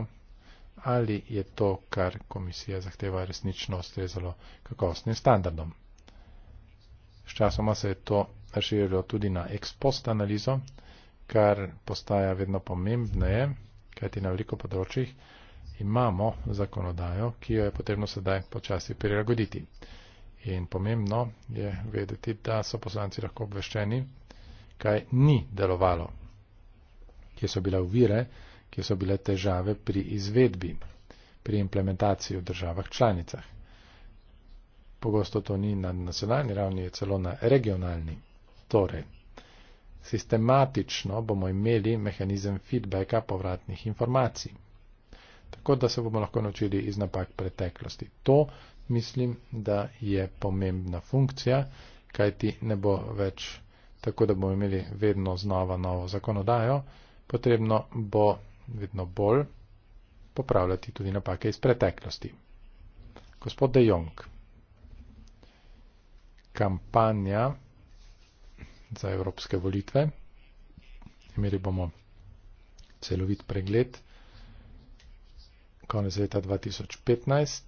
ali je to, kar komisija zahteva, resnično ustrezalo kakovostnim standardom. Sčasoma se je to razširilo tudi na ex post analizo, kar postaja vedno pomembneje kajti na veliko področjih imamo zakonodajo, ki jo je potrebno sedaj počasi prilagoditi. In pomembno je vedeti, da so poslanci lahko obveščeni, kaj ni delovalo, kje so bile uvire, kje so bile težave pri izvedbi, pri implementaciji v državah članicah. Pogosto to ni na nacionalni ravni, je celo na regionalni. Torej, sistematično bomo imeli mehanizem feedbacka povratnih informacij. Tako da se bomo lahko naučili iz napak preteklosti. To mislim, da je pomembna funkcija, kajti ne bo več tako, da bomo imeli vedno znova novo zakonodajo, potrebno bo vedno bolj popravljati tudi napake iz preteklosti. Gospod De Jong, kampanja za evropske volitve. Imeli bomo celovit pregled konec leta 2015.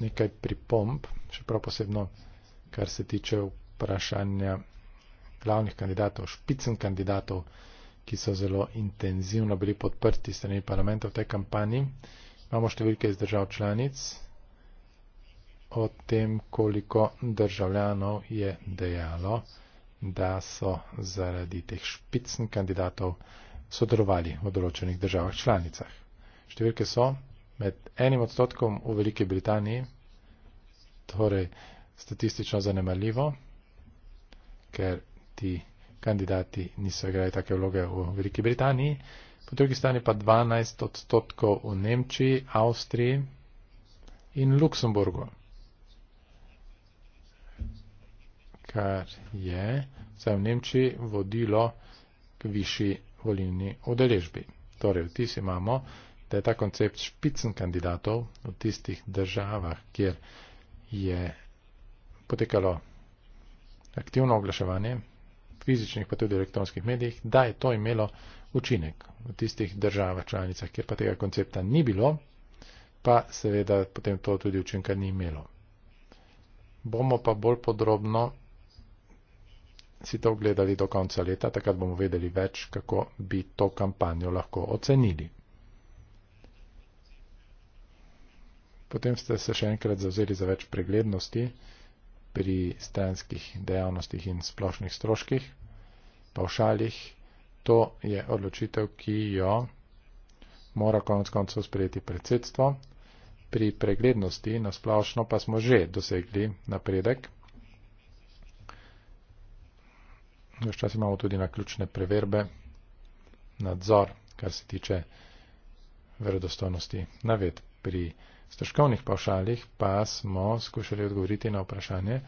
Nekaj pripomb, še prav posebno, kar se tiče vprašanja glavnih kandidatov, špicen kandidatov, ki so zelo intenzivno bili podprti strani parlamenta v tej kampanji. Imamo številke iz držav članic, o tem, koliko državljanov je dejalo, da so zaradi teh špicn kandidatov sodelovali v določenih državah članicah. Številke so med enim odstotkom v Veliki Britaniji, torej statistično zanemaljivo, ker ti kandidati niso igrali take vloge v Veliki Britaniji, po drugi strani pa 12 odstotkov v Nemčiji, Avstriji in Luksemburgu. kar je za v Nemčiji vodilo k višji volilni udeležbi. Torej, vtis imamo, da je ta koncept špicen kandidatov v tistih državah, kjer je potekalo aktivno oglaševanje, fizičnih pa tudi elektronskih medijih, da je to imelo učinek v tistih državah članicah, kjer pa tega koncepta ni bilo, pa seveda potem to tudi učinka ni imelo. Bomo pa bolj podrobno si to ogledali do konca leta, takrat bomo vedeli več, kako bi to kampanjo lahko ocenili. Potem ste se še enkrat zauzeli za več preglednosti pri stranskih dejavnostih in splošnih stroških, pavšalih. To je odločitev, ki jo mora konec koncev sprejeti predsedstvo. Pri preglednosti na splošno pa smo že dosegli napredek. Včasih imamo tudi na ključne preverbe nadzor, kar se tiče verodostojnosti naved. Pri stroškovnih pavšalih pa smo skušali odgovoriti na vprašanje,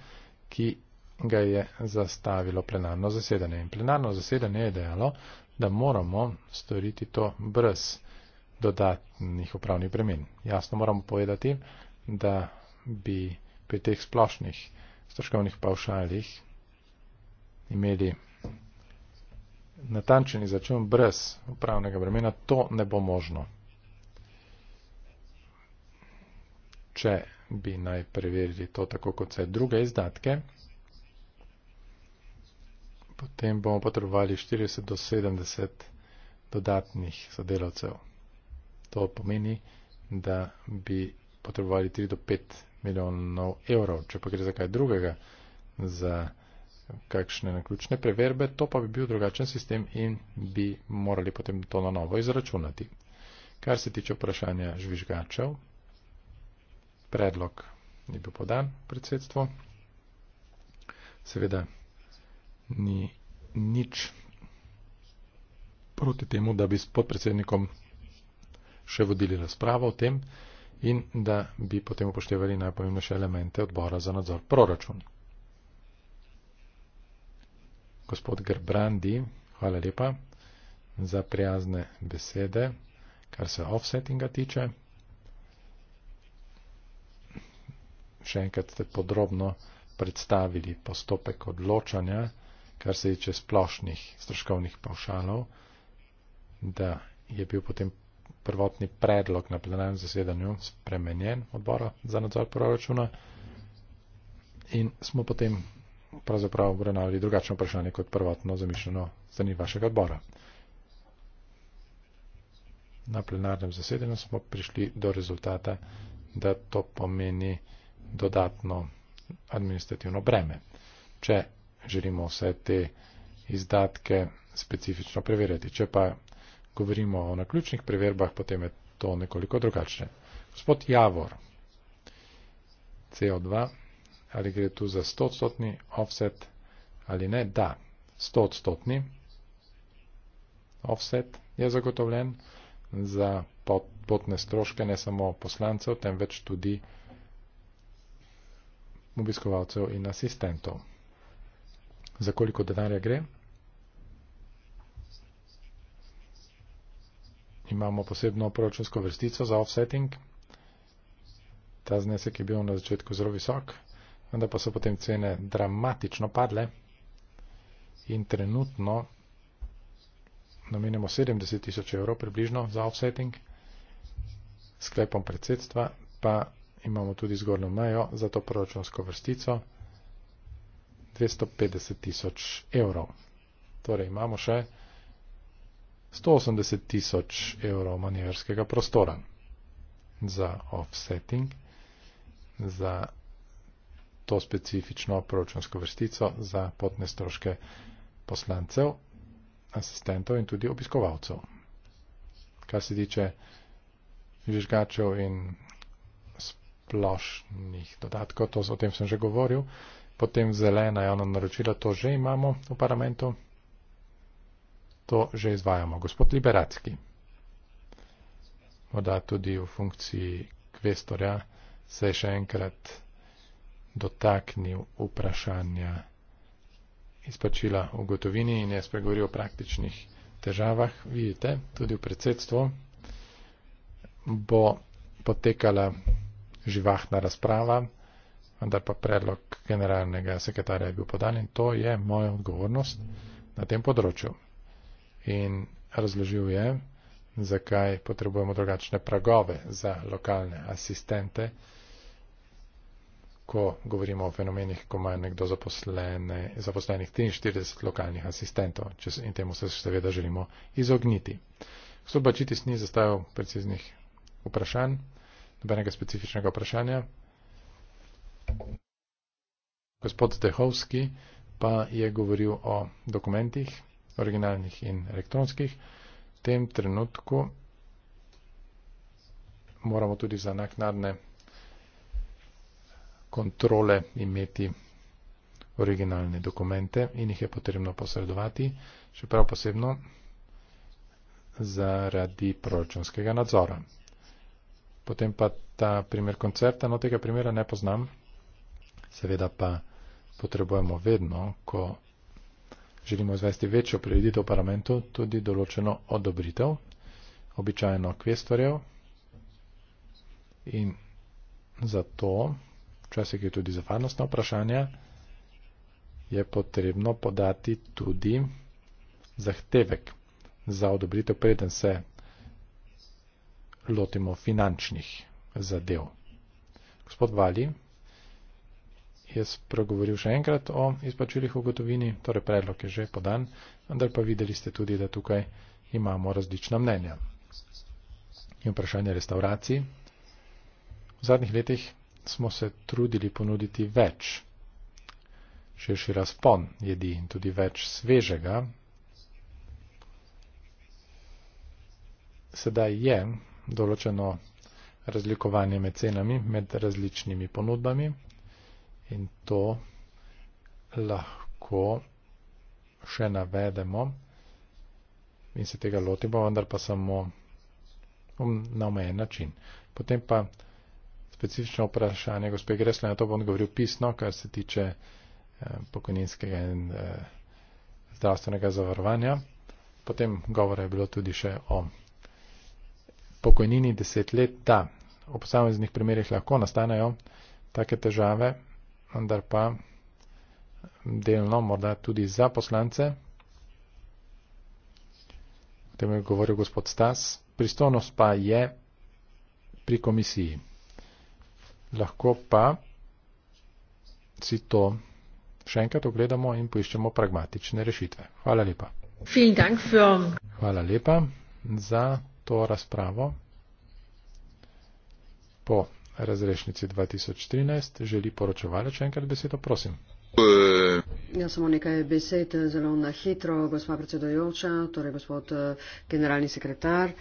ki ga je zastavilo plenarno zasedanje. In plenarno zasedanje je dejalo, da moramo storiti to brez dodatnih upravnih bremen. Jasno moramo povedati, da bi pri teh splošnih stroškovnih pavšalih imeli natančen izračun brez upravnega bremena, to ne bo možno. Če bi naj preverili to tako kot vse druge izdatke, potem bomo potrebovali 40 do 70 dodatnih sodelavcev. To pomeni, da bi potrebovali 3 do 5 milijonov evrov. Če pa gre za kaj drugega, za kakšne naključne preverbe, to pa bi bil drugačen sistem in bi morali potem to na novo izračunati. Kar se tiče vprašanja žvižgačev, predlog ni bil podan predsedstvo. Seveda ni nič proti temu, da bi s podpredsednikom še vodili razpravo o tem in da bi potem upoštevali najpomembnejše elemente odbora za nadzor proračuna gospod Gerbrandi, hvala lepa za prijazne besede, kar se offsettinga tiče. Še enkrat ste podrobno predstavili postopek odločanja, kar se tiče splošnih stroškovnih pavšalov, da je bil potem prvotni predlog na plenarnem zasedanju spremenjen odbora za nadzor proračuna in smo potem pravzaprav obravnavali drugačno vprašanje kot prvotno zamišljeno strani vašega odbora. Na plenarnem zasedanju smo prišli do rezultata, da to pomeni dodatno administrativno breme. Če želimo vse te izdatke specifično preverjati. Če pa govorimo o naključnih preverbah, potem je to nekoliko drugače. Gospod Javor, CO2 ali gre tu za 100-stotni offset ali ne. Da, 100-stotni offset je zagotovljen za potne stroške ne samo poslancev, temveč tudi obiskovalcev in asistentov. Za koliko denarja gre? Imamo posebno proračunsko vrstico za offsetting. Ta znesek je bil na začetku zelo visok, vendar pa so potem cene dramatično padle in trenutno namenjamo 70 tisoč evrov približno za offsetting, sklepom predsedstva pa imamo tudi zgornjo mejo za to proračunsko vrstico 250 tisoč evrov. Torej imamo še 180 tisoč evrov manjeverskega prostora za offsetting, za to specifično proračunsko vrstico za potne stroške poslancev, asistentov in tudi obiskovalcev. Kar se tiče žvižgačev in splošnih dodatkov, to, o tem sem že govoril, potem zelena javna naročila, to že imamo v parlamentu, to že izvajamo. Gospod Liberacki, morda tudi v funkciji kvestorja, se še enkrat dotaknil vprašanja izplačila v gotovini in jaz pregovoril o praktičnih težavah. Vidite, tudi v predsedstvu bo potekala živahna razprava, vendar pa predlog generalnega sekretarja je bil podan in to je moja odgovornost na tem področju. In razložil je, zakaj potrebujemo drugačne pragove za lokalne asistente ko govorimo o fenomenih, ko ima nekdo zaposlene, zaposlenih 43 lokalnih asistentov in temu se seveda želimo izogniti. Gospod Bačitis ni zastavil preciznih vprašanj, nobenega specifičnega vprašanja. Gospod Stehovski pa je govoril o dokumentih, originalnih in elektronskih. V tem trenutku moramo tudi za naknadne kontrole imeti originalne dokumente in jih je potrebno posredovati, še prav posebno zaradi proračunskega nadzora. Potem pa ta primer koncerta, no tega primera ne poznam, seveda pa potrebujemo vedno, ko želimo izvesti večjo preveditev v parlamentu, tudi določeno odobritev, običajno kvestorjev in zato včasih je tudi za varnostna vprašanja, je potrebno podati tudi zahtevek za odobritev, preden se lotimo finančnih zadev. Gospod Vali, jaz progovoril še enkrat o izplačilih v gotovini, torej predlog je že podan, vendar pa videli ste tudi, da tukaj imamo različna mnenja. In vprašanje restauracij. V zadnjih letih smo se trudili ponuditi več, širši razpon jedi in tudi več svežega. Sedaj je določeno razlikovanje med cenami, med različnimi ponudbami in to lahko še navedemo in se tega lotimo, vendar pa samo um, na omejen način. Potem pa specifično vprašanje, gospe Gresle, na to bom govoril pisno, kar se tiče eh, pokojninskega in eh, zdravstvenega zavarovanja. Potem govora je bilo tudi še o pokojnini deset let. Da, v posameznih primerjih lahko nastanejo take težave, vendar pa delno morda tudi za poslance. O tem je govoril gospod Stas. Pristojnost pa je pri komisiji lahko pa si to še enkrat ogledamo in poiščemo pragmatične rešitve. Hvala lepa. Hvala lepa za to razpravo. Po razrešnici 2013 želi poročevalec še enkrat besedo, prosim. Eh. Ja, samo nekaj besed, eh, zelo na hitro, gospa predsedojoča, torej gospod eh, generalni sekretar.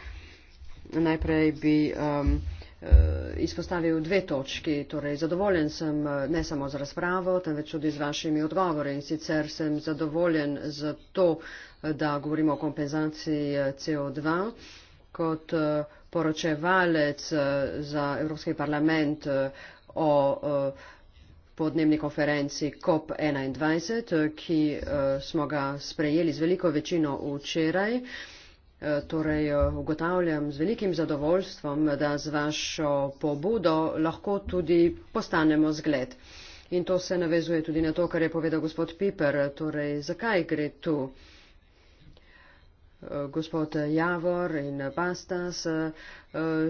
Najprej bi. Um, Eh, izpostavil dve točki. Torej, zadovoljen sem eh, ne samo z razpravo, temveč tudi z vašimi odgovori. In sicer sem zadovoljen z to, eh, da govorimo o kompenzaciji CO2 kot poročevalec za Evropski parlament o podnebni konferenci COP21, ki smo ga sprejeli z veliko večino včeraj torej ugotavljam z velikim zadovoljstvom, da z vašo pobudo lahko tudi postanemo zgled. In to se navezuje tudi na to, kar je povedal gospod Piper. Torej, zakaj gre tu? Gospod Javor in Bastas eh,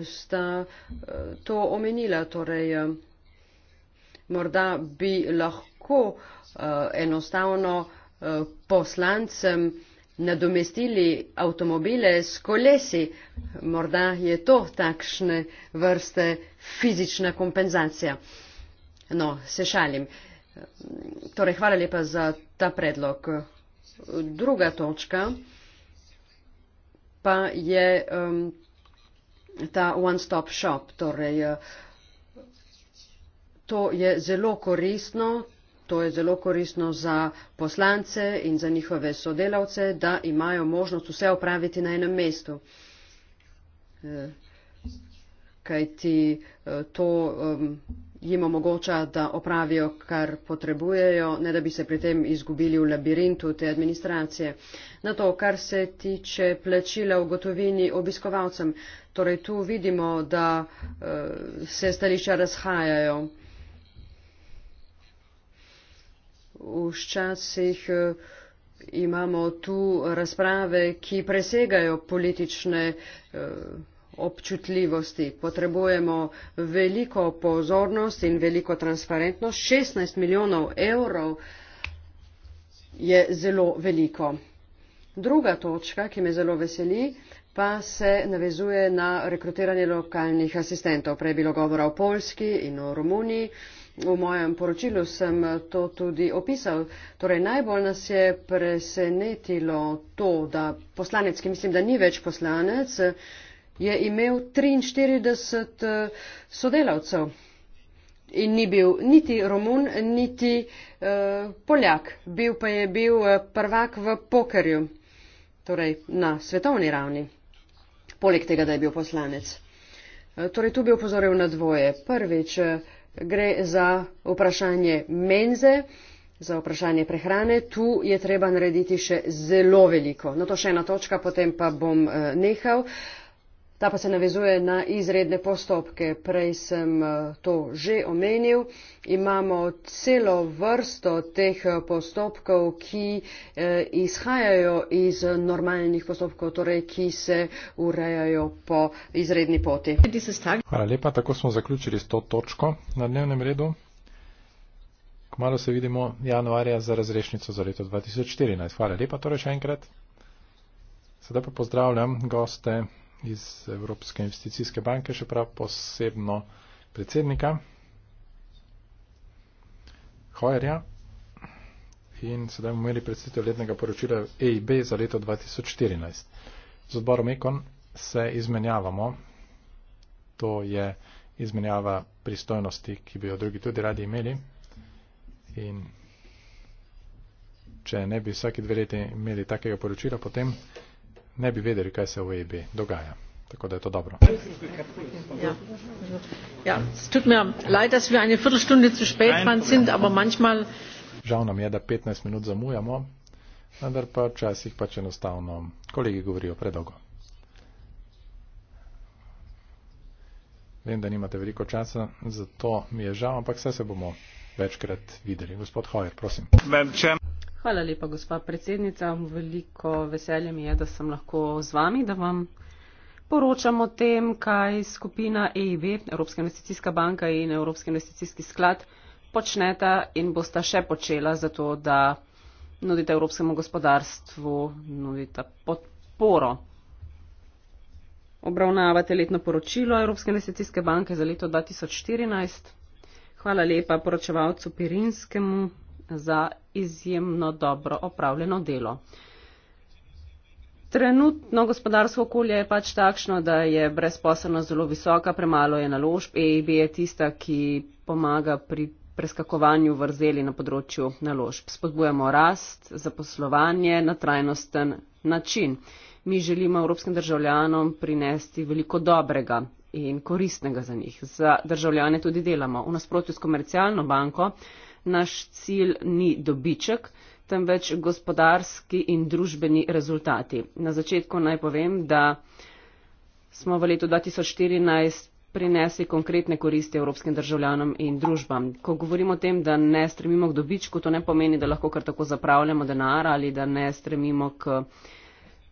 sta eh, to omenila. Torej, eh, morda bi lahko enostavno poslancem nadomestili avtomobile s kolesi. Morda je to takšne vrste fizična kompenzacija. No, se šalim. Torej, hvala lepa za ta predlog. Druga točka pa je um, ta one-stop shop. Torej, uh, to je zelo koristno, to je zelo korisno za poslance in za njihove sodelavce, da imajo možnost vse opraviti na enem mestu. Eh, Kaj ti eh, to jim omogoča, da opravijo, kar potrebujejo, ne da bi se pri tem izgubili v labirintu te administracije. Na to, kar se tiče plačila v gotovini obiskovalcem, torej tu vidimo, da eh, se stališča razhajajo. Včasih eh, imamo tu razprave, ki presegajo politične eh, občutljivosti. Potrebujemo veliko pozornost in veliko transparentnost. 16 milijonov evrov je zelo veliko. Druga točka, ki me zelo veseli, pa se navezuje na rekrutiranje lokalnih asistentov. Prej je bilo govora o Polski in o Romuniji v mojem poročilu sem to tudi opisal. Torej, najbolj nas je presenetilo to, da poslanec, ki mislim, da ni več poslanec, je imel 43 eh, sodelavcev. In ni bil niti Romun, niti eh, Poljak. Bil pa je bil eh, prvak v pokerju, torej na svetovni ravni, poleg tega, da je bil poslanec. Eh, torej, tu bi upozoril na dvoje. Prvič, eh, gre za vprašanje menze, za vprašanje prehrane. Tu je treba narediti še zelo veliko. No to še ena točka, potem pa bom eh, nehal. Uh, Ta pa se navezuje na izredne postopke. Prej sem eh, to že omenil. Imamo celo vrsto teh eh, postopkov, ki eh, izhajajo iz normalnih postopkov, torej ki se urejajo po izredni poti. Hvala lepa, tako smo zaključili s to točko na dnevnem redu. Kmalo se vidimo januarja za razrešnico za leto 2014. Hvala lepa torej še enkrat. Sedaj pa pozdravljam goste iz Evropske investicijske banke, še prav posebno predsednika Hojerja. In sedaj bomo imeli predstavitev letnega poročila EIB za leto 2014. Z odborom Ekon se izmenjavamo. To je izmenjava pristojnosti, ki bi jo drugi tudi radi imeli. In če ne bi vsake dve leti imeli takega poročila, potem ne bi vedeli, kaj se v EIB dogaja. Tako da je to dobro. Ja. Ja, tut mir leid, dass wir eine Viertelstunde zu spät dran sind, aber manchmal. Žal nam je, da 15 minut zamujamo, vendar pa včasih pač enostavno kolegi govorijo predolgo. Vem, da nimate veliko časa, zato mi je žal, ampak vse se bomo večkrat videli. Gospod Hojer, prosim. Benčem. Hvala lepa, gospa predsednica. Veliko veselje mi je, da sem lahko z vami, da vam poročam o tem, kaj skupina EIB, Evropska investicijska banka in Evropski investicijski sklad počneta in bosta še počela za to, da nudite evropskemu gospodarstvu, nudite podporo. Obravnavate letno poročilo Evropske investicijske banke za leto 2014. Hvala lepa poročevalcu Pirinskemu za izjemno dobro opravljeno delo. Trenutno gospodarsko okolje je pač takšno, da je brezposobnost zelo visoka, premalo je naložb, EIB je tista, ki pomaga pri preskakovanju vrzeli na področju naložb. Spodbujamo rast, zaposlovanje na trajnosten način. Mi želimo evropskim državljanom prinesti veliko dobrega in koristnega za njih. Za državljane tudi delamo. V nasprotju s komercialno banko naš cilj ni dobiček, temveč gospodarski in družbeni rezultati. Na začetku naj povem, da smo v letu 2014 prinesli konkretne koristi evropskim državljanom in družbam. Ko govorimo o tem, da ne stremimo k dobičku, to ne pomeni, da lahko kar tako zapravljamo denar ali da ne stremimo k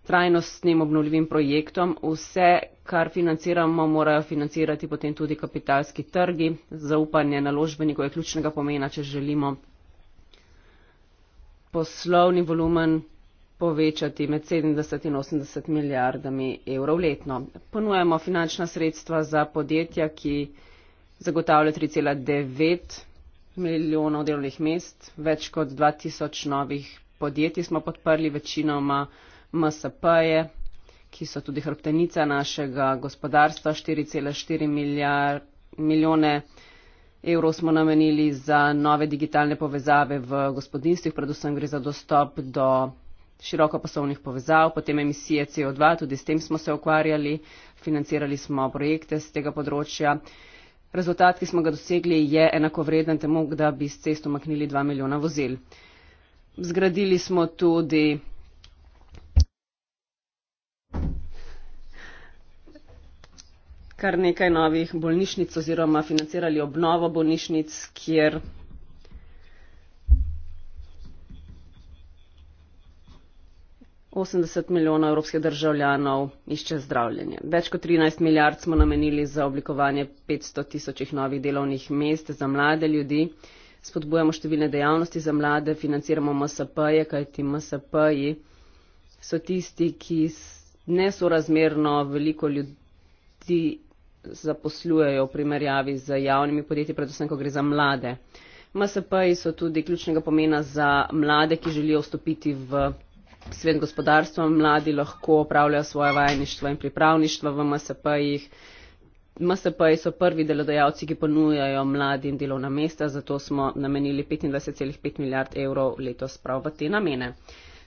trajnostnim obnovljivim projektom. Vse, kar financiramo, morajo financirati potem tudi kapitalski trgi. Zaupanje naložbenikov je ključnega pomena, če želimo poslovni volumen povečati med 70 in 80 milijardami evrov letno. Ponujemo finančna sredstva za podjetja, ki zagotavlja 3,9 milijonov delovnih mest, več kot 2000 novih podjetij smo podprli večinoma. MSP-je, ki so tudi hrbtenica našega gospodarstva, 4,4 milijone evrov smo namenili za nove digitalne povezave v gospodinstvih, predvsem gre za dostop do široko poslovnih povezav, potem emisije CO2, tudi s tem smo se ukvarjali, financirali smo projekte z tega področja. Rezultat, ki smo ga dosegli, je enakovreden temu, da bi s cesto maknili 2 milijona vozil. Zgradili smo tudi kar nekaj novih bolnišnic oziroma financirali obnovo bolnišnic, kjer. osemdeset milijonov evropskih državljanov išče zdravljenje. Več kot trinajst milijard smo namenili za oblikovanje petsto tisočih novih delovnih mest za mlade ljudi, spodbujamo številne dejavnosti za mlade, financiramo MSP-je, kajti MSP-ji so tisti, ki nesorazmerno veliko ljudi zaposlujejo v primerjavi z javnimi podjetji, predvsem, ko gre za mlade. MSP-ji so tudi ključnega pomena za mlade, ki želijo vstopiti v svet gospodarstva. Mladi lahko opravljajo svoje vajeništvo in pripravništvo v MSP-jih. MSP-ji so prvi delodajalci, ki ponujajo mladim delovna mesta, zato smo namenili 25,5 milijard evrov letos prav v te namene.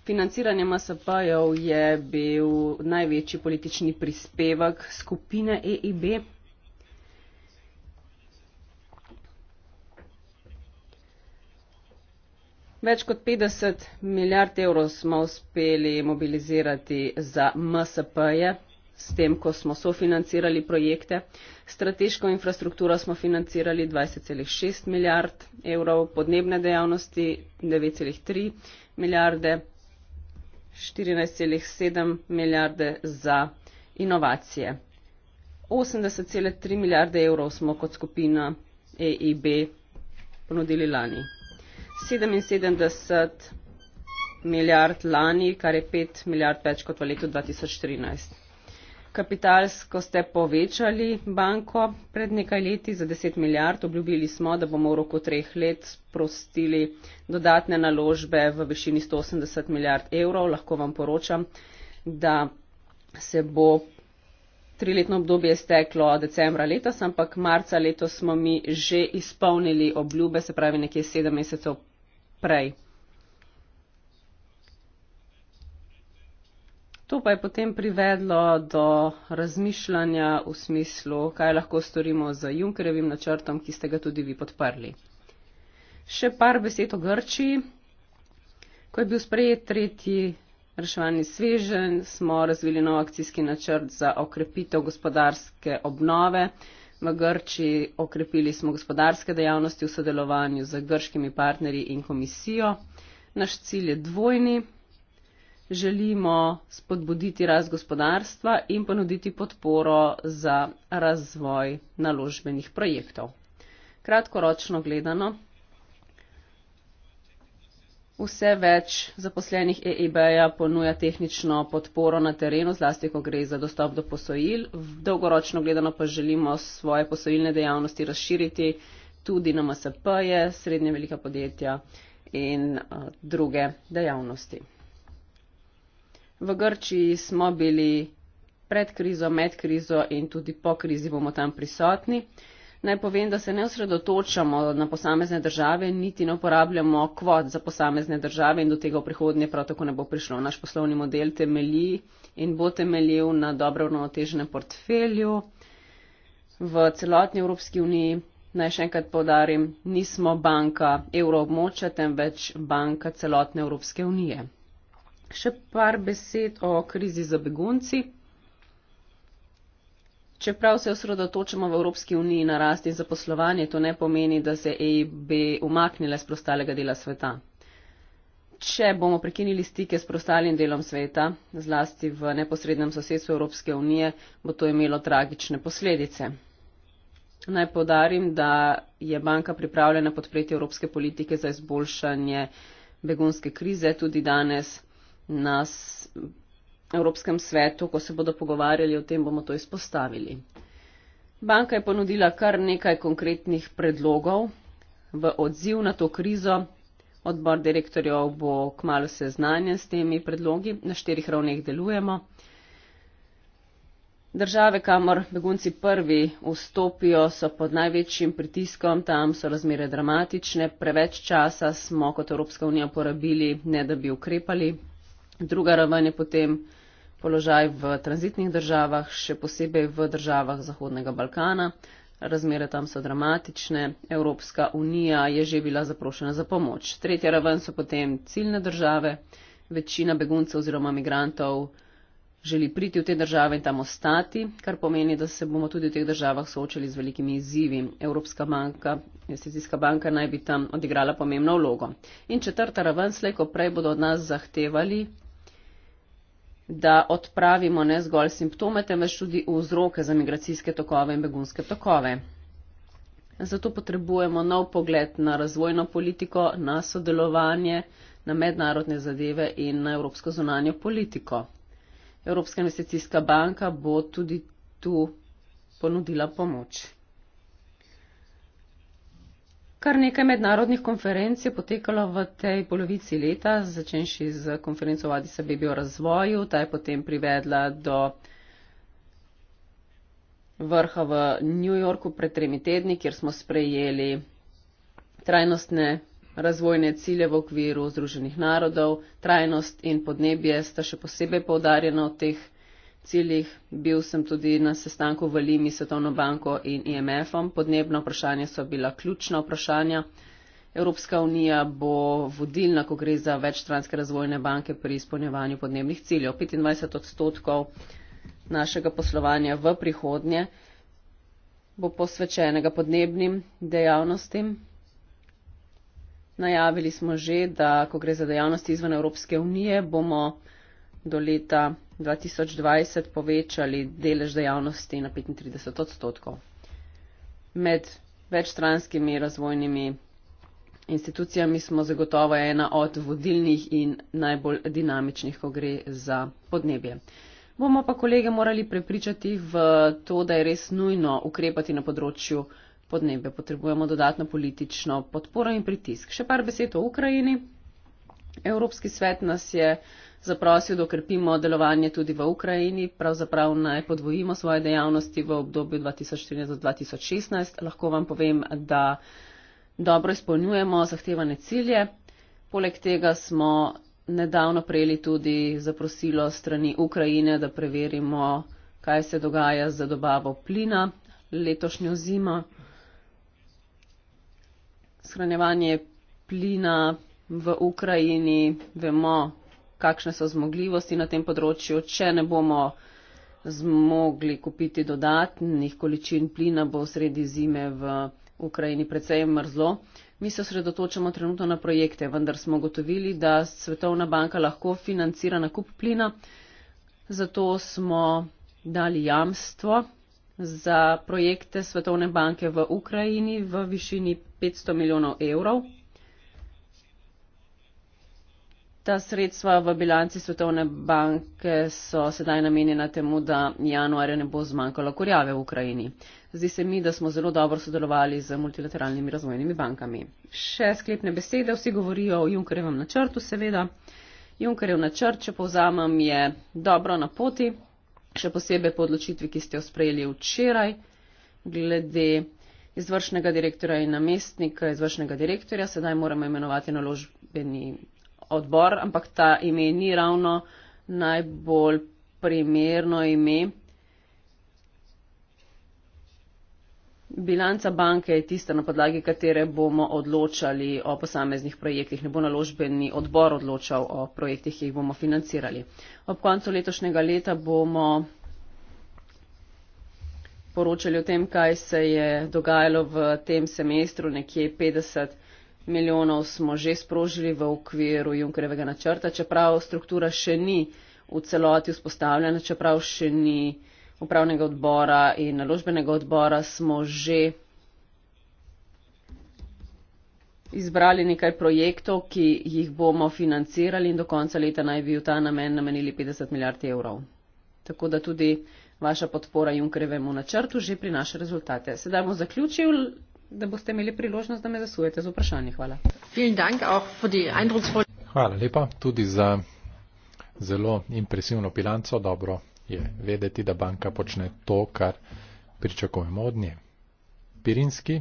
Financiranje MSP-jev je bil največji politični prispevek skupine EIB. Več kot 50 milijard evrov smo uspeli mobilizirati za MSP-je s tem, ko smo sofinancirali projekte. Strateško infrastrukturo smo financirali 20,6 milijard evrov, podnebne dejavnosti 9,3 milijarde evrov. 14,7 milijarde za inovacije. 80,3 milijarde evrov smo kot skupina EIB ponudili lani. 77 milijard lani, kar je 5 milijard več kot v letu 2014 kapitalsko ste povečali banko pred nekaj leti za 10 milijard. Obljubili smo, da bomo v roku treh let sprostili dodatne naložbe v višini 180 milijard evrov. Lahko vam poročam, da se bo triletno obdobje steklo decembra letos, ampak marca letos smo mi že izpolnili obljube, se pravi nekje sedem mesecev prej. To pa je potem privedlo do razmišljanja v smislu, kaj lahko storimo z Junkerjevim načrtom, ki ste ga tudi vi podprli. Še par besed o Grčiji. Ko je bil sprejet tretji reševalni svežen, smo razvili nov akcijski načrt za okrepitev gospodarske obnove. V Grčiji okrepili smo gospodarske dejavnosti v sodelovanju z grškimi partnerji in komisijo. Naš cilj je dvojni želimo spodbuditi rast gospodarstva in ponuditi podporo za razvoj naložbenih projektov. Kratkoročno gledano, vse več zaposlenih EEB-ja ponuja tehnično podporo na terenu, zlasti ko gre za dostop do posojil. Dolgoročno gledano pa želimo svoje posojilne dejavnosti razširiti tudi na MSP-je, srednje velika podjetja in a, eh, druge dejavnosti. V Grčiji smo bili pred krizo, med krizo in tudi po krizi bomo tam prisotni. Naj povem, da se ne osredotočamo na posamezne države, niti ne uporabljamo kvot za posamezne države in do tega v prihodnje prav tako ne bo prišlo. Naš poslovni model temelji in bo temeljil na dobro vnoteženem portfelju v celotni Evropski uniji. Naj še enkrat povdarim, nismo banka evroobmoča, temveč banka celotne Evropske unije še par besed o krizi za begunci. Čeprav se osredotočamo v Evropski uniji na rast in zaposlovanje, to ne pomeni, da se EIB umaknila iz prostalega dela sveta. Če bomo prekinili stike s prostalim delom sveta, zlasti v neposrednem sosedstvu Evropske unije, bo to imelo tragične posledice. Naj podarim, da je banka pripravljena podpreti evropske politike za izboljšanje begunske krize. Tudi danes nas Evropskem svetu, ko se bodo pogovarjali o tem, bomo to izpostavili. Banka je ponudila kar nekaj konkretnih predlogov v odziv na to krizo. Odbor direktorjev bo kmalo seznanjen s temi predlogi, na štirih ravneh delujemo. Države, kamor begunci prvi vstopijo, so pod največjim pritiskom, tam so razmere dramatične, preveč časa smo kot Evropska unija porabili, ne da bi ukrepali, Druga raven je potem položaj v tranzitnih državah, še posebej v državah Zahodnega Balkana. Razmere tam so dramatične, Evropska unija je že bila zaprošena za pomoč. Tretja raven so potem ciljne države, večina beguncev oziroma migrantov želi priti v te države in tam ostati, kar pomeni, da se bomo tudi v teh državah soočali z velikimi izzivi. Evropska banka, investicijska banka naj bi tam odigrala pomembno vlogo. In četrta raven, slejko prej bodo od nas zahtevali da odpravimo ne zgolj simptome, temveč tudi vzroke za migracijske tokove in begunske tokove. Zato potrebujemo nov pogled na razvojno politiko, na sodelovanje, na mednarodne zadeve in na evropsko zunanjo politiko. Evropska investicijska banka bo tudi tu ponudila pomoč. Kar nekaj mednarodnih konferenc je potekalo v tej polovici leta, začenši z konferenco v Adisa Bebi o razvoju, ta je potem privedla do vrha v New Yorku pred tremi tedni, kjer smo sprejeli trajnostne razvojne cilje v okviru Združenih narodov. Trajnost in podnebje sta še posebej poudarjena v teh ciljih. Bil sem tudi na sestanku v Limi s Svetovno banko in IMF-om. E Podnebna vprašanja so bila ključna vprašanja. Evropska unija bo vodilna, ko gre za večstranske razvojne banke pri izpolnjevanju podnebnih ciljev. 25 odstotkov našega poslovanja v prihodnje bo posvečenega podnebnim dejavnostim. Najavili smo že, da ko gre za dejavnosti izven Evropske unije, bomo do leta 2020 povečali delež dejavnosti na 35 odstotkov. Med večstranskimi razvojnimi institucijami smo zagotovo ena od vodilnih in najbolj dinamičnih, ko gre za podnebje. Bomo pa kolege morali prepričati v to, da je res nujno ukrepati na področju podnebja. Potrebujemo dodatno politično podporo in pritisk. Še par besed o Ukrajini. Evropski svet nas je zaprosil, da okrepimo delovanje tudi v Ukrajini, pravzaprav naj podvojimo svoje dejavnosti v obdobju 2014-2016. Lahko vam povem, da dobro izpolnjujemo zahtevane cilje. Poleg tega smo nedavno prejeli tudi zaprosilo strani Ukrajine, da preverimo, kaj se dogaja z dobavo plina letošnjo zimo. Shranjevanje plina v Ukrajini, vemo, kakšne so zmogljivosti na tem področju. Če ne bomo zmogli kupiti dodatnih količin plina, bo sredi zime v Ukrajini precej mrzlo. Mi se osredotočamo trenutno na projekte, vendar smo gotovili, da Svetovna banka lahko financira nakup plina. Zato smo dali jamstvo za projekte Svetovne banke v Ukrajini v višini 500 milijonov evrov. Ta sredstva v bilanci Svetovne banke so sedaj namenjena temu, da januarja ne bo zmanjkalo kurjave v Ukrajini. Zdi se mi, da smo zelo dobro sodelovali z multilateralnimi razvojnimi bankami. Še sklepne besede, vsi govorijo o Junkerjevem načrtu, seveda. Junkerjev načrt, če povzamem, je dobro na poti, še posebej po odločitvi, ki ste jo sprejeli včeraj, glede izvršnega direktorja in namestnika izvršnega direktorja, sedaj moramo imenovati naložbeni odbor, ampak ta ime ni ravno najbolj primerno ime. Bilanca banke je tista, na podlagi katere bomo odločali o posameznih projektih. Ne bo naložbeni odbor odločal o projektih, ki jih bomo financirali. Ob koncu letošnjega leta bomo poročali o tem, kaj se je dogajalo v tem semestru, nekje 50 let milijonov smo že sprožili v okviru Junkerevega načrta, čeprav struktura še ni v celoti vzpostavljena, čeprav še ni upravnega odbora in naložbenega odbora, smo že izbrali nekaj projektov, ki jih bomo financirali in do konca leta naj bi v ta namen namenili 50 milijard evrov. Tako da tudi vaša podpora Junkerevemu načrtu že prinaša rezultate. Sedaj bomo zaključili da boste imeli priložnost, da me zasujete z vprašanji. Hvala. Hvala lepa tudi za zelo impresivno bilanco. Dobro je vedeti, da banka počne to, kar pričakujemo od nje. Pirinski.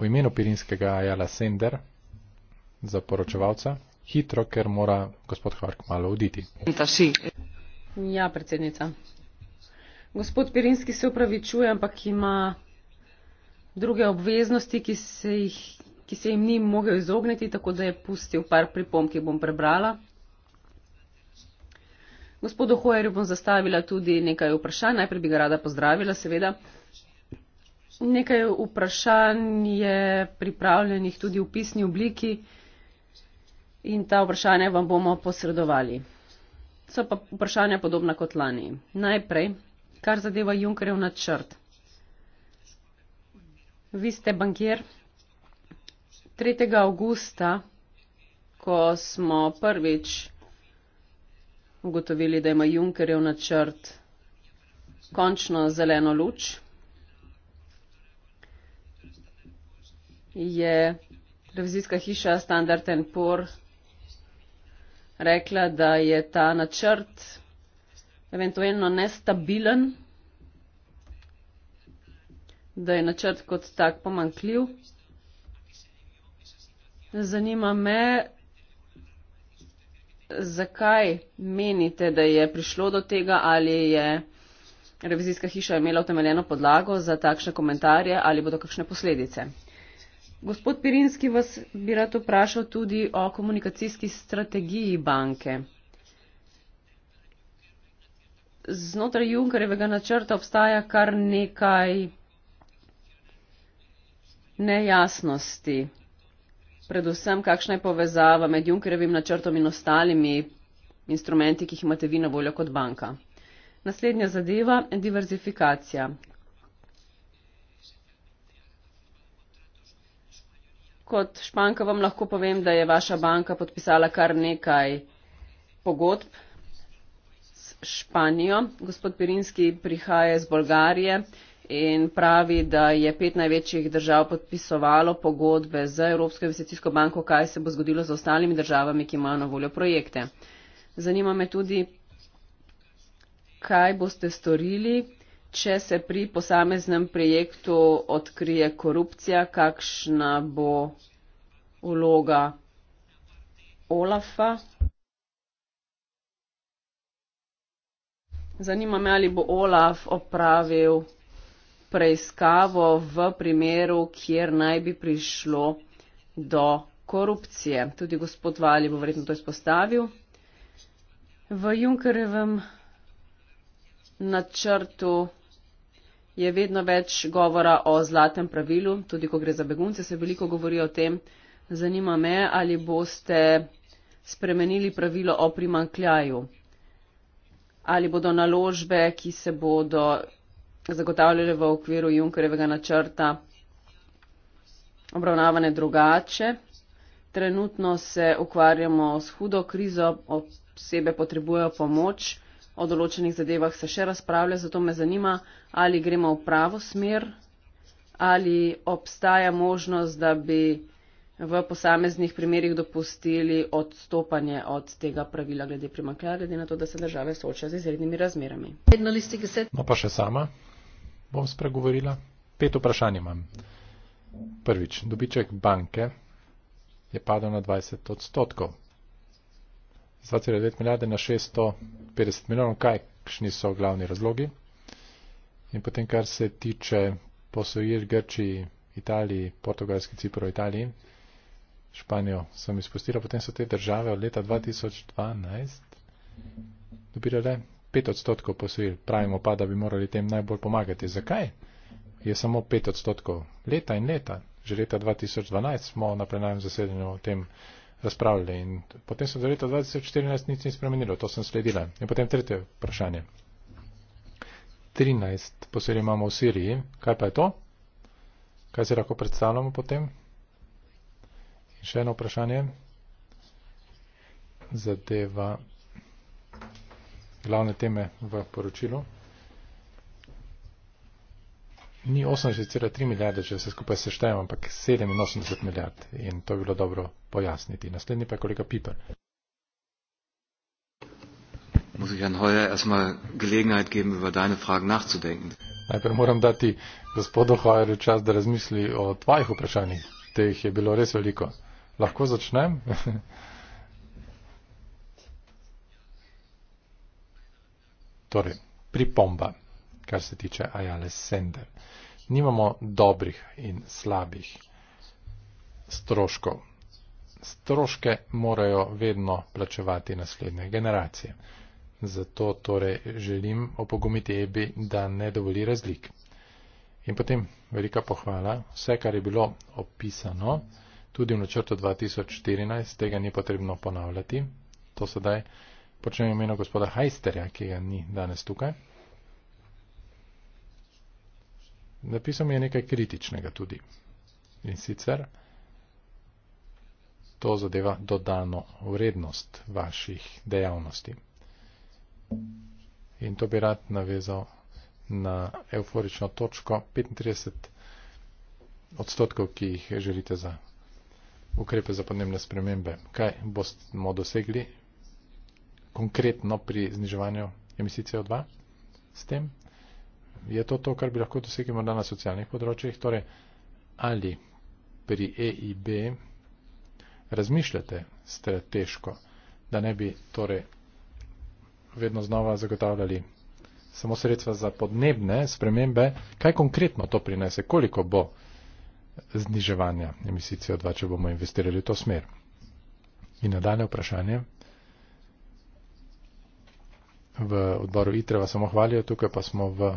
V imenu Pirinskega je Jala Sender za poročevalca. Hitro, ker mora gospod Hvark malo oditi. Ja, predsednica. Gospod Pirinski se upravičuje, ampak ima druge obveznosti, ki se, jih, ki se jim ni mogel izogniti, tako da je pustil par pripomb, ki bom prebrala. Gospodu Hojerju bom zastavila tudi nekaj vprašanj, najprej bi ga rada pozdravila, seveda. Nekaj vprašanj je pripravljenih tudi v pisni obliki in ta vprašanja vam bomo posredovali. So pa vprašanja podobna kot lani. Najprej, kar zadeva Junkerjev načrt. Vi ste bankir. 3. avgusta, ko smo prvič ugotovili, da ima Junkerjev načrt končno zeleno luč, je revizijska hiša Standard Poor rekla, da je ta načrt eventualno nestabilen da je načrt kot tak pomankljiv. Zanima me, zakaj menite, da je prišlo do tega, ali je revizijska hiša imela utemeljeno podlago za takšne komentarje, ali bodo kakšne posledice. Gospod Pirinski, vas bi rad vprašal tudi o komunikacijski strategiji banke. Znotraj Junkarjevega načrta obstaja kar nekaj nejasnosti, predvsem kakšna je povezava med Junkerjevim načrtom in ostalimi instrumenti, ki jih imate vi na voljo kot banka. Naslednja zadeva je diverzifikacija. Kot španka vam lahko povem, da je vaša banka podpisala kar nekaj pogodb s Španijo. Gospod Pirinski prihaja iz Bolgarije, in pravi, da je pet največjih držav podpisovalo pogodbe z Evropsko investicijsko banko, kaj se bo zgodilo z ostalimi državami, ki imajo na voljo projekte. Zanima me tudi, kaj boste storili, če se pri posameznem projektu odkrije korupcija, kakšna bo vloga Olafa. Zanima me, ali bo Olaf opravil preiskavo v primeru, kjer naj bi prišlo do korupcije. Tudi gospod Vali bo verjetno to izpostavil. V Junkerjevem načrtu je vedno več govora o zlatem pravilu, tudi ko gre za begunce, se veliko govori o tem. Zanima me, ali boste spremenili pravilo o primankljaju, ali bodo naložbe, ki se bodo zagotavljale v okviru Junkerjevega načrta obravnavane drugače. Trenutno se ukvarjamo s hudo krizo, osebe potrebujejo pomoč, o določenih zadevah se še razpravlja, zato me zanima, ali gremo v pravo smer, ali obstaja možnost, da bi v posameznih primerjih dopustili odstopanje od tega pravila glede primakljaja, glede na to, da se države soočajo z izrednimi razmerami. No pa še sama bom spregovorila. Pet vprašanj imam. Prvič, dobiček banke je padel na 20 odstotkov. Z 2,9 milijarde na 650 milijonov, kaj kšni so glavni razlogi? In potem, kar se tiče posojil Grčiji, Italiji, Portugalski, Cipro, Italiji, Španijo sem izpustila, potem so te države od leta 2012 dobile pet odstotkov posojil. Pravimo pa, da bi morali tem najbolj pomagati. Zakaj? Je samo pet odstotkov. Leta in leta. Že leta 2012 smo na plenarnem zasedanju o tem razpravljali in potem se do leta 2014 nič ni spremenilo. To sem sledila. In potem tretje vprašanje. 13 posojil imamo v Siriji. Kaj pa je to? Kaj se lahko predstavljamo potem? In še eno vprašanje. Zadeva glavne teme v poročilu. Ni 80,3 milijarde, če se skupaj seštejemo, ampak 87 milijard in to je bilo dobro pojasniti. Naslednji pa je kolega Piper. Najprej moram dati gospodu Hojeru čas, da razmisli o tvojih vprašanjih. Teh je bilo res veliko. Lahko začnem? torej pripomba, kar se tiče Ajale Sender. Nimamo dobrih in slabih stroškov. Stroške morajo vedno plačevati naslednje generacije. Zato torej želim opogumiti Ebi, da ne dovoli razlik. In potem velika pohvala, vse, kar je bilo opisano, tudi v načrtu 2014, tega ni potrebno ponavljati. To sedaj počnem imeno gospoda Hajsterja, ki ga ni danes tukaj. Napisal mi je nekaj kritičnega tudi. In sicer to zadeva dodano vrednost vaših dejavnosti. In to bi rad navezal na euforično točko 35 odstotkov, ki jih želite za ukrepe za podnebne spremembe. Kaj bomo dosegli konkretno pri zniževanju emisij CO2 s tem? Je to to, kar bi lahko dosegli morda na socialnih področjih? Torej, ali pri EIB razmišljate strateško, da ne bi torej vedno znova zagotavljali samo sredstva za podnebne spremembe, kaj konkretno to prinese, koliko bo zniževanja emisij CO2, če bomo investirali v to smer? In nadalje vprašanje v odboru ITREVA samo hvalijo, tukaj pa smo v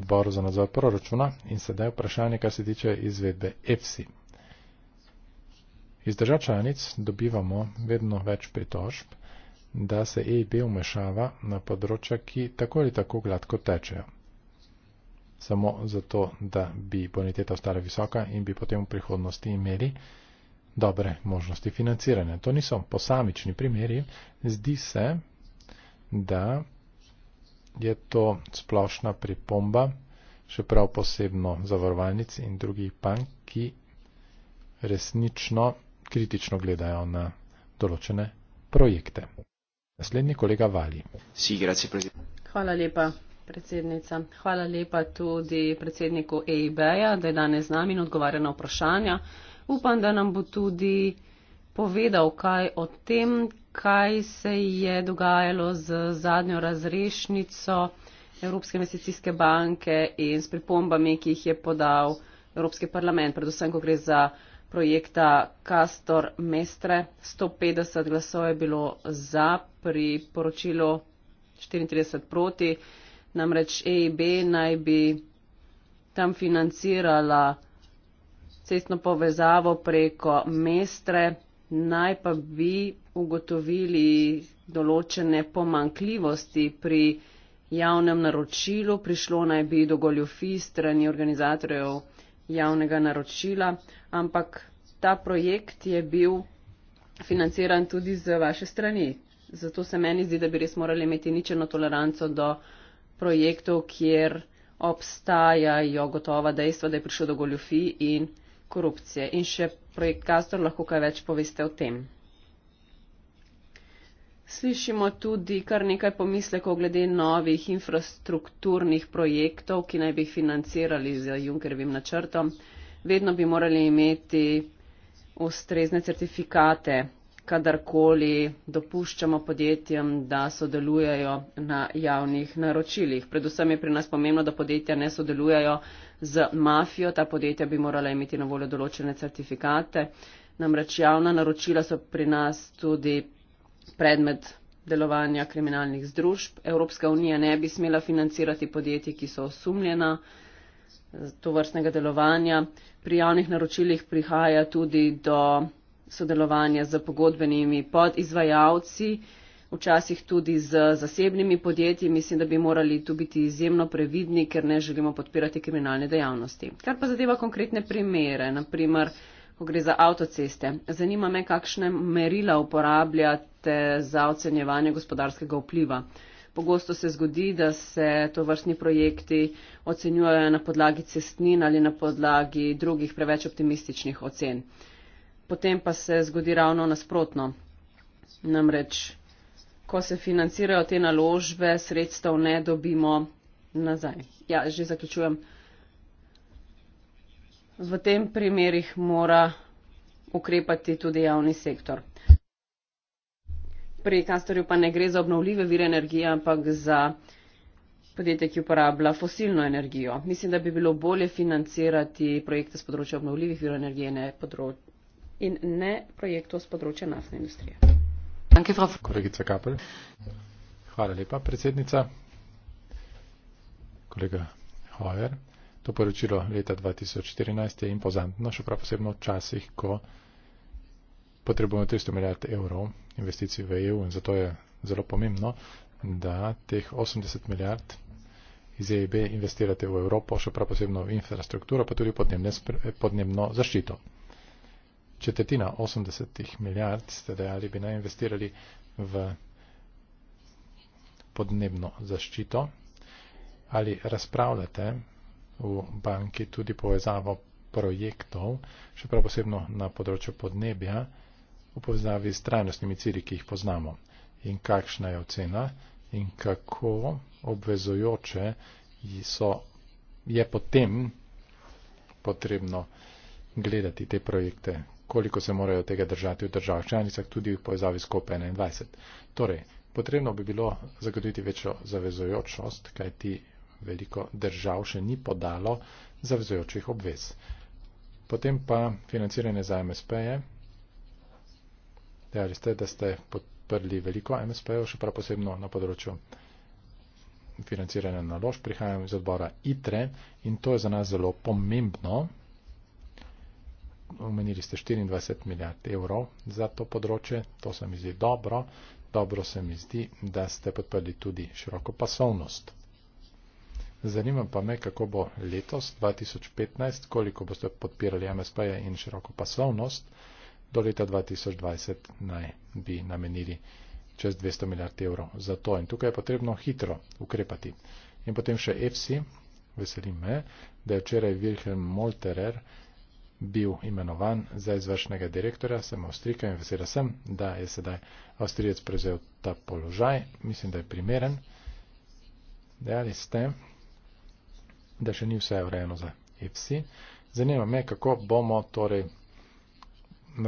odboru za nadzor proračuna in sedaj vprašanje, kar se tiče izvedbe EFSI. Iz držav članic dobivamo vedno več pritožb, da se EIB umešava na področja, ki tako ali tako gladko tečejo. Samo zato, da bi boniteta ostala visoka in bi potem v prihodnosti imeli dobre možnosti financiranja. To niso posamični primeri. Zdi se, da je to splošna pripomba, še prav posebno zavarovalnic in drugih bank, ki resnično kritično gledajo na določene projekte. Naslednji kolega Vali. Hvala lepa, predsednica. Hvala lepa tudi predsedniku EIB-ja, da je danes z nami in odgovarja na vprašanja. Upam, da nam bo tudi povedal kaj o tem, kaj se je dogajalo z zadnjo razrešnico Evropske investicijske banke in s pripombami, ki jih je podal Evropski parlament, predvsem, ko gre za projekta Castor Mestre. 150 glasov je bilo za pri poročilu 34 proti, namreč EIB naj bi tam financirala cestno povezavo preko Mestre, naj pa bi ugotovili določene pomankljivosti pri javnem naročilu. Prišlo naj bi do goljofij strani organizatorjev javnega naročila, ampak ta projekt je bil financiran tudi z vaše strani. Zato se meni zdi, da bi res morali imeti ničeno toleranco do projektov, kjer obstajajo gotova dejstva, da je prišlo do goljofij in korupcije. In še projekt Gazdor lahko kaj več poveste o tem. Slišimo tudi kar nekaj pomislekov glede novih infrastrukturnih projektov, ki naj bi jih financirali z Junkerjevim načrtom. Vedno bi morali imeti ustrezne certifikate, kadarkoli dopuščamo podjetjem, da sodelujejo na javnih naročilih. Predvsem je pri nas pomembno, da podjetja ne sodelujejo z mafijo. Ta podjetja bi morala imeti na voljo določene certifikate. Namreč javna naročila so pri nas tudi predmet delovanja kriminalnih združb. Evropska unija ne bi smela financirati podjetij, ki so osumljena to vrstnega delovanja. Pri javnih naročilih prihaja tudi do sodelovanja z pogodbenimi podizvajalci, včasih tudi z zasebnimi podjetji. Mislim, da bi morali tu biti izjemno previdni, ker ne želimo podpirati kriminalne dejavnosti. Kar pa zadeva konkretne primere, naprimer, ko gre za avtoceste. Zanima me, kakšne merila uporabljate za ocenjevanje gospodarskega vpliva. Pogosto se zgodi, da se to vrstni projekti ocenjujejo na podlagi cestnin ali na podlagi drugih preveč optimističnih ocen. Potem pa se zgodi ravno nasprotno. Namreč ko se financirajo te naložbe, sredstev ne dobimo nazaj. Ja, že zaključujem. V tem primerih mora ukrepati tudi javni sektor. Pri Kastorju pa ne gre za obnovljive vire energije, ampak za podjetje, ki uporablja fosilno energijo. Mislim, da bi bilo bolje financirati projekte z področja obnovljivih vire energije in ne projektov z področja naftne industrije. Danke, Frau Kolegica Kapel. Hvala lepa, predsednica. Kolega Hojer. To poročilo leta 2014 je impozantno, še prav posebno v časih, ko potrebujemo 300 milijard evrov investicij v EU in zato je zelo pomembno, da teh 80 milijard iz EIB investirate v Evropo, še prav posebno v infrastrukturo, pa tudi podnebne, podnebno zaščito četrtina 80 milijard ste dejali, bi naj investirali v podnebno zaščito. Ali razpravljate v banki tudi povezavo projektov, še prav posebno na področju podnebja, v povezavi s trajnostnimi cilji, ki jih poznamo? In kakšna je ocena in kako obvezojoče so, je potem potrebno gledati te projekte, koliko se morajo tega držati v državah članicah, tudi v povezavi s COP21. Torej, potrebno bi bilo zagotoviti večjo zavezojočnost, kaj ti veliko držav še ni podalo zavezojočih obvez. Potem pa financiranje za MSP-je. Dejali ste, da ste podprli veliko MSP-jev, še prav posebno na področju financiranja naložb. Prihajam iz odbora ITRE in to je za nas zelo pomembno omenili ste 24 milijard evrov za to področje, to se mi zdi dobro, dobro se mi zdi, da ste podprli tudi široko pasovnost. Zanima pa me, kako bo letos 2015, koliko boste podpirali MSP-je in široko pasovnost, do leta 2020 naj bi namenili čez 200 milijard evrov za to. In tukaj je potrebno hitro ukrepati. In potem še EFSI, veseli me, da je včeraj Wilhelm Molterer, bil imenovan za izvršnega direktorja, sem Avstrijka in vesela sem, da je sedaj Avstrijec prevzel ta položaj. Mislim, da je primeren. Dejali ste, da še ni vse urejeno za EPSI. Zanima me, kako bomo torej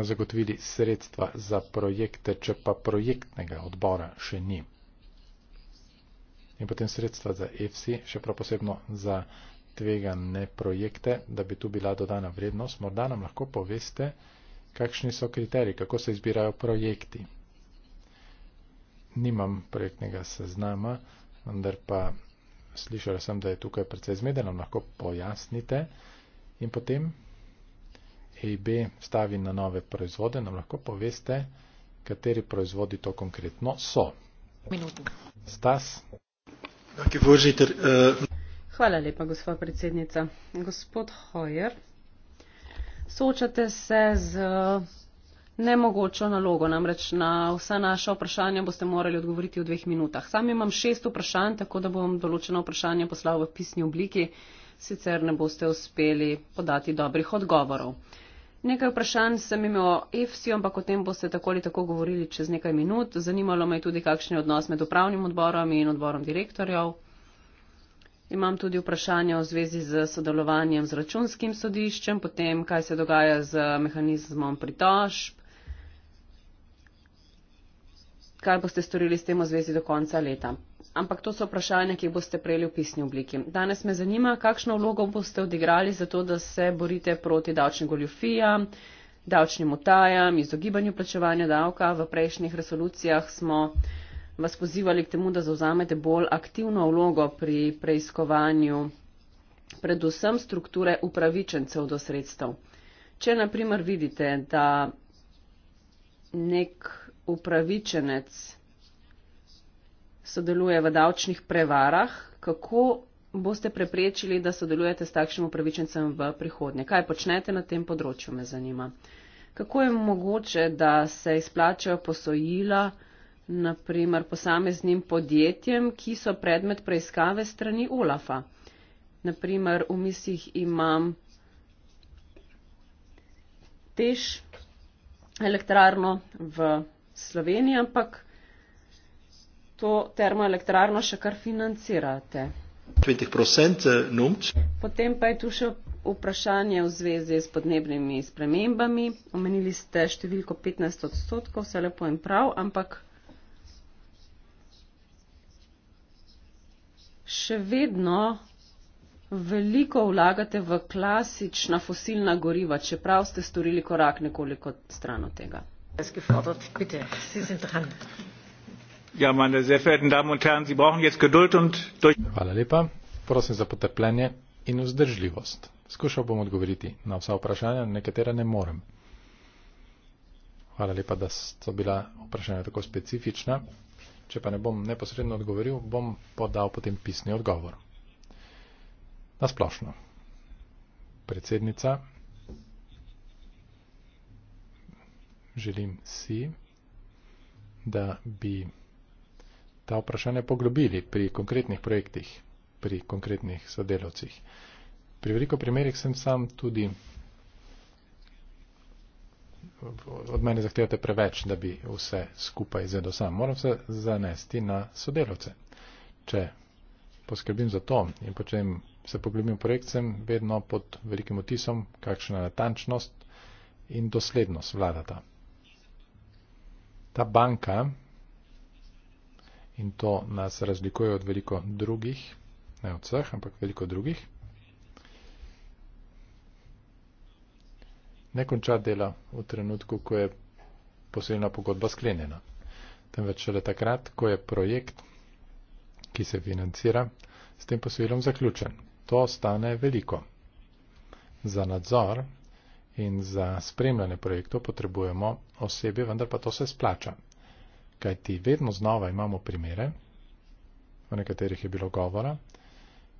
zagotovili sredstva za projekte, če pa projektnega odbora še ni. In potem sredstva za EFSI, še prav posebno za tvegane projekte, da bi tu bila dodana vrednost. Morda nam lahko poveste, kakšni so kriteriji, kako se izbirajo projekti. Nimam projektnega seznama, vendar pa slišala sem, da je tukaj precej zmedeno, lahko pojasnite in potem EIB stavi na nove proizvode, nam lahko poveste, kateri proizvodi to konkretno so. Minutek. Stas. Dakle, Božiter, uh... Eh, Hvala lepa, gospa predsednica. Gospod Hojer, soočate se z nemogočo nalogo, namreč na vsa naša vprašanja boste morali odgovoriti v dveh minutah. Sam imam šest vprašanj, tako da bom določeno vprašanje poslal v pisni obliki, sicer ne boste uspeli podati dobrih odgovorov. Nekaj vprašanj sem imel o EFSI, ampak o tem boste tako ali tako govorili čez nekaj minut. Zanimalo me je tudi, kakšen je odnos med upravnim odborom in odborom direktorjev. Imam tudi vprašanje v zvezi z sodelovanjem z računskim sodiščem, potem kaj se dogaja z mehanizmom pritožb, kaj boste storili s tem v zvezi do konca leta. Ampak to so vprašanja, ki boste prejeli v pisni obliki. Danes me zanima, kakšno vlogo boste odigrali za to, da se borite proti davčnim goljufijam, davčnim utajam, izogibanju plačevanja davka. V prejšnjih resolucijah smo vas pozivali k temu, da zauzamete bolj aktivno vlogo pri preiskovanju predvsem strukture upravičencev do sredstev. Če naprimer vidite, da nek upravičenec sodeluje v davčnih prevarah, kako boste preprečili, da sodelujete s takšnim upravičencem v prihodnje? Kaj počnete na tem področju, me zanima. Kako je mogoče, da se izplačajo posojila, naprimer posameznim podjetjem, ki so predmet preiskave strani Olafa. Naprimer, v mislih imam tež elektrarno v Sloveniji, ampak to termoelektrarno še kar financirate. Eh, Potem pa je tu še vprašanje v zvezi s podnebnimi spremembami. Omenili ste številko 15 odstotkov, vse lepo in prav, ampak še vedno veliko vlagate v klasična fosilna goriva, čeprav ste storili korak nekoliko stran od tega. Ja, Herren, Sie geduld und durch... Hvala lepa. Prosim za potrpljenje in vzdržljivost. Skušal bom odgovoriti na vsa vprašanja, nekatera ne morem. Hvala lepa, da so bila vprašanja tako specifična. Če pa ne bom neposredno odgovoril, bom podal potem pisni odgovor. Nasplošno. Predsednica, želim si, da bi ta vprašanja poglobili pri konkretnih projektih, pri konkretnih sodelovcih. Pri veliko primerih sem sam tudi od mene zahtevate preveč, da bi vse skupaj zjedel sam. Moram se zanesti na sodelovce. Če poskrbim za to in počnem se poglobim v projekt, sem vedno pod velikim otisom, kakšna natančnost in doslednost vladata. Ta banka, in to nas razlikuje od veliko drugih, ne od vseh, ampak veliko drugih, ne konča dela v trenutku, ko je posebna pogodba sklenjena, temveč šele takrat, ko je projekt, ki se financira, s tem posojilom zaključen. To stane veliko. Za nadzor in za spremljanje projektov potrebujemo osebe, vendar pa to se splača. Kaj ti vedno znova imamo primere, o nekaterih je bilo govora,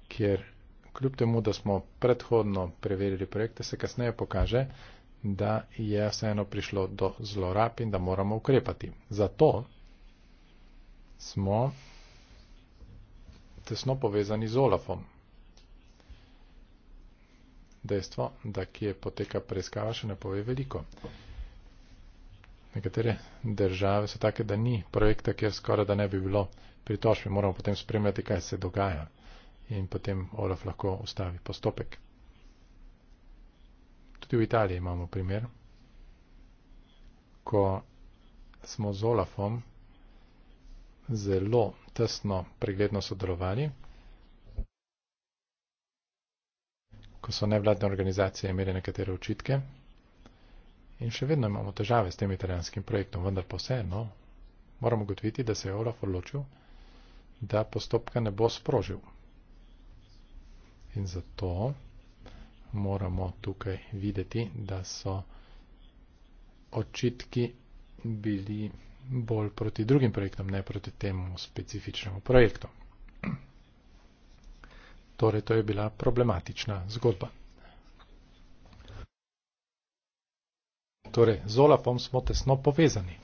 kjer kljub temu, da smo predhodno preverili projekte, se kasneje pokaže, da je vseeno prišlo do zlorab in da moramo ukrepati. Zato smo tesno povezani z Olafom. Dejstvo, da kje poteka preiskava, še ne pove veliko. Nekatere države so take, da ni projekta, kjer skoraj da ne bi bilo pritožbe. Moramo potem spremljati, kaj se dogaja. In potem Olaf lahko ustavi postopek. Tudi v Italiji imamo primer, ko smo z Olafom zelo tesno pregledno sodelovali, ko so nevladne organizacije imele nekatere očitke in še vedno imamo težave s tem italijanskim projektom, vendar pa vseeno moramo gotoviti, da se je Olaf odločil, da postopka ne bo sprožil. In zato moramo tukaj videti, da so očitki bili bolj proti drugim projektom, ne proti temu specifičnemu projektu. Torej, to je bila problematična zgodba. Torej, z Olafom smo tesno povezani.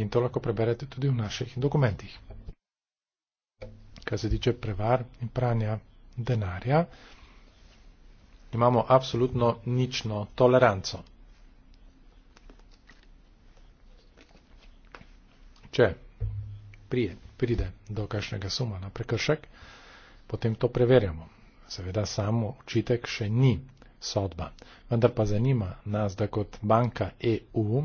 In to lahko preberete tudi v naših dokumentih. Kar se tiče prevar in pranja denarja, imamo absolutno nično toleranco. Če pride do kakšnega suma na prekršek, potem to preverjamo. Seveda samo učitek še ni sodba. Vendar pa zanima nas, da kot banka EU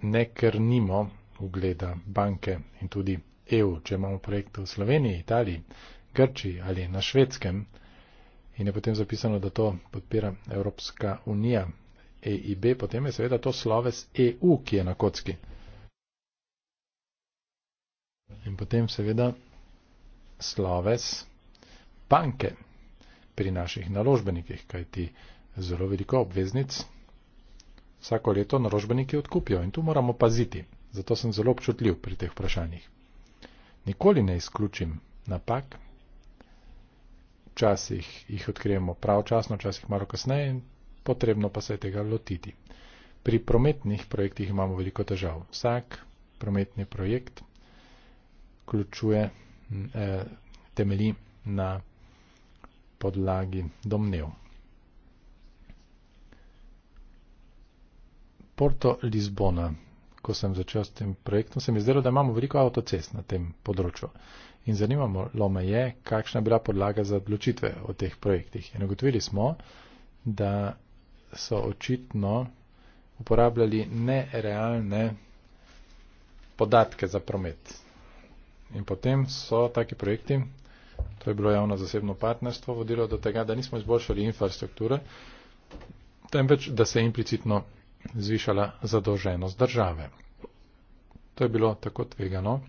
ne krnimo ugleda banke in tudi banke. EU, če imamo projekt v Sloveniji, Italiji, Grčiji ali na švedskem in je potem zapisano, da to podpira Evropska unija EIB, potem je seveda to sloves EU, ki je na kocki. In potem seveda sloves banke pri naših naložbenikih, kajti zelo veliko obveznic vsako leto naložbeniki odkupijo in tu moramo paziti. Zato sem zelo občutljiv pri teh vprašanjih. Nikoli ne izključim napak, včasih jih odkrijemo pravčasno, včasih malo kasneje in potrebno pa se je tega lotiti. Pri prometnih projektih imamo veliko težav. Vsak prometni projekt ključuje, eh, temelji na podlagi domnev. Porto Lizbona ko sem začel s tem projektom, se mi zdelo, da imamo veliko avtocest na tem področju. In zanimalo me je, kakšna je bila podlaga za odločitve o teh projektih. In ugotovili smo, da so očitno uporabljali nerealne podatke za promet. In potem so taki projekti, to je bilo javno-zasebno partnerstvo, vodilo do tega, da nismo izboljšali infrastrukture, temveč da se je implicitno zvišala zadolženost države. To je bilo tako tvegano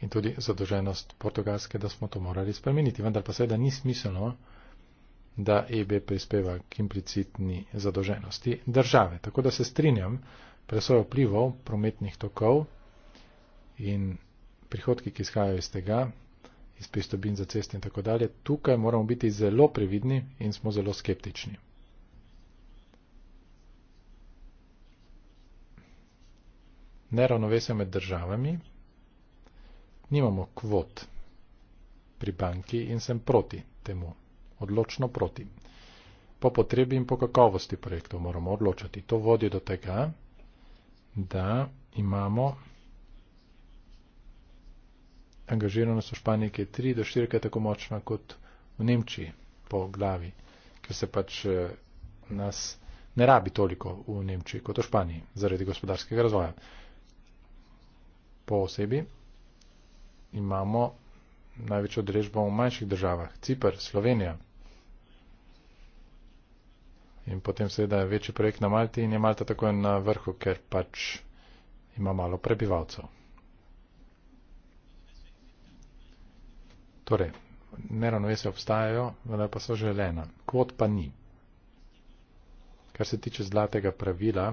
in tudi zadolženost portugalske, da smo to morali spremeniti. Vendar pa seveda ni smiselno, da EB prispeva k implicitni zadolženosti države. Tako da se strinjam, presojo vplivov prometnih tokov in prihodki, ki izhajajo iz tega, iz pristobin za ceste in tako dalje, tukaj moramo biti zelo previdni in smo zelo skeptični. neravnovesja med državami, nimamo kvot pri banki in sem proti temu, odločno proti. Po potrebi in po kakovosti projektov moramo odločati. To vodi do tega, da imamo angažiranost v Španiji, ki je tri do štirikrat tako močna kot v Nemčiji po glavi, ker se pač eh, nas ne rabi toliko v Nemčiji kot v Španiji zaradi gospodarskega razvoja po osebi, imamo največjo drežbo v manjših državah, Cipr, Slovenija. In potem seveda je večji projekt na Malti in je Malta takoj na vrhu, ker pač ima malo prebivalcev. Torej, neravnovesja obstajajo, vendar pa so želena. Kvot pa ni. Kar se tiče zlatega pravila,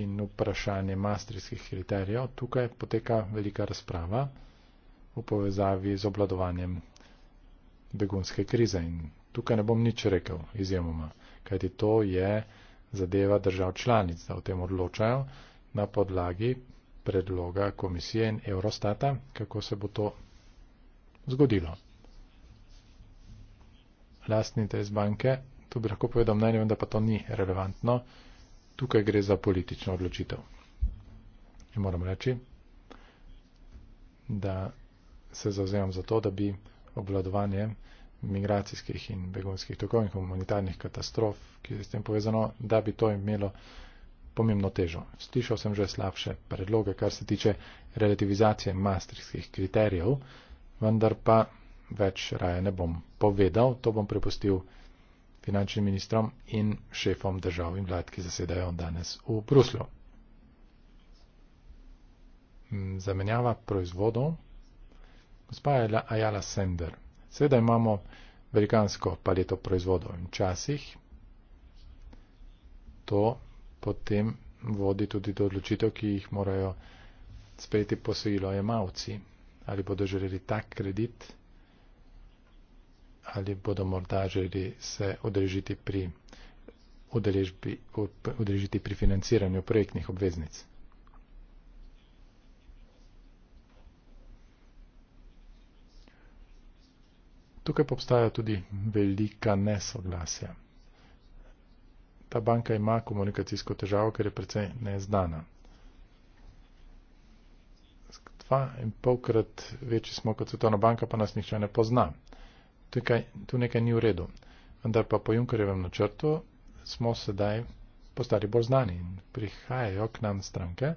in vprašanje maastrijskih kriterijev. Tukaj poteka velika razprava v povezavi z obladovanjem begunske krize in tukaj ne bom nič rekel izjemoma, kajti to je zadeva držav članic, da o tem odločajo na podlagi predloga komisije in Eurostata, kako se bo to zgodilo. Lastnite iz banke, tu bi lahko povedal mnenje, vendar pa to ni relevantno tukaj gre za politično odločitev. In moram reči, da se zauzemam za to, da bi obvladovanje migracijskih in begunskih tokov in humanitarnih katastrof, ki je s tem povezano, da bi to imelo pomembno težo. Slišal sem že slabše predloge, kar se tiče relativizacije mastrskih kriterijev, vendar pa več raje ne bom povedal, to bom prepustil finančnim ministrom in šefom držav in vlad, ki zasedajo danes v Bruslju. Mm, zamenjava proizvodov. Gospa Ajala Sender. Sedaj imamo velikansko paleto proizvodov in časih. To potem vodi tudi do odločitev, ki jih morajo sprejeti posojilo jemalci. Ali bodo želeli tak kredit? ali bodo morda želi se odrežiti pri, odrežiti pri financiranju projektnih obveznic. Tukaj obstajajo tudi velika nesoglasja. Ta banka ima komunikacijsko težavo, ker je precej neznana. Dva in polkrat večji smo kot Svetovna banka, pa nas nihče ne pozna tukaj, tu nekaj ni v redu. Vendar pa po Junkerjevem načrtu smo sedaj postali bolj znani in prihajajo k nam stranke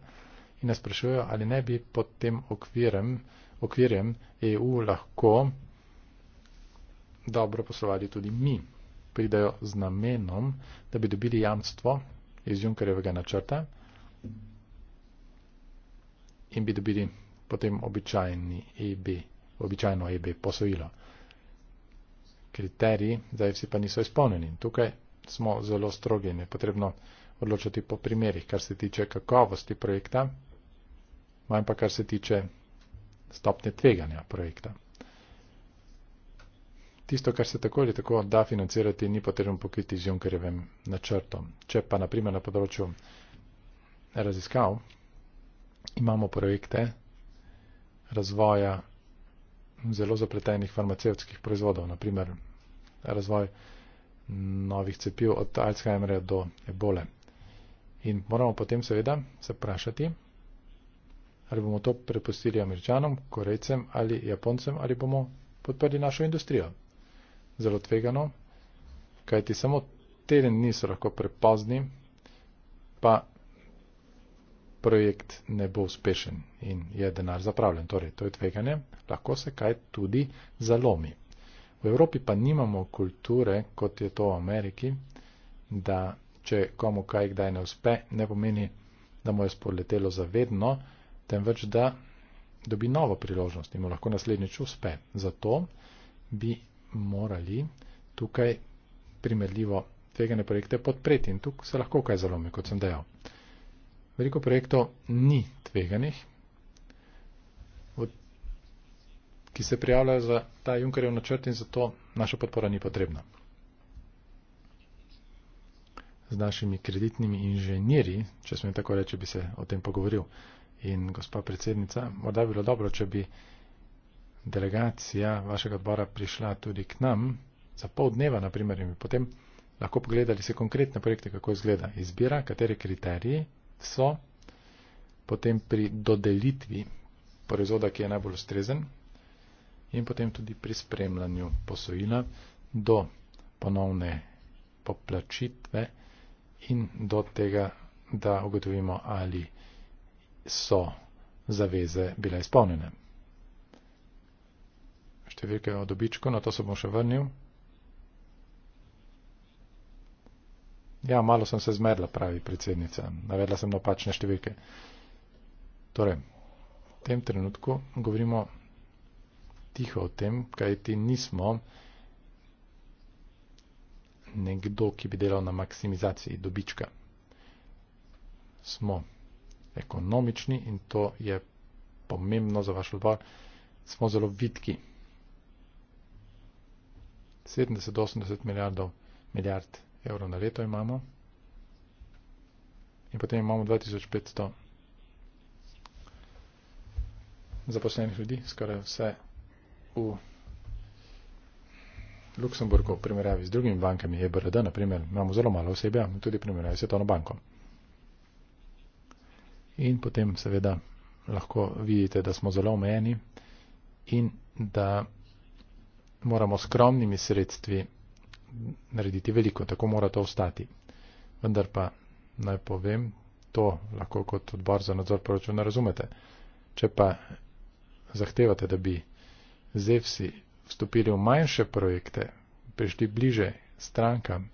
in nas sprašujejo, ali ne bi pod tem okvirem, okvirjem EU lahko dobro poslovali tudi mi. Pridajo z namenom, da bi dobili jamstvo iz Junkerjevega načrta in bi dobili potem običajni EB, običajno EB posojilo kriteriji, zdaj vsi pa niso izpolnjeni. Tukaj smo zelo strogi in je potrebno odločati po primerih, kar se tiče kakovosti projekta, manj pa kar se tiče stopnje tveganja projekta. Tisto, kar se tako ali tako da financirati, ni potrebno pokriti z Junkerjevim načrtom. Če pa naprimer na področju raziskav imamo projekte razvoja zelo zapletenih farmacevskih proizvodov, naprimer razvoj novih cepiv od Alzheimerja do ebole. In moramo potem seveda se vprašati, ali bomo to prepustili američanom, korejcem ali japoncem, ali bomo podprli našo industrijo. Zelo tvegano, kajti samo teden niso lahko prepozni, pa projekt ne bo uspešen in je denar zapravljen. Torej, to je tveganje, lahko se kaj tudi zalomi. V Evropi pa nimamo kulture, kot je to v Ameriki, da če komu kaj kdaj ne uspe, ne pomeni, da mu je spoletelo zavedno, temveč da dobi novo priložnost in mu lahko naslednjič uspe. Zato bi morali tukaj primerljivo tvegane projekte podpreti in tukaj se lahko kaj zalomi, kot sem dejal. Veliko projektov ni tveganih, ki se prijavljajo za ta Junkerjev načrt in zato naša podpora ni potrebna. Z našimi kreditnimi inženirji, če smem tako reči, bi se o tem pogovoril. In gospa predsednica, morda bi bilo dobro, če bi delegacija vašega odbora prišla tudi k nam za pol dneva, naprimer, in bi potem lahko pogledali se konkretne projekte, kako izgleda izbira, kateri kriteriji so, potem pri dodelitvi proizvoda, ki je najbolj ustrezen, in potem tudi pri spremljanju posojila do ponovne poplačitve in do tega, da ugotovimo, ali so zaveze bile izpolnjene. Številke o dobičku, na to se bom še vrnil. Ja, malo sem se zmedla, pravi predsednica. Navedla sem napačne številke. Torej, v tem trenutku govorimo tiho o tem, kaj ti nismo nekdo, ki bi delal na maksimizaciji dobička. Smo ekonomični in to je pomembno za vaš odbor. Smo zelo vitki. 70-80 milijardov milijard evrov na leto imamo. In potem imamo 2500 zaposlenih ljudi, skoraj vse v Luksemburgu v primerjavi z drugimi bankami EBRD, naprimer, imamo zelo malo osebja, tudi primerjavi s svetovno banko. In potem seveda lahko vidite, da smo zelo omejeni in da moramo skromnimi sredstvi narediti veliko, tako mora to ostati. Vendar pa naj povem, to lahko kot odbor za nadzor proračuna razumete. Če pa zahtevate, da bi ZEVSI vstopili v manjše projekte, prišli bliže strankam,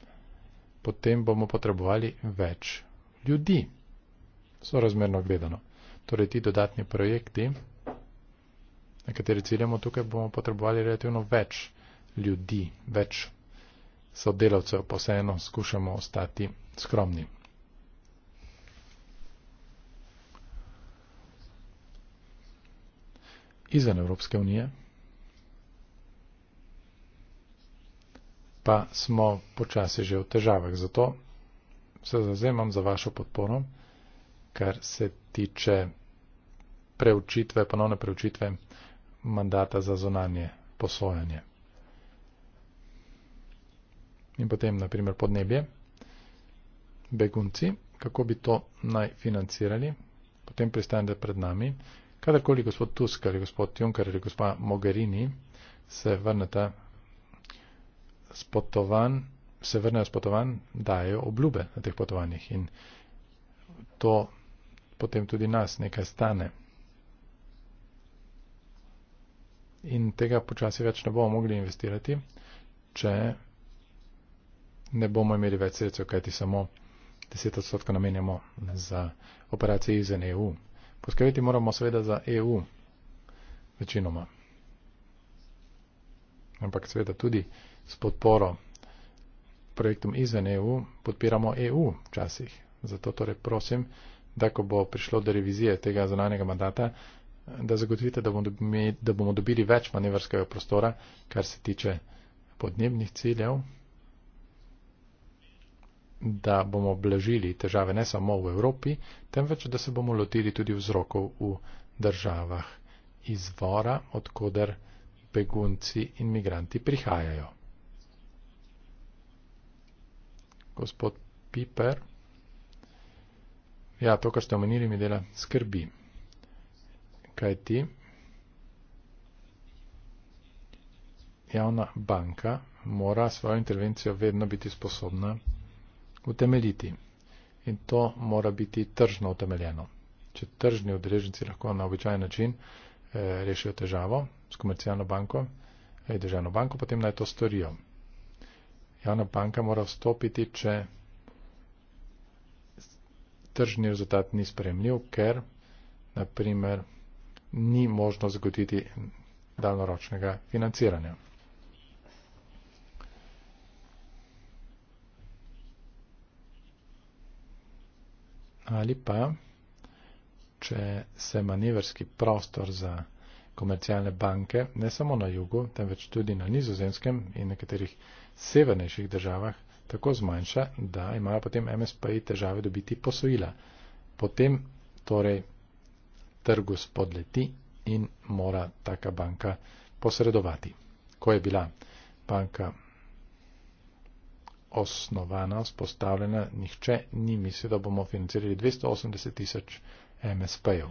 potem bomo potrebovali več ljudi. So razmerno gledano. Torej ti dodatni projekti, na kateri ciljamo tukaj, bomo potrebovali relativno več ljudi, več sodelavcev, pa vseeno skušamo ostati skromni. Izven Evropske unije pa smo počasi že v težavah. Zato se zazemam za vašo podporo, kar se tiče preučitve, ponovne preučitve mandata za zonanje posojanje. In potem, naprimer, podnebje, begunci, kako bi to naj financirali, potem pristanete pred nami. Kadarkoli gospod Tusk ali gospod Juncker ali gospa Mogherini se vrneta s potovanj, se vrnejo s potovanj, dajo obljube na teh potovanjih in to potem tudi nas nekaj stane. In tega počasi več ne bomo mogli investirati, če ne bomo imeli več sredstev, kajti samo 10 odstotkov namenjamo za operacije izven EU. Poskrbeti moramo seveda za EU večinoma. Ampak seveda tudi s podporo projektom izven EU, podpiramo EU včasih. Zato torej prosim, da ko bo prišlo do revizije tega zonanega mandata, da zagotovite, da bomo dobili več manevrskega prostora, kar se tiče podnebnih ciljev, da bomo blažili težave ne samo v Evropi, temveč, da se bomo lotili tudi vzrokov v državah izvora, odkuder begunci in migranti prihajajo. gospod Piper. Ja, to, kar ste omenili, mi dela skrbi. Kaj ti? Javna banka mora svojo intervencijo vedno biti sposobna utemeljiti. In to mora biti tržno utemeljeno. Če tržni odreženci lahko na običajen način eh, rešijo težavo s komercijalno banko, eh, državno banko, potem naj to storijo javna banka mora vstopiti, če tržni rezultat ni spremljiv, ker naprimer ni možno zgoditi daljnoročnega financiranja. Ali pa, če se manevrski prostor za komercialne banke, ne samo na jugu, temveč tudi na nizozemskem in nekaterih drugih, severnejših državah tako zmanjša, da imajo potem MSP-ji težave dobiti posojila. Potem torej trgu spodleti in mora taka banka posredovati. Ko je bila banka osnovana, spostavljena, nihče ni mislil, da bomo financirali 280 tisoč MSP-jev.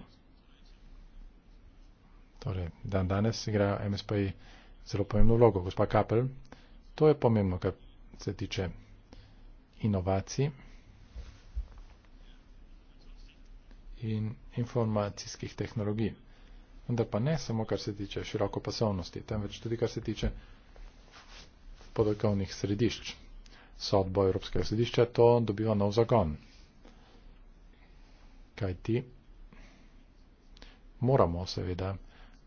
Torej, dan danes igrajo MSP-ji zelo pomembno vlogo. Gospa Kapel, To je pomembno, kar se tiče inovacij in informacijskih tehnologij. Vendar pa ne samo, kar se tiče širokopasovnosti, temveč tudi, kar se tiče podokovnih središč. Sodbo Evropskega središča to dobiva nov zagon. Kaj ti? Moramo seveda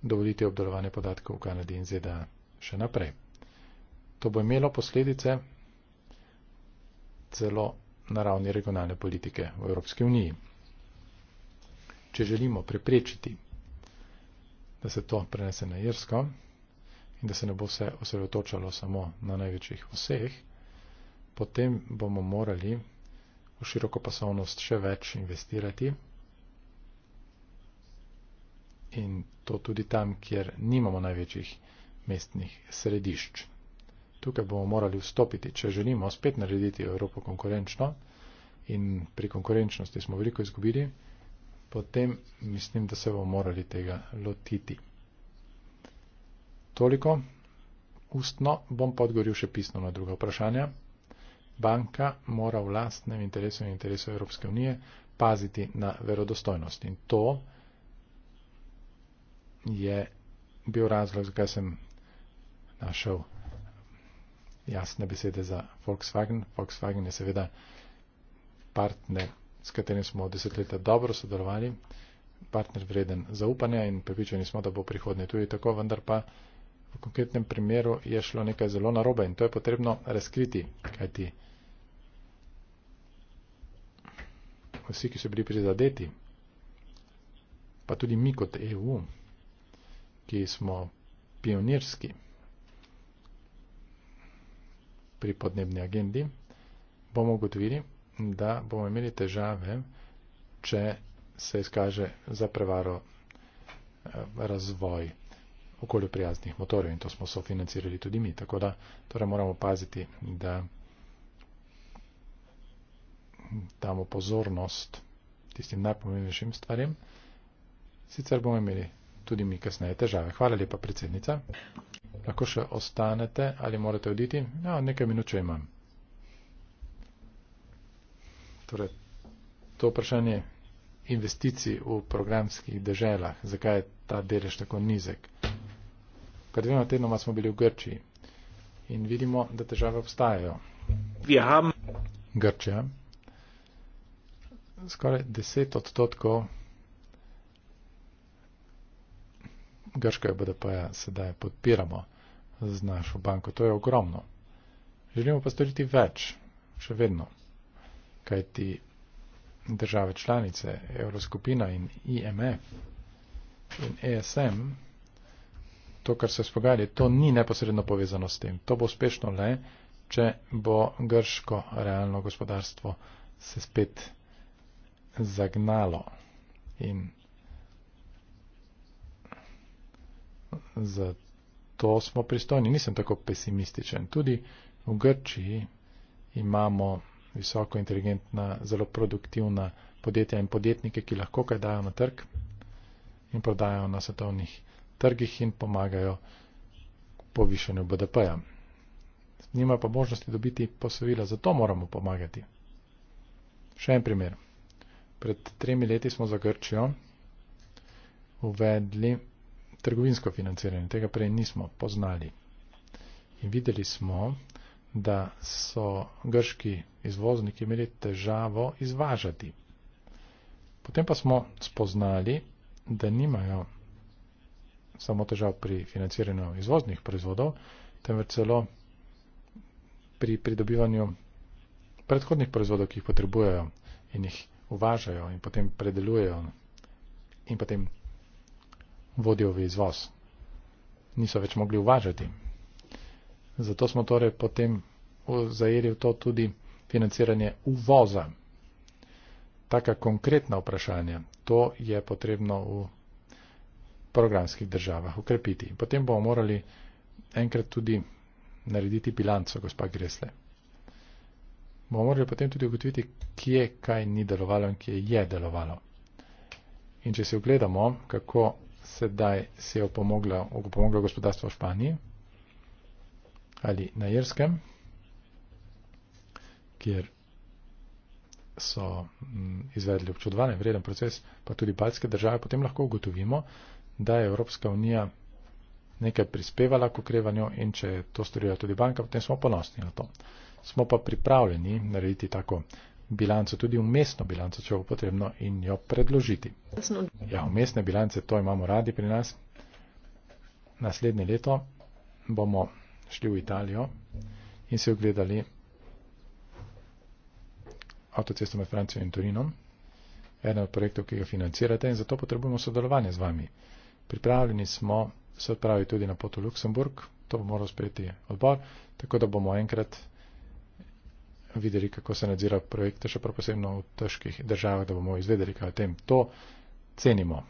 dovoliti obdelovanje podatkov v Kanadi in ZDA še naprej. To bo imelo posledice celo na ravni regionalne politike v Evropski uniji. Če želimo preprečiti, da se to prenese na Irsko in da se ne bo vse osredotočalo samo na največjih vseh, potem bomo morali v široko pasovnost še več investirati in to tudi tam, kjer nimamo največjih mestnih središč tukaj bomo morali vstopiti, če želimo spet narediti Evropo konkurenčno in pri konkurenčnosti smo veliko izgubili, potem mislim, da se bomo morali tega lotiti. Toliko. Ustno bom pa odgovoril še pisno na druga vprašanja. Banka mora v lastnem interesu in interesu Evropske unije paziti na verodostojnost. In to je bil razlog, zakaj sem našel jasne besede za Volkswagen. Volkswagen je seveda partner, s katerim smo desetletja dobro sodelovali, partner vreden zaupanja in prepričani smo, da bo prihodnje tudi tako, vendar pa v konkretnem primeru je šlo nekaj zelo narobe in to je potrebno razkriti, kajti vsi, ki so bili prizadeti, pa tudi mi kot EU, ki smo pionirski, pri podnebni agendi, bomo ugotovili, da bomo imeli težave, če se izkaže za prevaro eh, razvoj okolju prijaznih motorjev in to smo sofinancirali tudi mi. Tako da torej moramo paziti, da damo pozornost tistim najpomembnejšim stvarem. Sicer bomo imeli tudi mi kasneje težave. Hvala lepa, predsednica. Lahko še ostanete ali morate oditi? Ja, nekaj minut če imam. Torej, to vprašanje investicij v programskih deželah, zakaj je ta delež tako nizek. Pred dvema tednoma smo bili v Grčiji in vidimo, da težave obstajajo. Ja. Grčija. Skoraj 10 odstotkov grškega BDP-ja sedaj podpiramo z našo banko. To je ogromno. Želimo pa storiti več, še vedno, kajti države članice, Evroskupina in IMF in ESM, to, kar se spogajali, to ni neposredno povezano s tem. To bo uspešno le, če bo grško realno gospodarstvo se spet zagnalo in za to smo pristojni. Nisem tako pesimističen. Tudi v Grčiji imamo visoko inteligentna, zelo produktivna podjetja in podjetnike, ki lahko kaj dajo na trg in prodajo na svetovnih trgih in pomagajo povišanju BDP-ja. Nima pa možnosti dobiti posojila, zato moramo pomagati. Še en primer. Pred tremi leti smo za Grčijo uvedli trgovinsko financiranje. Tega prej nismo poznali. In videli smo, da so grški izvozniki imeli težavo izvažati. Potem pa smo spoznali, da nimajo samo težav pri financiranju izvoznih proizvodov, temveč celo pri pridobivanju predhodnih proizvodov, ki jih potrebujejo in jih uvažajo in potem predelujejo in potem vodijo v izvoz. Niso več mogli uvažati. Zato smo torej potem zajeli v to tudi financiranje uvoza. Taka konkretna vprašanja, to je potrebno v programskih državah ukrepiti. Potem bomo morali enkrat tudi narediti bilanco, gospa Gresle. Bomo morali potem tudi ugotoviti, kje kaj ni delovalo in kje je delovalo. In če se ogledamo, kako sedaj se je opomoglo gospodarstvo v Španiji ali na Jerskem, kjer so mm, izvedli občudovanje vreden proces, pa tudi baljske države, potem lahko ugotovimo, da je Evropska unija nekaj prispevala k ukrevanju in če je to storila tudi banka, potem smo ponosni na to. Smo pa pripravljeni narediti tako bilanco, tudi umestno bilanco, če bo potrebno, in jo predložiti. Ja, umestne bilance, to imamo radi pri nas. Naslednje leto bomo šli v Italijo in se ogledali avtocesto med Francijo in Turinom, eden od projektov, ki ga financirate in zato potrebujemo sodelovanje z vami. Pripravljeni smo se odpraviti tudi na pot v Luksemburg, to bo moral sprejeti odbor, tako da bomo enkrat videli, kako se nadzira projekte, še posebno v težkih državah, da bomo izvedeli, kaj o tem. To cenimo.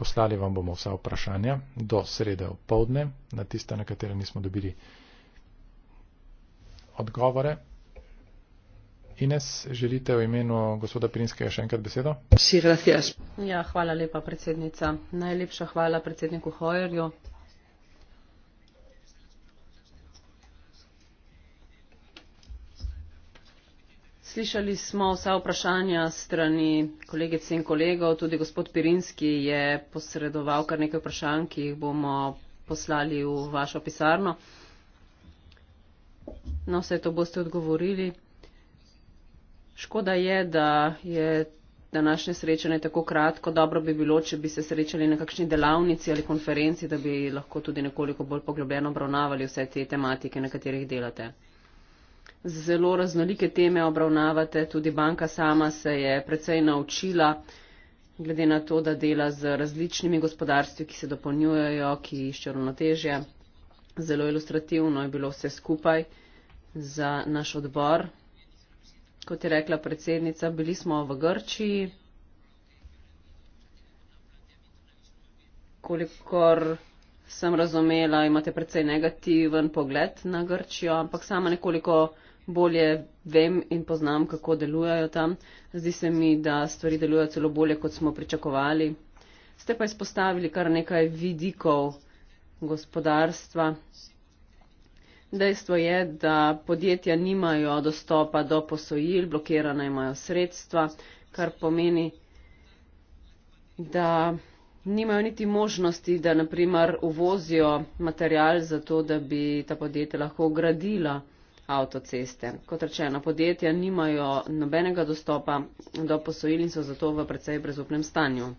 Poslali vam bomo vsa vprašanja do sreda v povdne, na tiste, na katere nismo dobili odgovore. Ines, želite v imenu gospoda Pirinskega še enkrat besedo? Ja, hvala lepa, predsednica. Najlepša hvala predsedniku Hojerju. Slišali smo vsa vprašanja strani kolegic in kolegov, tudi gospod Pirinski je posredoval kar nekaj vprašanj, ki jih bomo poslali v vašo pisarno. Na vse to boste odgovorili. Škoda je, da je današnje srečanje tako kratko. Dobro bi bilo, če bi se srečali na kakšni delavnici ali konferenci, da bi lahko tudi nekoliko bolj poglobljeno obravnavali vse te tematike, na katerih delate. Zelo raznolike teme obravnavate, tudi banka sama se je precej naučila, glede na to, da dela z različnimi gospodarstvi, ki se dopolnjujejo, ki iščejo ravnotežje. Zelo ilustrativno je bilo vse skupaj za naš odbor kot je rekla predsednica, bili smo v Grčiji. Kolikor sem razumela, imate precej negativen pogled na Grčijo, ampak sama nekoliko bolje vem in poznam, kako delujejo tam. Zdi se mi, da stvari delujejo celo bolje, kot smo pričakovali. Ste pa izpostavili kar nekaj vidikov gospodarstva, Dejstvo je, da podjetja nimajo dostopa do posojil, blokirana imajo sredstva, kar pomeni, da nimajo niti možnosti, da naprimer uvozijo material za to, da bi ta podjetja lahko gradila avtoceste. Kot rečeno, podjetja nimajo nobenega dostopa do posojil in so zato v precej brezupnem stanju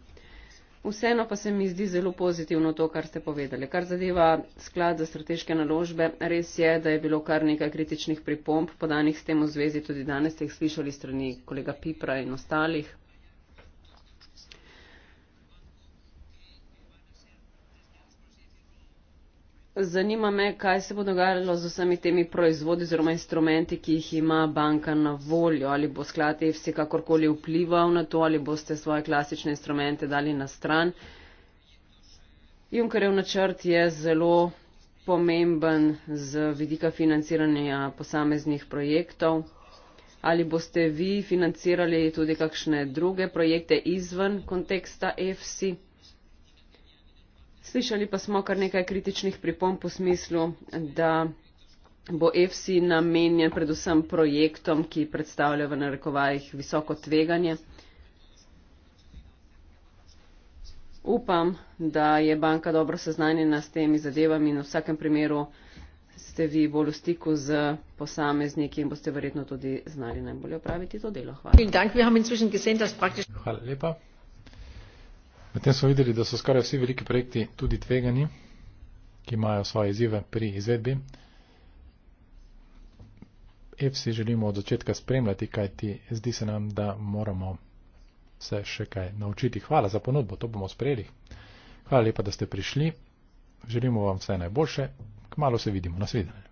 vseeno pa se mi zdi zelo pozitivno to, kar ste povedali. Kar zadeva sklad za strateške naložbe, res je, da je bilo kar nekaj kritičnih pripomb podanih s tem v zvezi, tudi danes ste jih slišali strani kolega Pipra in ostalih. Zanima me, kaj se bo dogajalo z vsemi temi proizvodi oziroma instrumenti, ki jih ima banka na voljo. Ali bo sklad EFC kakorkoli vplival na to, ali boste svoje klasične instrumente dali na stran. Junkerjev načrt je zelo pomemben z vidika financiranja posameznih projektov. Ali boste vi financirali tudi kakšne druge projekte izven konteksta EFC? Slišali pa smo kar nekaj kritičnih pripomb v smislu, da bo EFSI namenjen predvsem projektom, ki predstavljajo v narekovajih visoko tveganje. Upam, da je banka dobro seznanjena s temi zadevami in v vsakem primeru ste vi bolj v stiku z posamezniki in boste verjetno tudi znali najbolje opraviti to delo. Hvala. Hvala lepa. Medtem smo videli, da so skoraj vsi veliki projekti tudi tvegani, ki imajo svoje izzive pri izvedbi. EFSI želimo od začetka spremljati, kaj ti zdi se nam, da moramo se še kaj naučiti. Hvala za ponudbo, to bomo sprejeli. Hvala lepa, da ste prišli. Želimo vam vse najboljše. Kmalo se vidimo. Nasvidenje.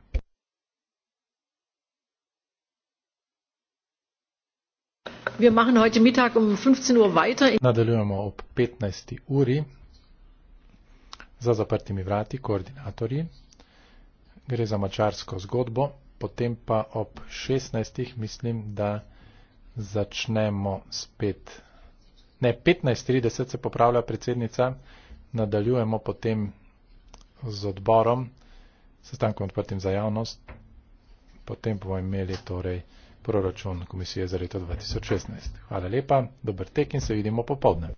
Wir machen heute Mittag um 15 Uhr weiter. Nadaljujemo ob 15. uri za zaprtimi vrati koordinatorji. Gre za mačarsko zgodbo, potem pa ob 16. mislim, da začnemo spet. Ne, 15.30 se popravlja predsednica, nadaljujemo potem z odborom, sestankom odprtim za javnost, potem bomo imeli torej proračun komisije za leto 2016. Hvala lepa, dober tek in se vidimo popovdne.